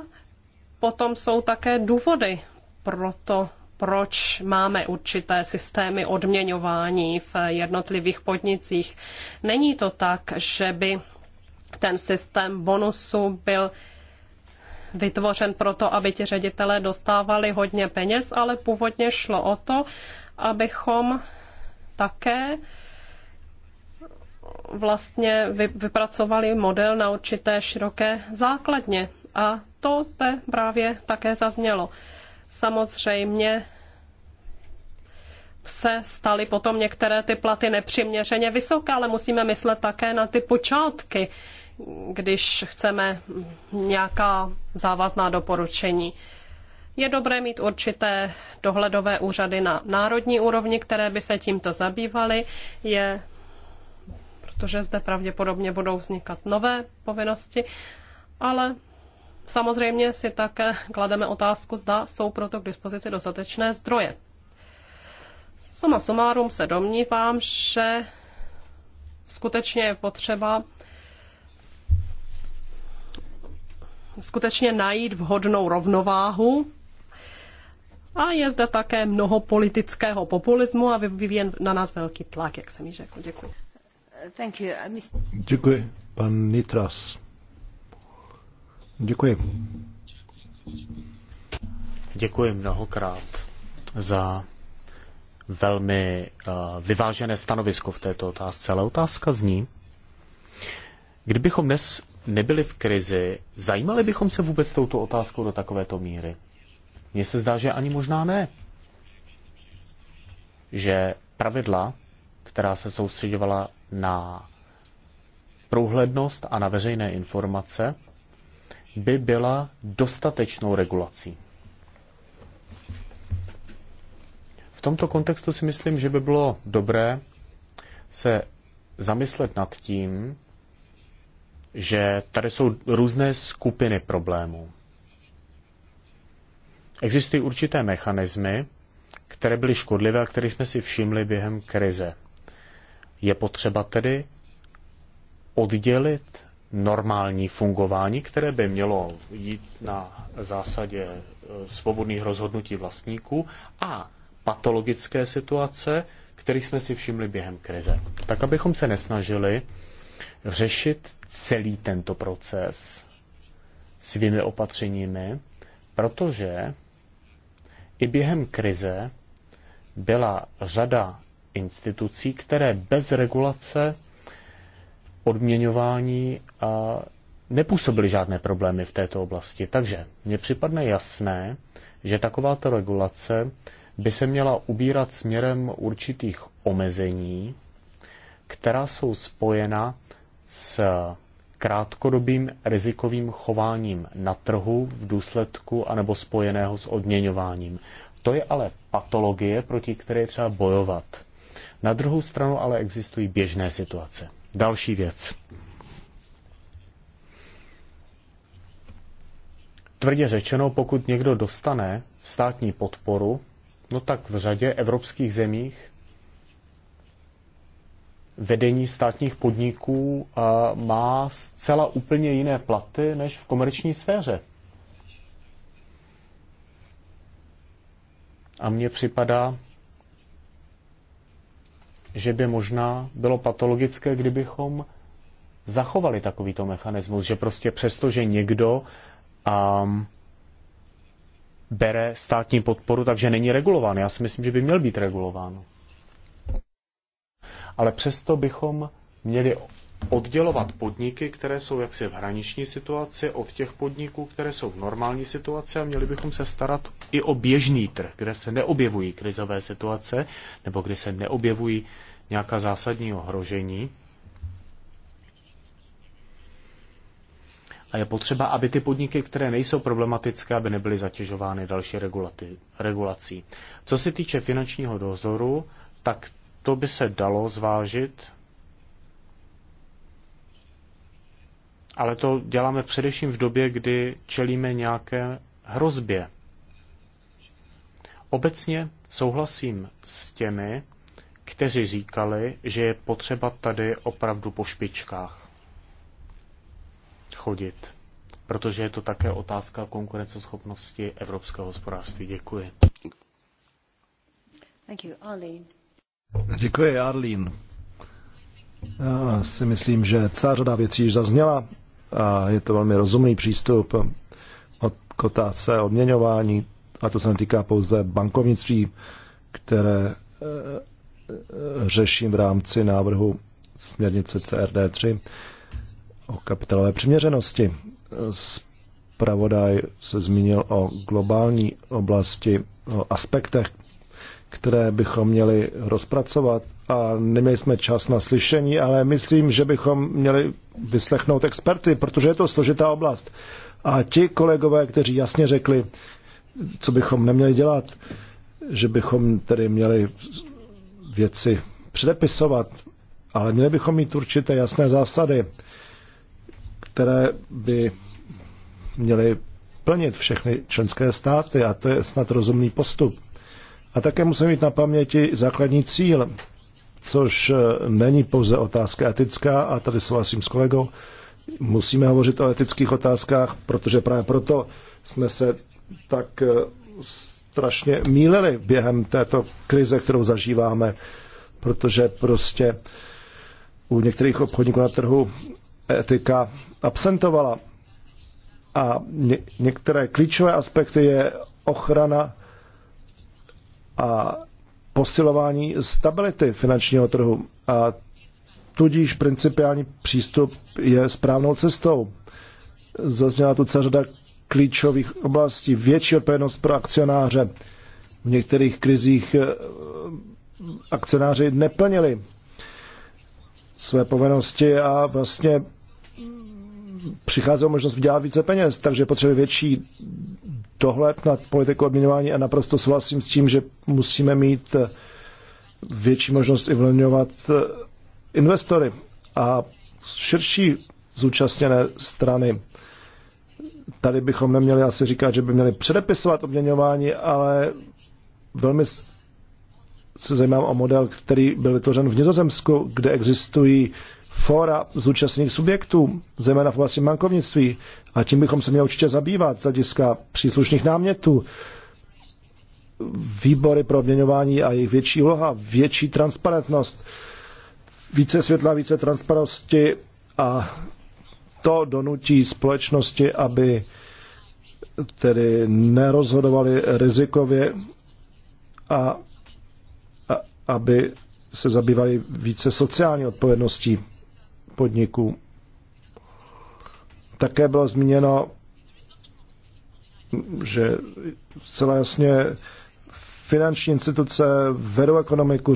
potom jsou také důvody proto, proč máme určité systémy odměňování v jednotlivých podnicích. Není to tak, že by ten systém bonusu byl vytvořen proto, aby ti ředitelé dostávali hodně peněz, ale původně šlo o to, abychom také vlastně vypracovali model na určité široké základně. A to zde právě také zaznělo. Samozřejmě se staly potom některé ty platy nepřiměřeně vysoké, ale musíme myslet také na ty počátky, když chceme nějaká závazná doporučení. Je dobré mít určité dohledové úřady na národní úrovni, které by se tímto zabývaly. Je protože zde pravděpodobně budou vznikat nové povinnosti, ale samozřejmě si také klademe otázku, zda jsou proto k dispozici dostatečné zdroje. Soma sumárum se domnívám, že skutečně je potřeba skutečně najít vhodnou rovnováhu. A je zde také mnoho politického populismu a vyvíjen na nás velký tlak, jak jsem již řekl. Děkuji. Thank you. Uh, Děkuji. Pan Nitras. Děkuji. Děkuji mnohokrát za velmi uh, vyvážené stanovisko v této otázce. Ale otázka zní, kdybychom dnes nebyli v krizi, zajímali bychom se vůbec touto otázkou do takovéto míry? Mně se zdá, že ani možná ne. Že pravidla, která se soustředovala na průhlednost a na veřejné informace, by byla dostatečnou regulací. V tomto kontextu si myslím, že by bylo dobré se zamyslet nad tím, že tady jsou různé skupiny problémů. Existují určité mechanismy, které byly škodlivé a které jsme si všimli během krize. Je potřeba tedy oddělit normální fungování, které by mělo jít na zásadě e, svobodných rozhodnutí vlastníků a patologické situace, kterých jsme si všimli během krize. Tak, abychom se nesnažili řešit celý tento proces svými opatřeními, protože i během krize byla řada institucí, které bez regulace odměňování a nepůsobily žádné problémy v této oblasti. Takže mně připadne jasné, že takováto regulace by se měla ubírat směrem určitých omezení, která jsou spojena s krátkodobým rizikovým chováním na trhu v důsledku anebo spojeného s odměňováním. To je ale patologie, proti které je třeba bojovat. Na druhou stranu ale existují běžné situace. Další věc. Tvrdě řečeno, pokud někdo dostane státní podporu, no tak v řadě evropských zemích vedení státních podniků má zcela úplně jiné platy než v komerční sféře. A mně připadá že by možná bylo patologické, kdybychom zachovali takovýto mechanismus, že prostě přesto, že někdo um, bere státní podporu, takže není regulován. Já si myslím, že by měl být regulován. Ale přesto bychom měli oddělovat podniky, které jsou jaksi v hraniční situaci, od těch podniků, které jsou v normální situaci a měli bychom se starat i o běžný trh, kde se neobjevují krizové situace nebo kde se neobjevují nějaká zásadní ohrožení. A je potřeba, aby ty podniky, které nejsou problematické, aby nebyly zatěžovány další regulací. Co se týče finančního dozoru, tak to by se dalo zvážit Ale to děláme především v době, kdy čelíme nějaké hrozbě. Obecně souhlasím s těmi, kteří říkali, že je potřeba tady opravdu po špičkách chodit, protože je to také otázka konkurenceschopnosti evropského hospodářství. Děkuji. Thank you, Arlene. Děkuji, Arlene. Já si myslím, že celá řada věcí již zazněla a je to velmi rozumný přístup od kotáce odměňování, a to se netýká pouze bankovnictví, které e, e, řeším v rámci návrhu směrnice CRD3 o kapitalové přiměřenosti. Spravodaj se zmínil o globální oblasti, o aspektech, které bychom měli rozpracovat a neměli jsme čas na slyšení, ale myslím, že bychom měli vyslechnout experty, protože je to složitá oblast. A ti kolegové, kteří jasně řekli, co bychom neměli dělat, že bychom tedy měli věci předepisovat, ale měli bychom mít určité jasné zásady, které by měly plnit všechny členské státy a to je snad rozumný postup. A také musíme mít na paměti základní cíl, což eh, není pouze otázka etická, a tady souhlasím s kolegou, musíme hovořit o etických otázkách, protože právě proto jsme se tak eh, strašně mílili během této krize, kterou zažíváme, protože prostě u některých obchodníků na trhu etika absentovala. A ně, některé klíčové aspekty je ochrana a posilování stability finančního trhu. A tudíž principiální přístup je správnou cestou. Zazněla tu celá řada klíčových oblastí. Větší odpovědnost pro akcionáře. V některých krizích eh, akcionáři neplnili své povinnosti a vlastně přichází možnost vydělat více peněz, takže potřebuje větší dohled nad politikou odměňování a naprosto souhlasím s tím, že musíme mít eh, větší možnost ovlivňovat eh, investory a širší zúčastněné strany. Tady bychom neměli asi říkat, že by měli předepisovat odměňování, ale velmi se zajímám o model, který byl vytvořen v Nizozemsku, kde existují fora zúčastněných subjektů, zejména v oblasti bankovnictví. A tím bychom se měli určitě zabývat z hlediska příslušných námětů. Výbory pro obměňování a jejich větší úloha, větší transparentnost, více světla, více transparentnosti a to donutí společnosti, aby tedy nerozhodovali rizikově a aby se zabývali více sociální odpovědností podniků. Také bylo zmíněno, že zcela jasně finanční instituce vedou ekonomiku,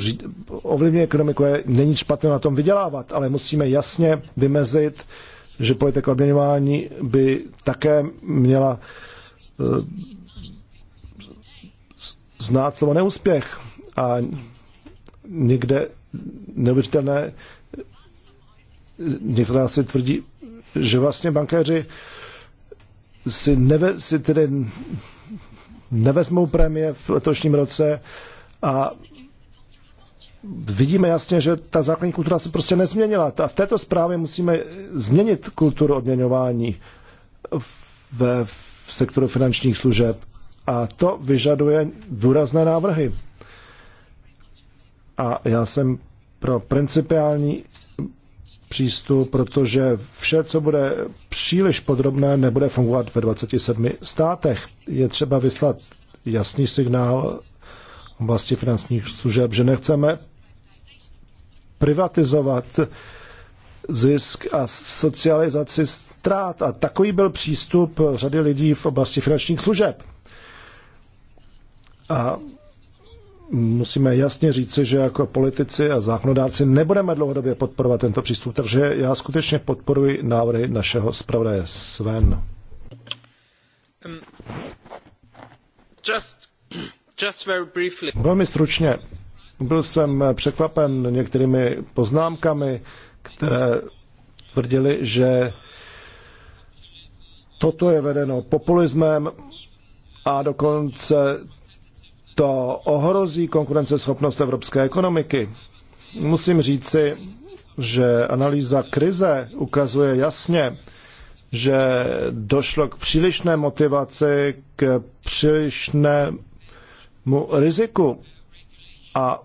ovlivňují ekonomiku, je, není špatné na tom vydělávat, ale musíme jasně vymezit, že politika odměňování by také měla eh, znát slovo neúspěch a někde neuvěřitelné. někdo si tvrdí, že vlastně bankéři si, neve, si tedy nevezmou prémie v letošním roce a vidíme jasně, že ta základní kultura se prostě nezměnila. A v této zprávě musíme změnit kulturu odměňování ve v sektoru finančních služeb. A to vyžaduje důrazné návrhy. A já jsem pro principiální přístup, protože vše, co bude příliš podrobné, nebude fungovat ve 27 státech. Je třeba vyslat jasný signál oblasti finančních služeb, že nechceme privatizovat zisk a socializaci ztrát. A takový byl přístup řady lidí v oblasti finančních služeb. A musíme jasně říci, že jako politici a zákonodáci nebudeme dlouhodobě podporovat tento přístup, takže já skutečně podporuji návrhy našeho zpravodaje Sven. Um, just, just very briefly. Velmi stručně. Byl jsem překvapen některými poznámkami, které tvrdili, že toto je vedeno populismem a dokonce to ohrozí konkurenceschopnost evropské ekonomiky. Musím říci, že analýza krize ukazuje jasně, že došlo k přílišné motivaci, k přílišnému riziku a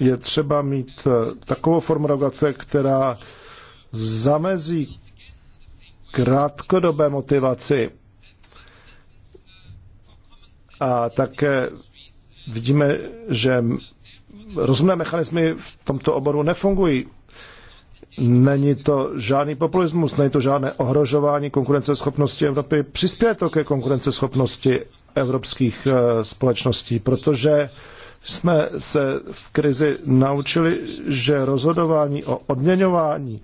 je třeba mít eh, takovou formu regulace, která zamezí krátkodobé motivaci a také eh, vidíme, že rozumné mechanismy v tomto oboru nefungují. Není to žádný populismus, není to žádné ohrožování konkurenceschopnosti Evropy. Přispěje to ke konkurenceschopnosti evropských eh, společností, protože jsme se v krizi naučili, že rozhodování o odměňování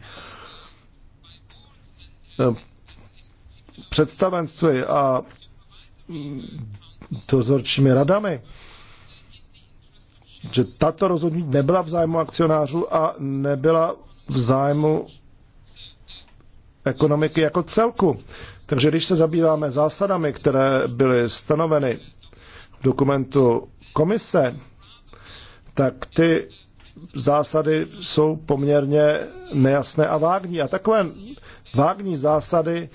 eh, představenství a dozorčími radami, že tato rozhodnutí nebyla v zájmu akcionářů a nebyla v zájmu ekonomiky jako celku. Takže když se zabýváme zásadami, které byly stanoveny v dokumentu komise, tak ty zásady jsou poměrně nejasné a vágní. A takové vágní zásady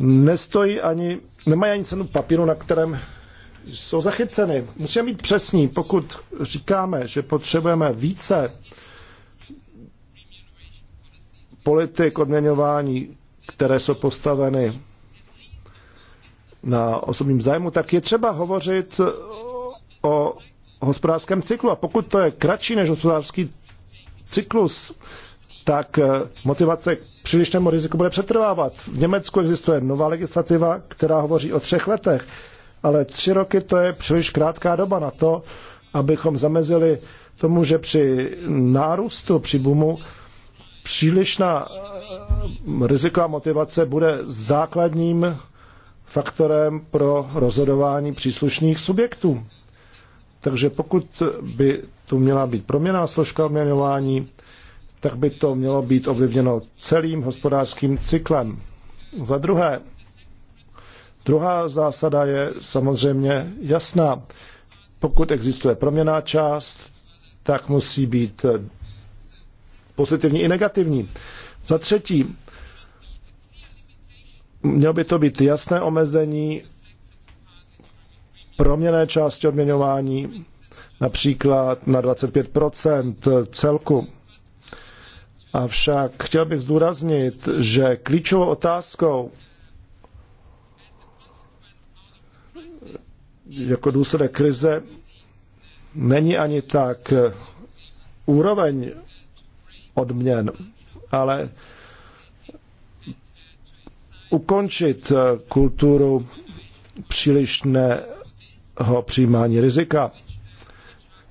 nestojí ani, nemají ani cenu papíru, na kterém jsou zachyceny. Musíme být přesní, pokud říkáme, že potřebujeme více politik odměňování, které jsou postaveny na osobním zájmu, tak je třeba hovořit o hospodářském cyklu. A pokud to je kratší než hospodářský cyklus, tak motivace k přílišnému riziku bude přetrvávat. V Německu existuje nová legislativa, která hovoří o třech letech ale tři roky to je příliš krátká doba na to, abychom zamezili tomu, že při nárůstu, při boomu, přílišná eh, riziková motivace bude základním faktorem pro rozhodování příslušných subjektů. Takže pokud by tu měla být proměná složka odměňování, tak by to mělo být ovlivněno celým hospodářským cyklem. Za druhé, Druhá zásada je samozřejmě jasná. Pokud existuje proměná část, tak musí být pozitivní i negativní. Za třetí, mělo by to být jasné omezení proměné části odměňování, například na 25 celku. Avšak chtěl bych zdůraznit, že klíčovou otázkou jako důsledek krize není ani tak eh, úroveň odměn, ale ukončit eh, kulturu přílišného přijímání rizika,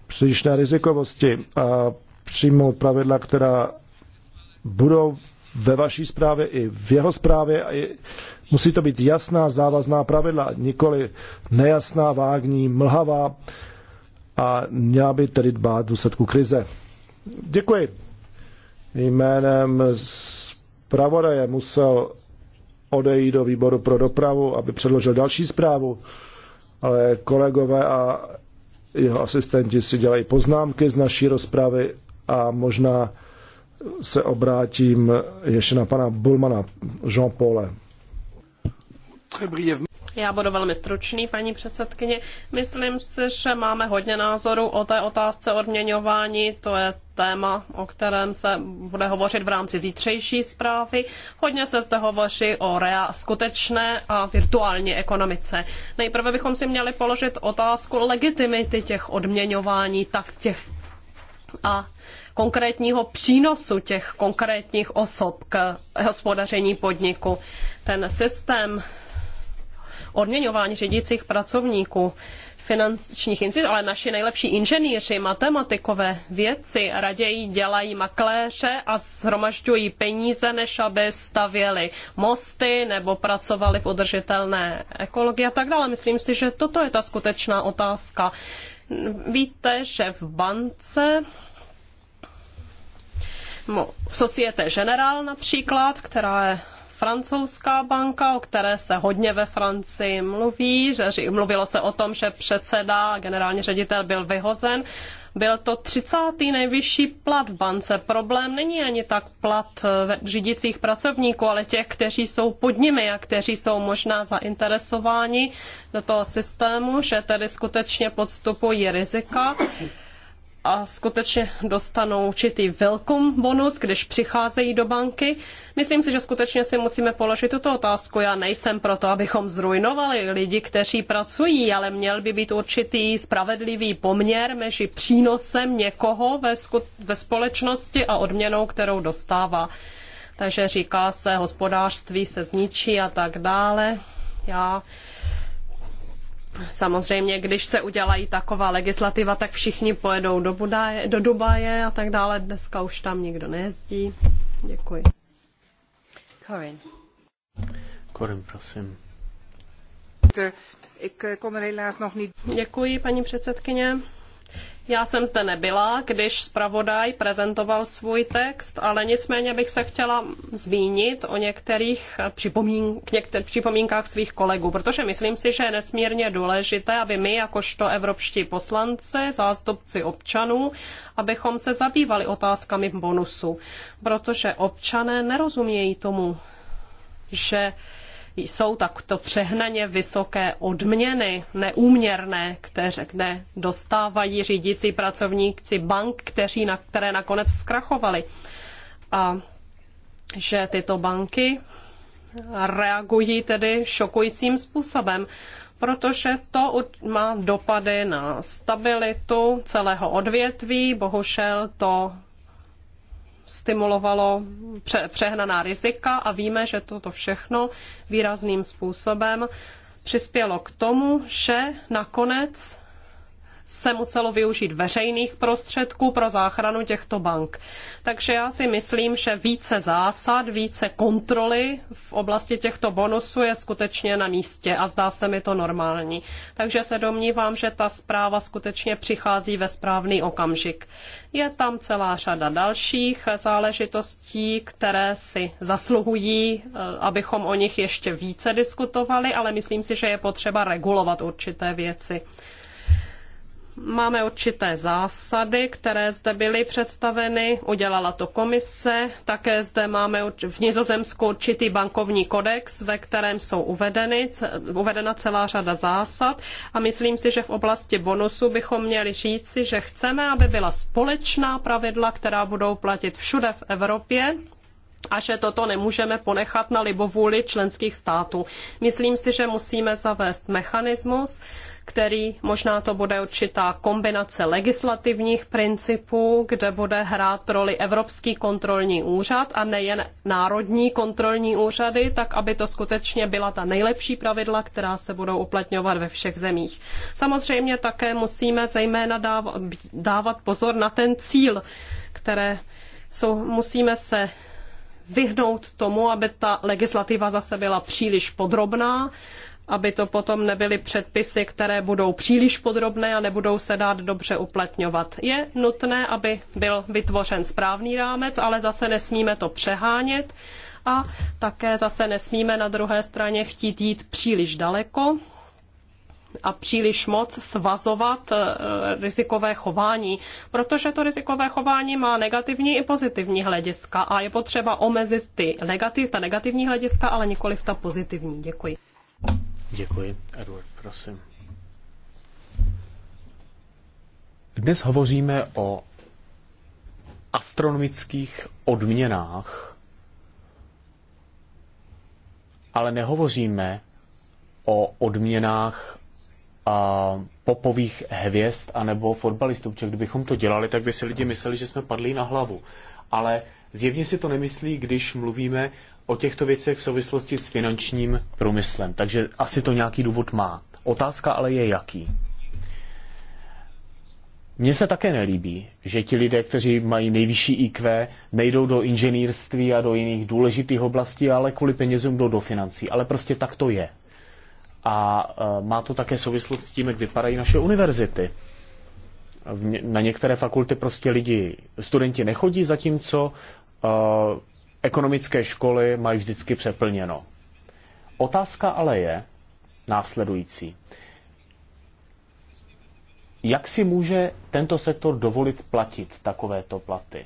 přílišné rizikovosti a přijmout pravidla, která budou ve vaší zprávě i v jeho zprávě a i Musí to být jasná, závazná pravidla, nikoli nejasná, vágní, mlhavá a měla by tedy dbát důsledku krize. Děkuji. Jménem zpravodaje musel odejít do výboru pro dopravu, aby předložil další zprávu, ale kolegové a jeho asistenti si dělají poznámky z naší rozpravy a možná se obrátím ještě na pana Bulmana Jean-Paule. Já budu velmi stručný, paní předsedkyně. Myslím si, že máme hodně názorů o té otázce odměňování. To je téma, o kterém se bude hovořit v rámci zítřejší zprávy. Hodně se zde hovoří o rea skutečné a virtuální ekonomice. Nejprve bychom si měli položit otázku legitimity těch odměňování, tak těch a konkrétního přínosu těch konkrétních osob k hospodaření podniku. Ten systém odměňování řídících pracovníků finančních institucí, ale naši nejlepší inženýři, matematikové věci raději dělají makléře a zhromažďují peníze, než aby stavěli mosty nebo pracovali v udržitelné ekologii a tak dále. Myslím si, že toto je ta skutečná otázka. Víte, že v bance Societe General například, která je francouzská banka, o které se hodně ve Francii mluví, že mluvilo se o tom, že předseda, generální ředitel byl vyhozen. Byl to 30. nejvyšší plat v bance. Problém není ani tak plat eh, řídících pracovníků, ale těch, kteří jsou pod nimi a kteří jsou možná zainteresováni do toho systému, že tedy skutečně podstupují rizika a skutečně dostanou určitý welcome bonus, když přicházejí do banky. Myslím si, že skutečně si musíme položit tuto otázku. Já nejsem proto, abychom zrujnovali lidi, kteří pracují, ale měl by být určitý spravedlivý poměr mezi přínosem někoho ve, ve společnosti a odměnou, kterou dostává. Takže říká se, hospodářství se zničí a tak dále. Já Samozřejmě, když se udělají taková legislativa, tak všichni pojedou do, Budaje, do Dubaje a tak dále. Dneska už tam nikdo nejezdí. Děkuji. Corin. Corin, prosím. Eh, er Děkuji, paní předsedkyně. Já jsem zde nebyla, když zpravodaj prezentoval svůj text, ale nicméně bych se chtěla zmínit o některých eh, připomín, některých připomínkách svých kolegů, protože myslím si, že je nesmírně důležité, aby my, jakožto evropští poslanci, zástupci občanů, abychom se zabývali otázkami bonusu, protože občané nerozumějí tomu, že jsou takto přehnaně vysoké odměny, neúměrné, které dostávají řídící pracovníci bank, kteří na, které nakonec zkrachovaly. A že tyto banky reagují tedy šokujícím způsobem, protože to má dopady na stabilitu celého odvětví. Bohužel to stimulovalo přehnaná rizika a víme, že toto všechno výrazným způsobem přispělo k tomu, že nakonec se muselo využít veřejných prostředků pro záchranu těchto bank. Takže já si myslím, že více zásad, více kontroly v oblasti těchto bonusů je skutečně na místě a zdá se mi to normální. Takže se domnívám, že ta zpráva skutečně přichází ve správný okamžik. Je tam celá řada dalších záležitostí, které si zasluhují, eh, abychom o nich ještě více diskutovali, ale myslím si, že je potřeba regulovat určité věci. Máme určité zásady, které zde byly představeny, udělala to komise, také zde máme v Nizozemsku určitý bankovní kodex, ve kterém jsou uvedeny, uvedena celá řada zásad a myslím si, že v oblasti bonusu bychom měli říci, že chceme, aby byla společná pravidla, která budou platit všude v Evropě a že toto nemůžeme ponechat na libovůli členských států. Myslím si, že musíme zavést mechanismus, který možná to bude určitá kombinace legislativních principů, kde bude hrát roli Evropský kontrolní úřad a nejen národní kontrolní úřady, tak aby to skutečně byla ta nejlepší pravidla, která se budou uplatňovat ve všech zemích. Samozřejmě také musíme zejména dávat pozor na ten cíl, které jsou, musíme se vyhnout tomu, aby ta legislativa zase byla příliš podrobná, aby to potom nebyly předpisy, které budou příliš podrobné a nebudou se dát dobře uplatňovat. Je nutné, aby byl vytvořen správný rámec, ale zase nesmíme to přehánět a také zase nesmíme na druhé straně chtít jít příliš daleko, a příliš moc svazovat eh, rizikové chování, protože to rizikové chování má negativní i pozitivní hlediska a je potřeba omezit ty negativ, ta negativní hlediska, ale nikoliv ta pozitivní. Děkuji. Děkuji. Edward, prosím. Dnes hovoříme o astronomických odměnách, ale nehovoříme o odměnách a popových hvězd anebo fotbalistů, protože kdybychom to dělali, tak by si lidi mysleli, že jsme padli na hlavu. Ale zjevně si to nemyslí, když mluvíme o těchto věcech v souvislosti s finančním průmyslem. Takže asi to nějaký důvod má. Otázka ale je jaký. Mně se také nelíbí, že ti lidé, kteří mají nejvyšší IQ, nejdou do inženýrství a do jiných důležitých oblastí, ale kvůli penězům jdou do financí. Ale prostě tak to je a e, má to také souvislost s tím, jak vypadají naše univerzity. Na některé fakulty prostě lidi, studenti nechodí, zatímco e, ekonomické školy mají vždycky přeplněno. Otázka ale je následující. Jak si může tento sektor dovolit platit takovéto platy?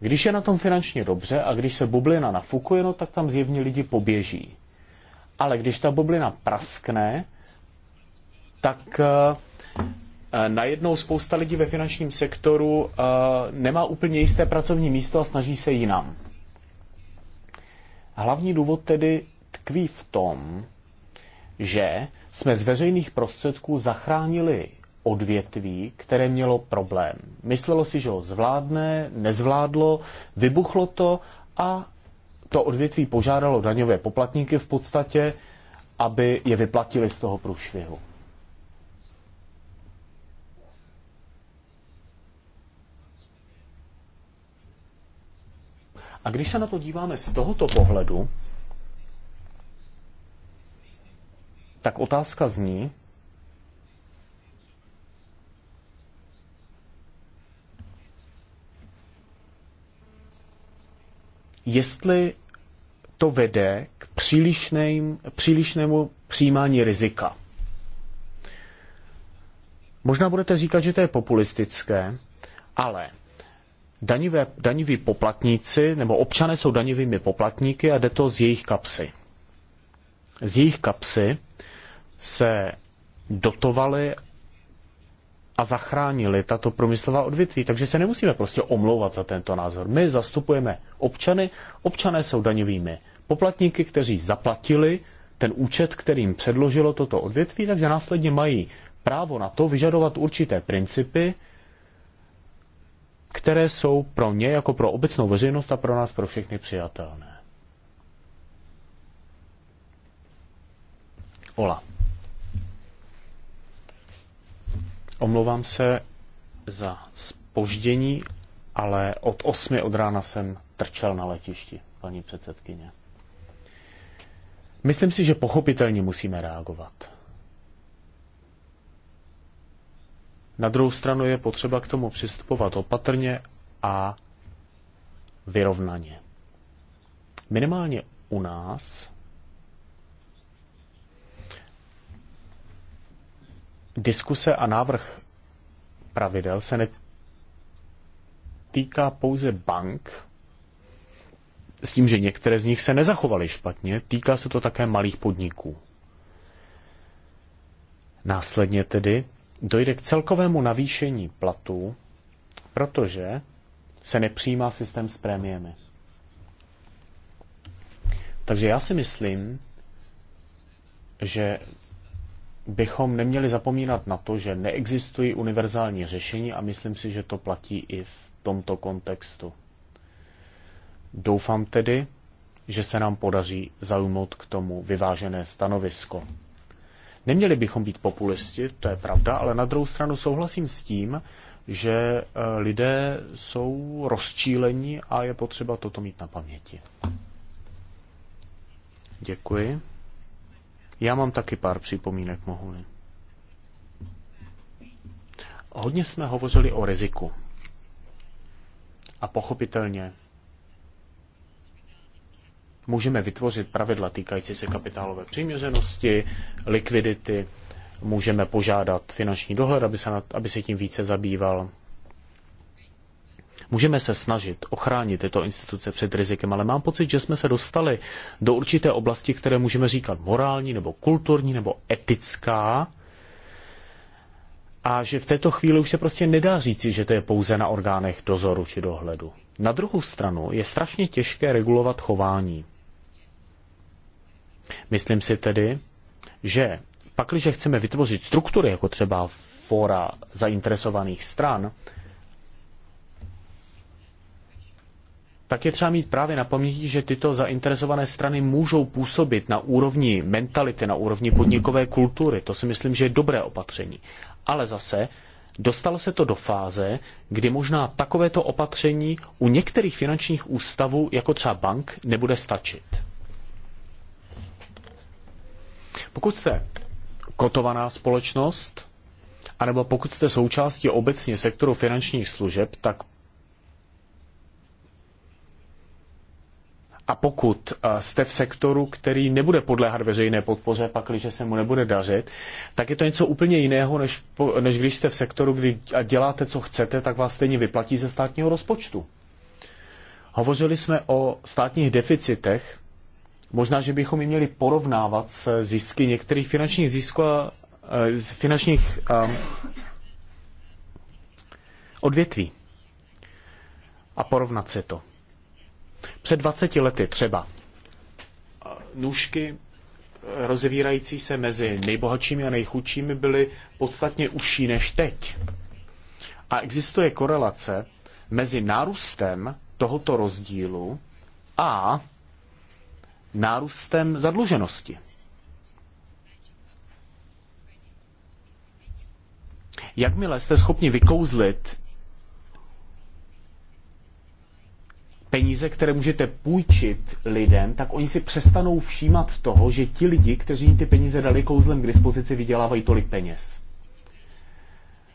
Když je na tom finančně dobře a když se bublina nafukuje, no, tak tam zjevně lidi poběží ale když ta bublina praskne, tak eh, eh, najednou spousta lidí ve finančním sektoru eh, nemá úplně jisté pracovní místo a snaží se jinam. Hlavní důvod tedy tkví v tom, že jsme z veřejných prostředků zachránili odvětví, které mělo problém. Myslelo si, že ho zvládne, nezvládlo, vybuchlo to a to odvětví požádalo daňové poplatníky v podstatě, aby je vyplatili z toho průšvihu. A když se na to díváme z tohoto pohledu, tak otázka zní, jestli to vede k přílišnému přijímání rizika. Možná budete říkat, že to je populistické, ale daňové, daňoví poplatníci nebo občané jsou daňovými poplatníky a jde to z jejich kapsy. Z jejich kapsy se dotovaly a zachránili tato průmyslová odvětví. Takže se nemusíme prostě omlouvat za tento názor. My zastupujeme občany, občané jsou daňovými poplatníky, kteří zaplatili ten účet, kterým předložilo toto odvětví, takže následně mají právo na to vyžadovat určité principy, které jsou pro ně jako pro obecnou veřejnost a pro nás pro všechny přijatelné. Hola. Omlouvám se za spoždění, ale od 8 od rána jsem trčel na letišti, paní předsedkyně. Myslím si, že pochopitelně musíme reagovat. Na druhou stranu je potřeba k tomu přistupovat opatrně a vyrovnaně. Minimálně u nás diskuse a návrh pravidel se netýká pouze bank, s tím, že některé z nich se nezachovaly špatně, týká se to také malých podniků. Následně tedy dojde k celkovému navýšení platů, protože se nepřijímá systém s prémiemi. Takže já si myslím, že bychom neměli zapomínat na to, že neexistují univerzální řešení a myslím si, že to platí i v tomto kontextu. Doufám tedy, že se nám podaří zaujmout k tomu vyvážené stanovisko. Neměli bychom být populisti, to je pravda, ale na druhou stranu souhlasím s tím, že eh, lidé jsou rozčílení a je potřeba toto mít na paměti. Děkuji. Já mám taky pár připomínek, mohu-li. Hodně jsme hovořili o riziku. A pochopitelně můžeme vytvořit pravidla týkající se kapitálové přiměřenosti, likvidity, můžeme požádat finanční dohled, aby se, nad, aby se tím více zabýval. Můžeme se snažit ochránit tyto instituce před rizikem, ale mám pocit, že jsme se dostali do určité oblasti, které můžeme říkat morální nebo kulturní nebo etická, a že v této chvíli už se prostě nedá říci, že to je pouze na orgánech dozoru či dohledu. Na druhou stranu je strašně těžké regulovat chování. Myslím si tedy, že pakliže chceme vytvořit struktury, jako třeba fora zainteresovaných stran, tak je třeba mít právě na paměti, že tyto zainteresované strany můžou působit na úrovni mentality, na úrovni podnikové kultury. To si myslím, že je dobré opatření. Ale zase dostalo se to do fáze, kdy možná takovéto opatření u některých finančních ústavů, jako třeba bank, nebude stačit. Pokud jste kotovaná společnost, anebo pokud jste součástí obecně sektoru finančních služeb, tak A pokud eh, jste v sektoru, který nebude podléhat veřejné podpoře, pak když se mu nebude dařit, tak je to něco úplně jiného, než, než když jste v sektoru, kdy děláte, co chcete, tak vás stejně vyplatí ze státního rozpočtu. Hovořili jsme o státních deficitech. Možná, že bychom ji měli porovnávat s zisky některých finančních zisků eh, z finančních um, odvětví a porovnat se to. Před 20 lety třeba nůžky eh, rozevírající se mezi nejbohatšími a nejchudšími byly podstatně užší než teď. A existuje korelace mezi nárůstem tohoto rozdílu a nárůstem zadluženosti. Jakmile jste schopni vykouzlit peníze, které můžete půjčit lidem, tak oni si přestanou všímat toho, že ti lidi, kteří jim ty peníze dali kouzlem k dispozici, vydělávají tolik peněz.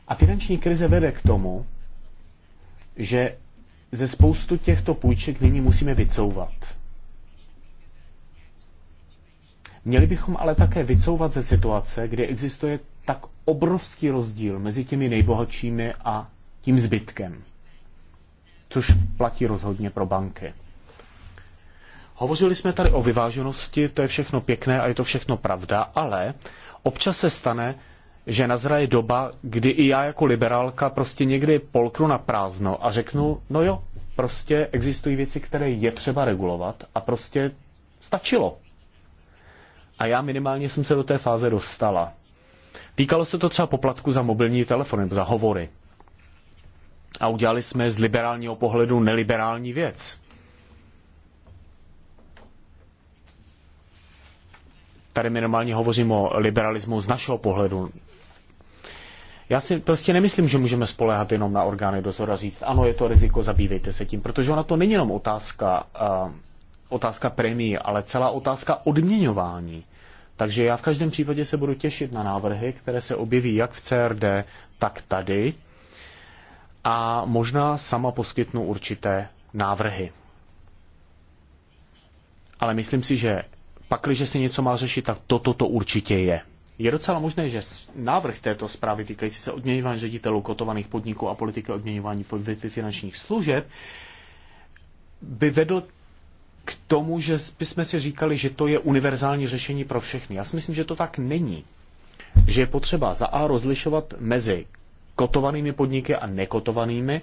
A finanční krize vede k tomu, že ze spoustu těchto půjček nyní musíme vycouvat. Měli bychom ale také vycouvat ze situace, kde existuje tak obrovský rozdíl mezi těmi nejbohatšími a tím zbytkem což platí rozhodně pro banky. Hovořili jsme tady o vyváženosti, to je všechno pěkné a je to všechno pravda, ale občas se stane, že nazraje doba, kdy i já jako liberálka prostě někdy polknu na prázdno a řeknu, no jo, prostě existují věci, které je třeba regulovat a prostě stačilo. A já minimálně jsem se do té fáze dostala. Týkalo se to třeba poplatku za mobilní telefon za hovory a udělali jsme z liberálního pohledu neliberální věc. Tady minimálně hovořím o liberalismu z našeho pohledu. Já si prostě nemyslím, že můžeme spolehat jenom na orgány a říct, ano, je to riziko, zabývejte se tím, protože ona to není jenom otázka, uh, otázka premií, ale celá otázka odměňování. Takže já v každém případě se budu těšit na návrhy, které se objeví jak v CRD, tak tady a možná sama poskytnu určité návrhy. Ale myslím si, že pakliže se něco má řešit, tak toto to určitě je. Je docela možné, že návrh této zprávy týkající se odměňování ředitelů kotovaných podniků a politiky odměňování podvětví finančních služeb by vedl k tomu, že bychom si říkali, že to je univerzální řešení pro všechny. Já si myslím, že to tak není. Že je potřeba za A rozlišovat mezi kotovanými podniky a nekotovanými,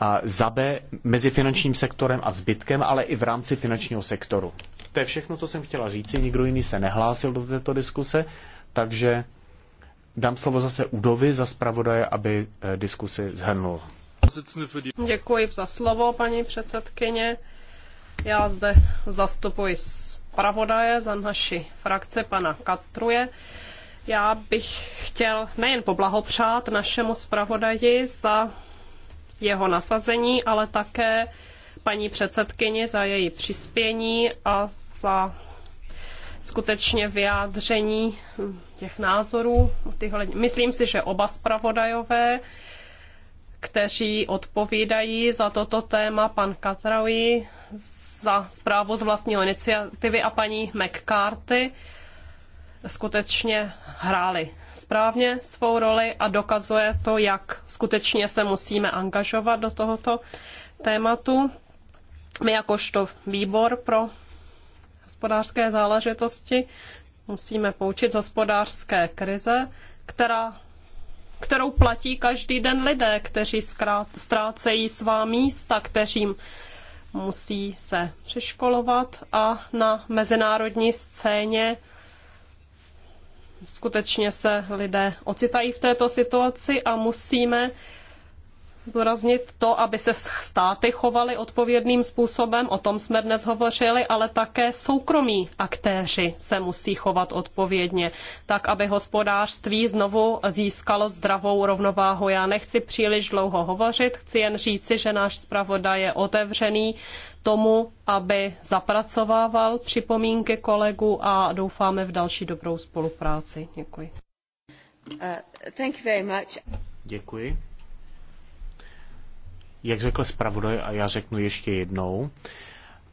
a za B mezi finančním sektorem a zbytkem, ale i v rámci finančního sektoru. To je všechno, co jsem chtěla říci, nikdo jiný se nehlásil do této diskuse, takže dám slovo zase Udovi za zpravodaje, aby eh, diskusi zhrnul. Děkuji za slovo, paní předsedkyně. Já zde zastupuji zpravodaje za naši frakce pana Katruje. Já bych chtěl nejen poblahopřát našemu zpravodaji za jeho nasazení, ale také paní předsedkyni za její přispění a za skutečně vyjádření těch názorů. Myslím si, že oba zpravodajové, kteří odpovídají za toto téma, pan Katraui za zprávu z vlastního iniciativy a paní McCarthy, skutečně hráli správně svou roli a dokazuje to, jak skutečně se musíme angažovat do tohoto tématu. My jakožto výbor pro hospodářské záležitosti musíme poučit z hospodářské krize, která, kterou platí každý den lidé, kteří zkrát, ztrácejí svá místa, kteřím musí se přeškolovat a na mezinárodní scéně Skutečně se lidé ocitají v této situaci a musíme zdůraznit to, aby se státy chovaly odpovědným způsobem, o tom jsme dnes hovořili, ale také soukromí aktéři se musí chovat odpovědně, tak aby hospodářství znovu získalo zdravou rovnováhu. Já nechci příliš dlouho hovořit, chci jen říci, že náš zpravodaj je otevřený tomu, aby zapracovával připomínky kolegů a doufáme v další dobrou spolupráci. Děkuji. Uh, Děkuji jak řekl zpravodaj, a já řeknu ještě jednou,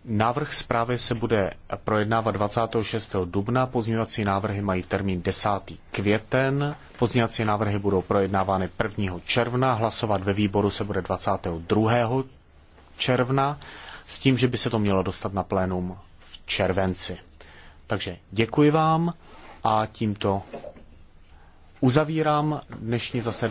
Návrh zprávy se bude projednávat 26. dubna, pozměňovací návrhy mají termín 10. květen, pozměňovací návrhy budou projednávány 1. června, hlasovat ve výboru se bude 22. června, s tím, že by se to mělo dostat na plénum v červenci. Takže děkuji vám a tímto uzavírám dnešní zasedání.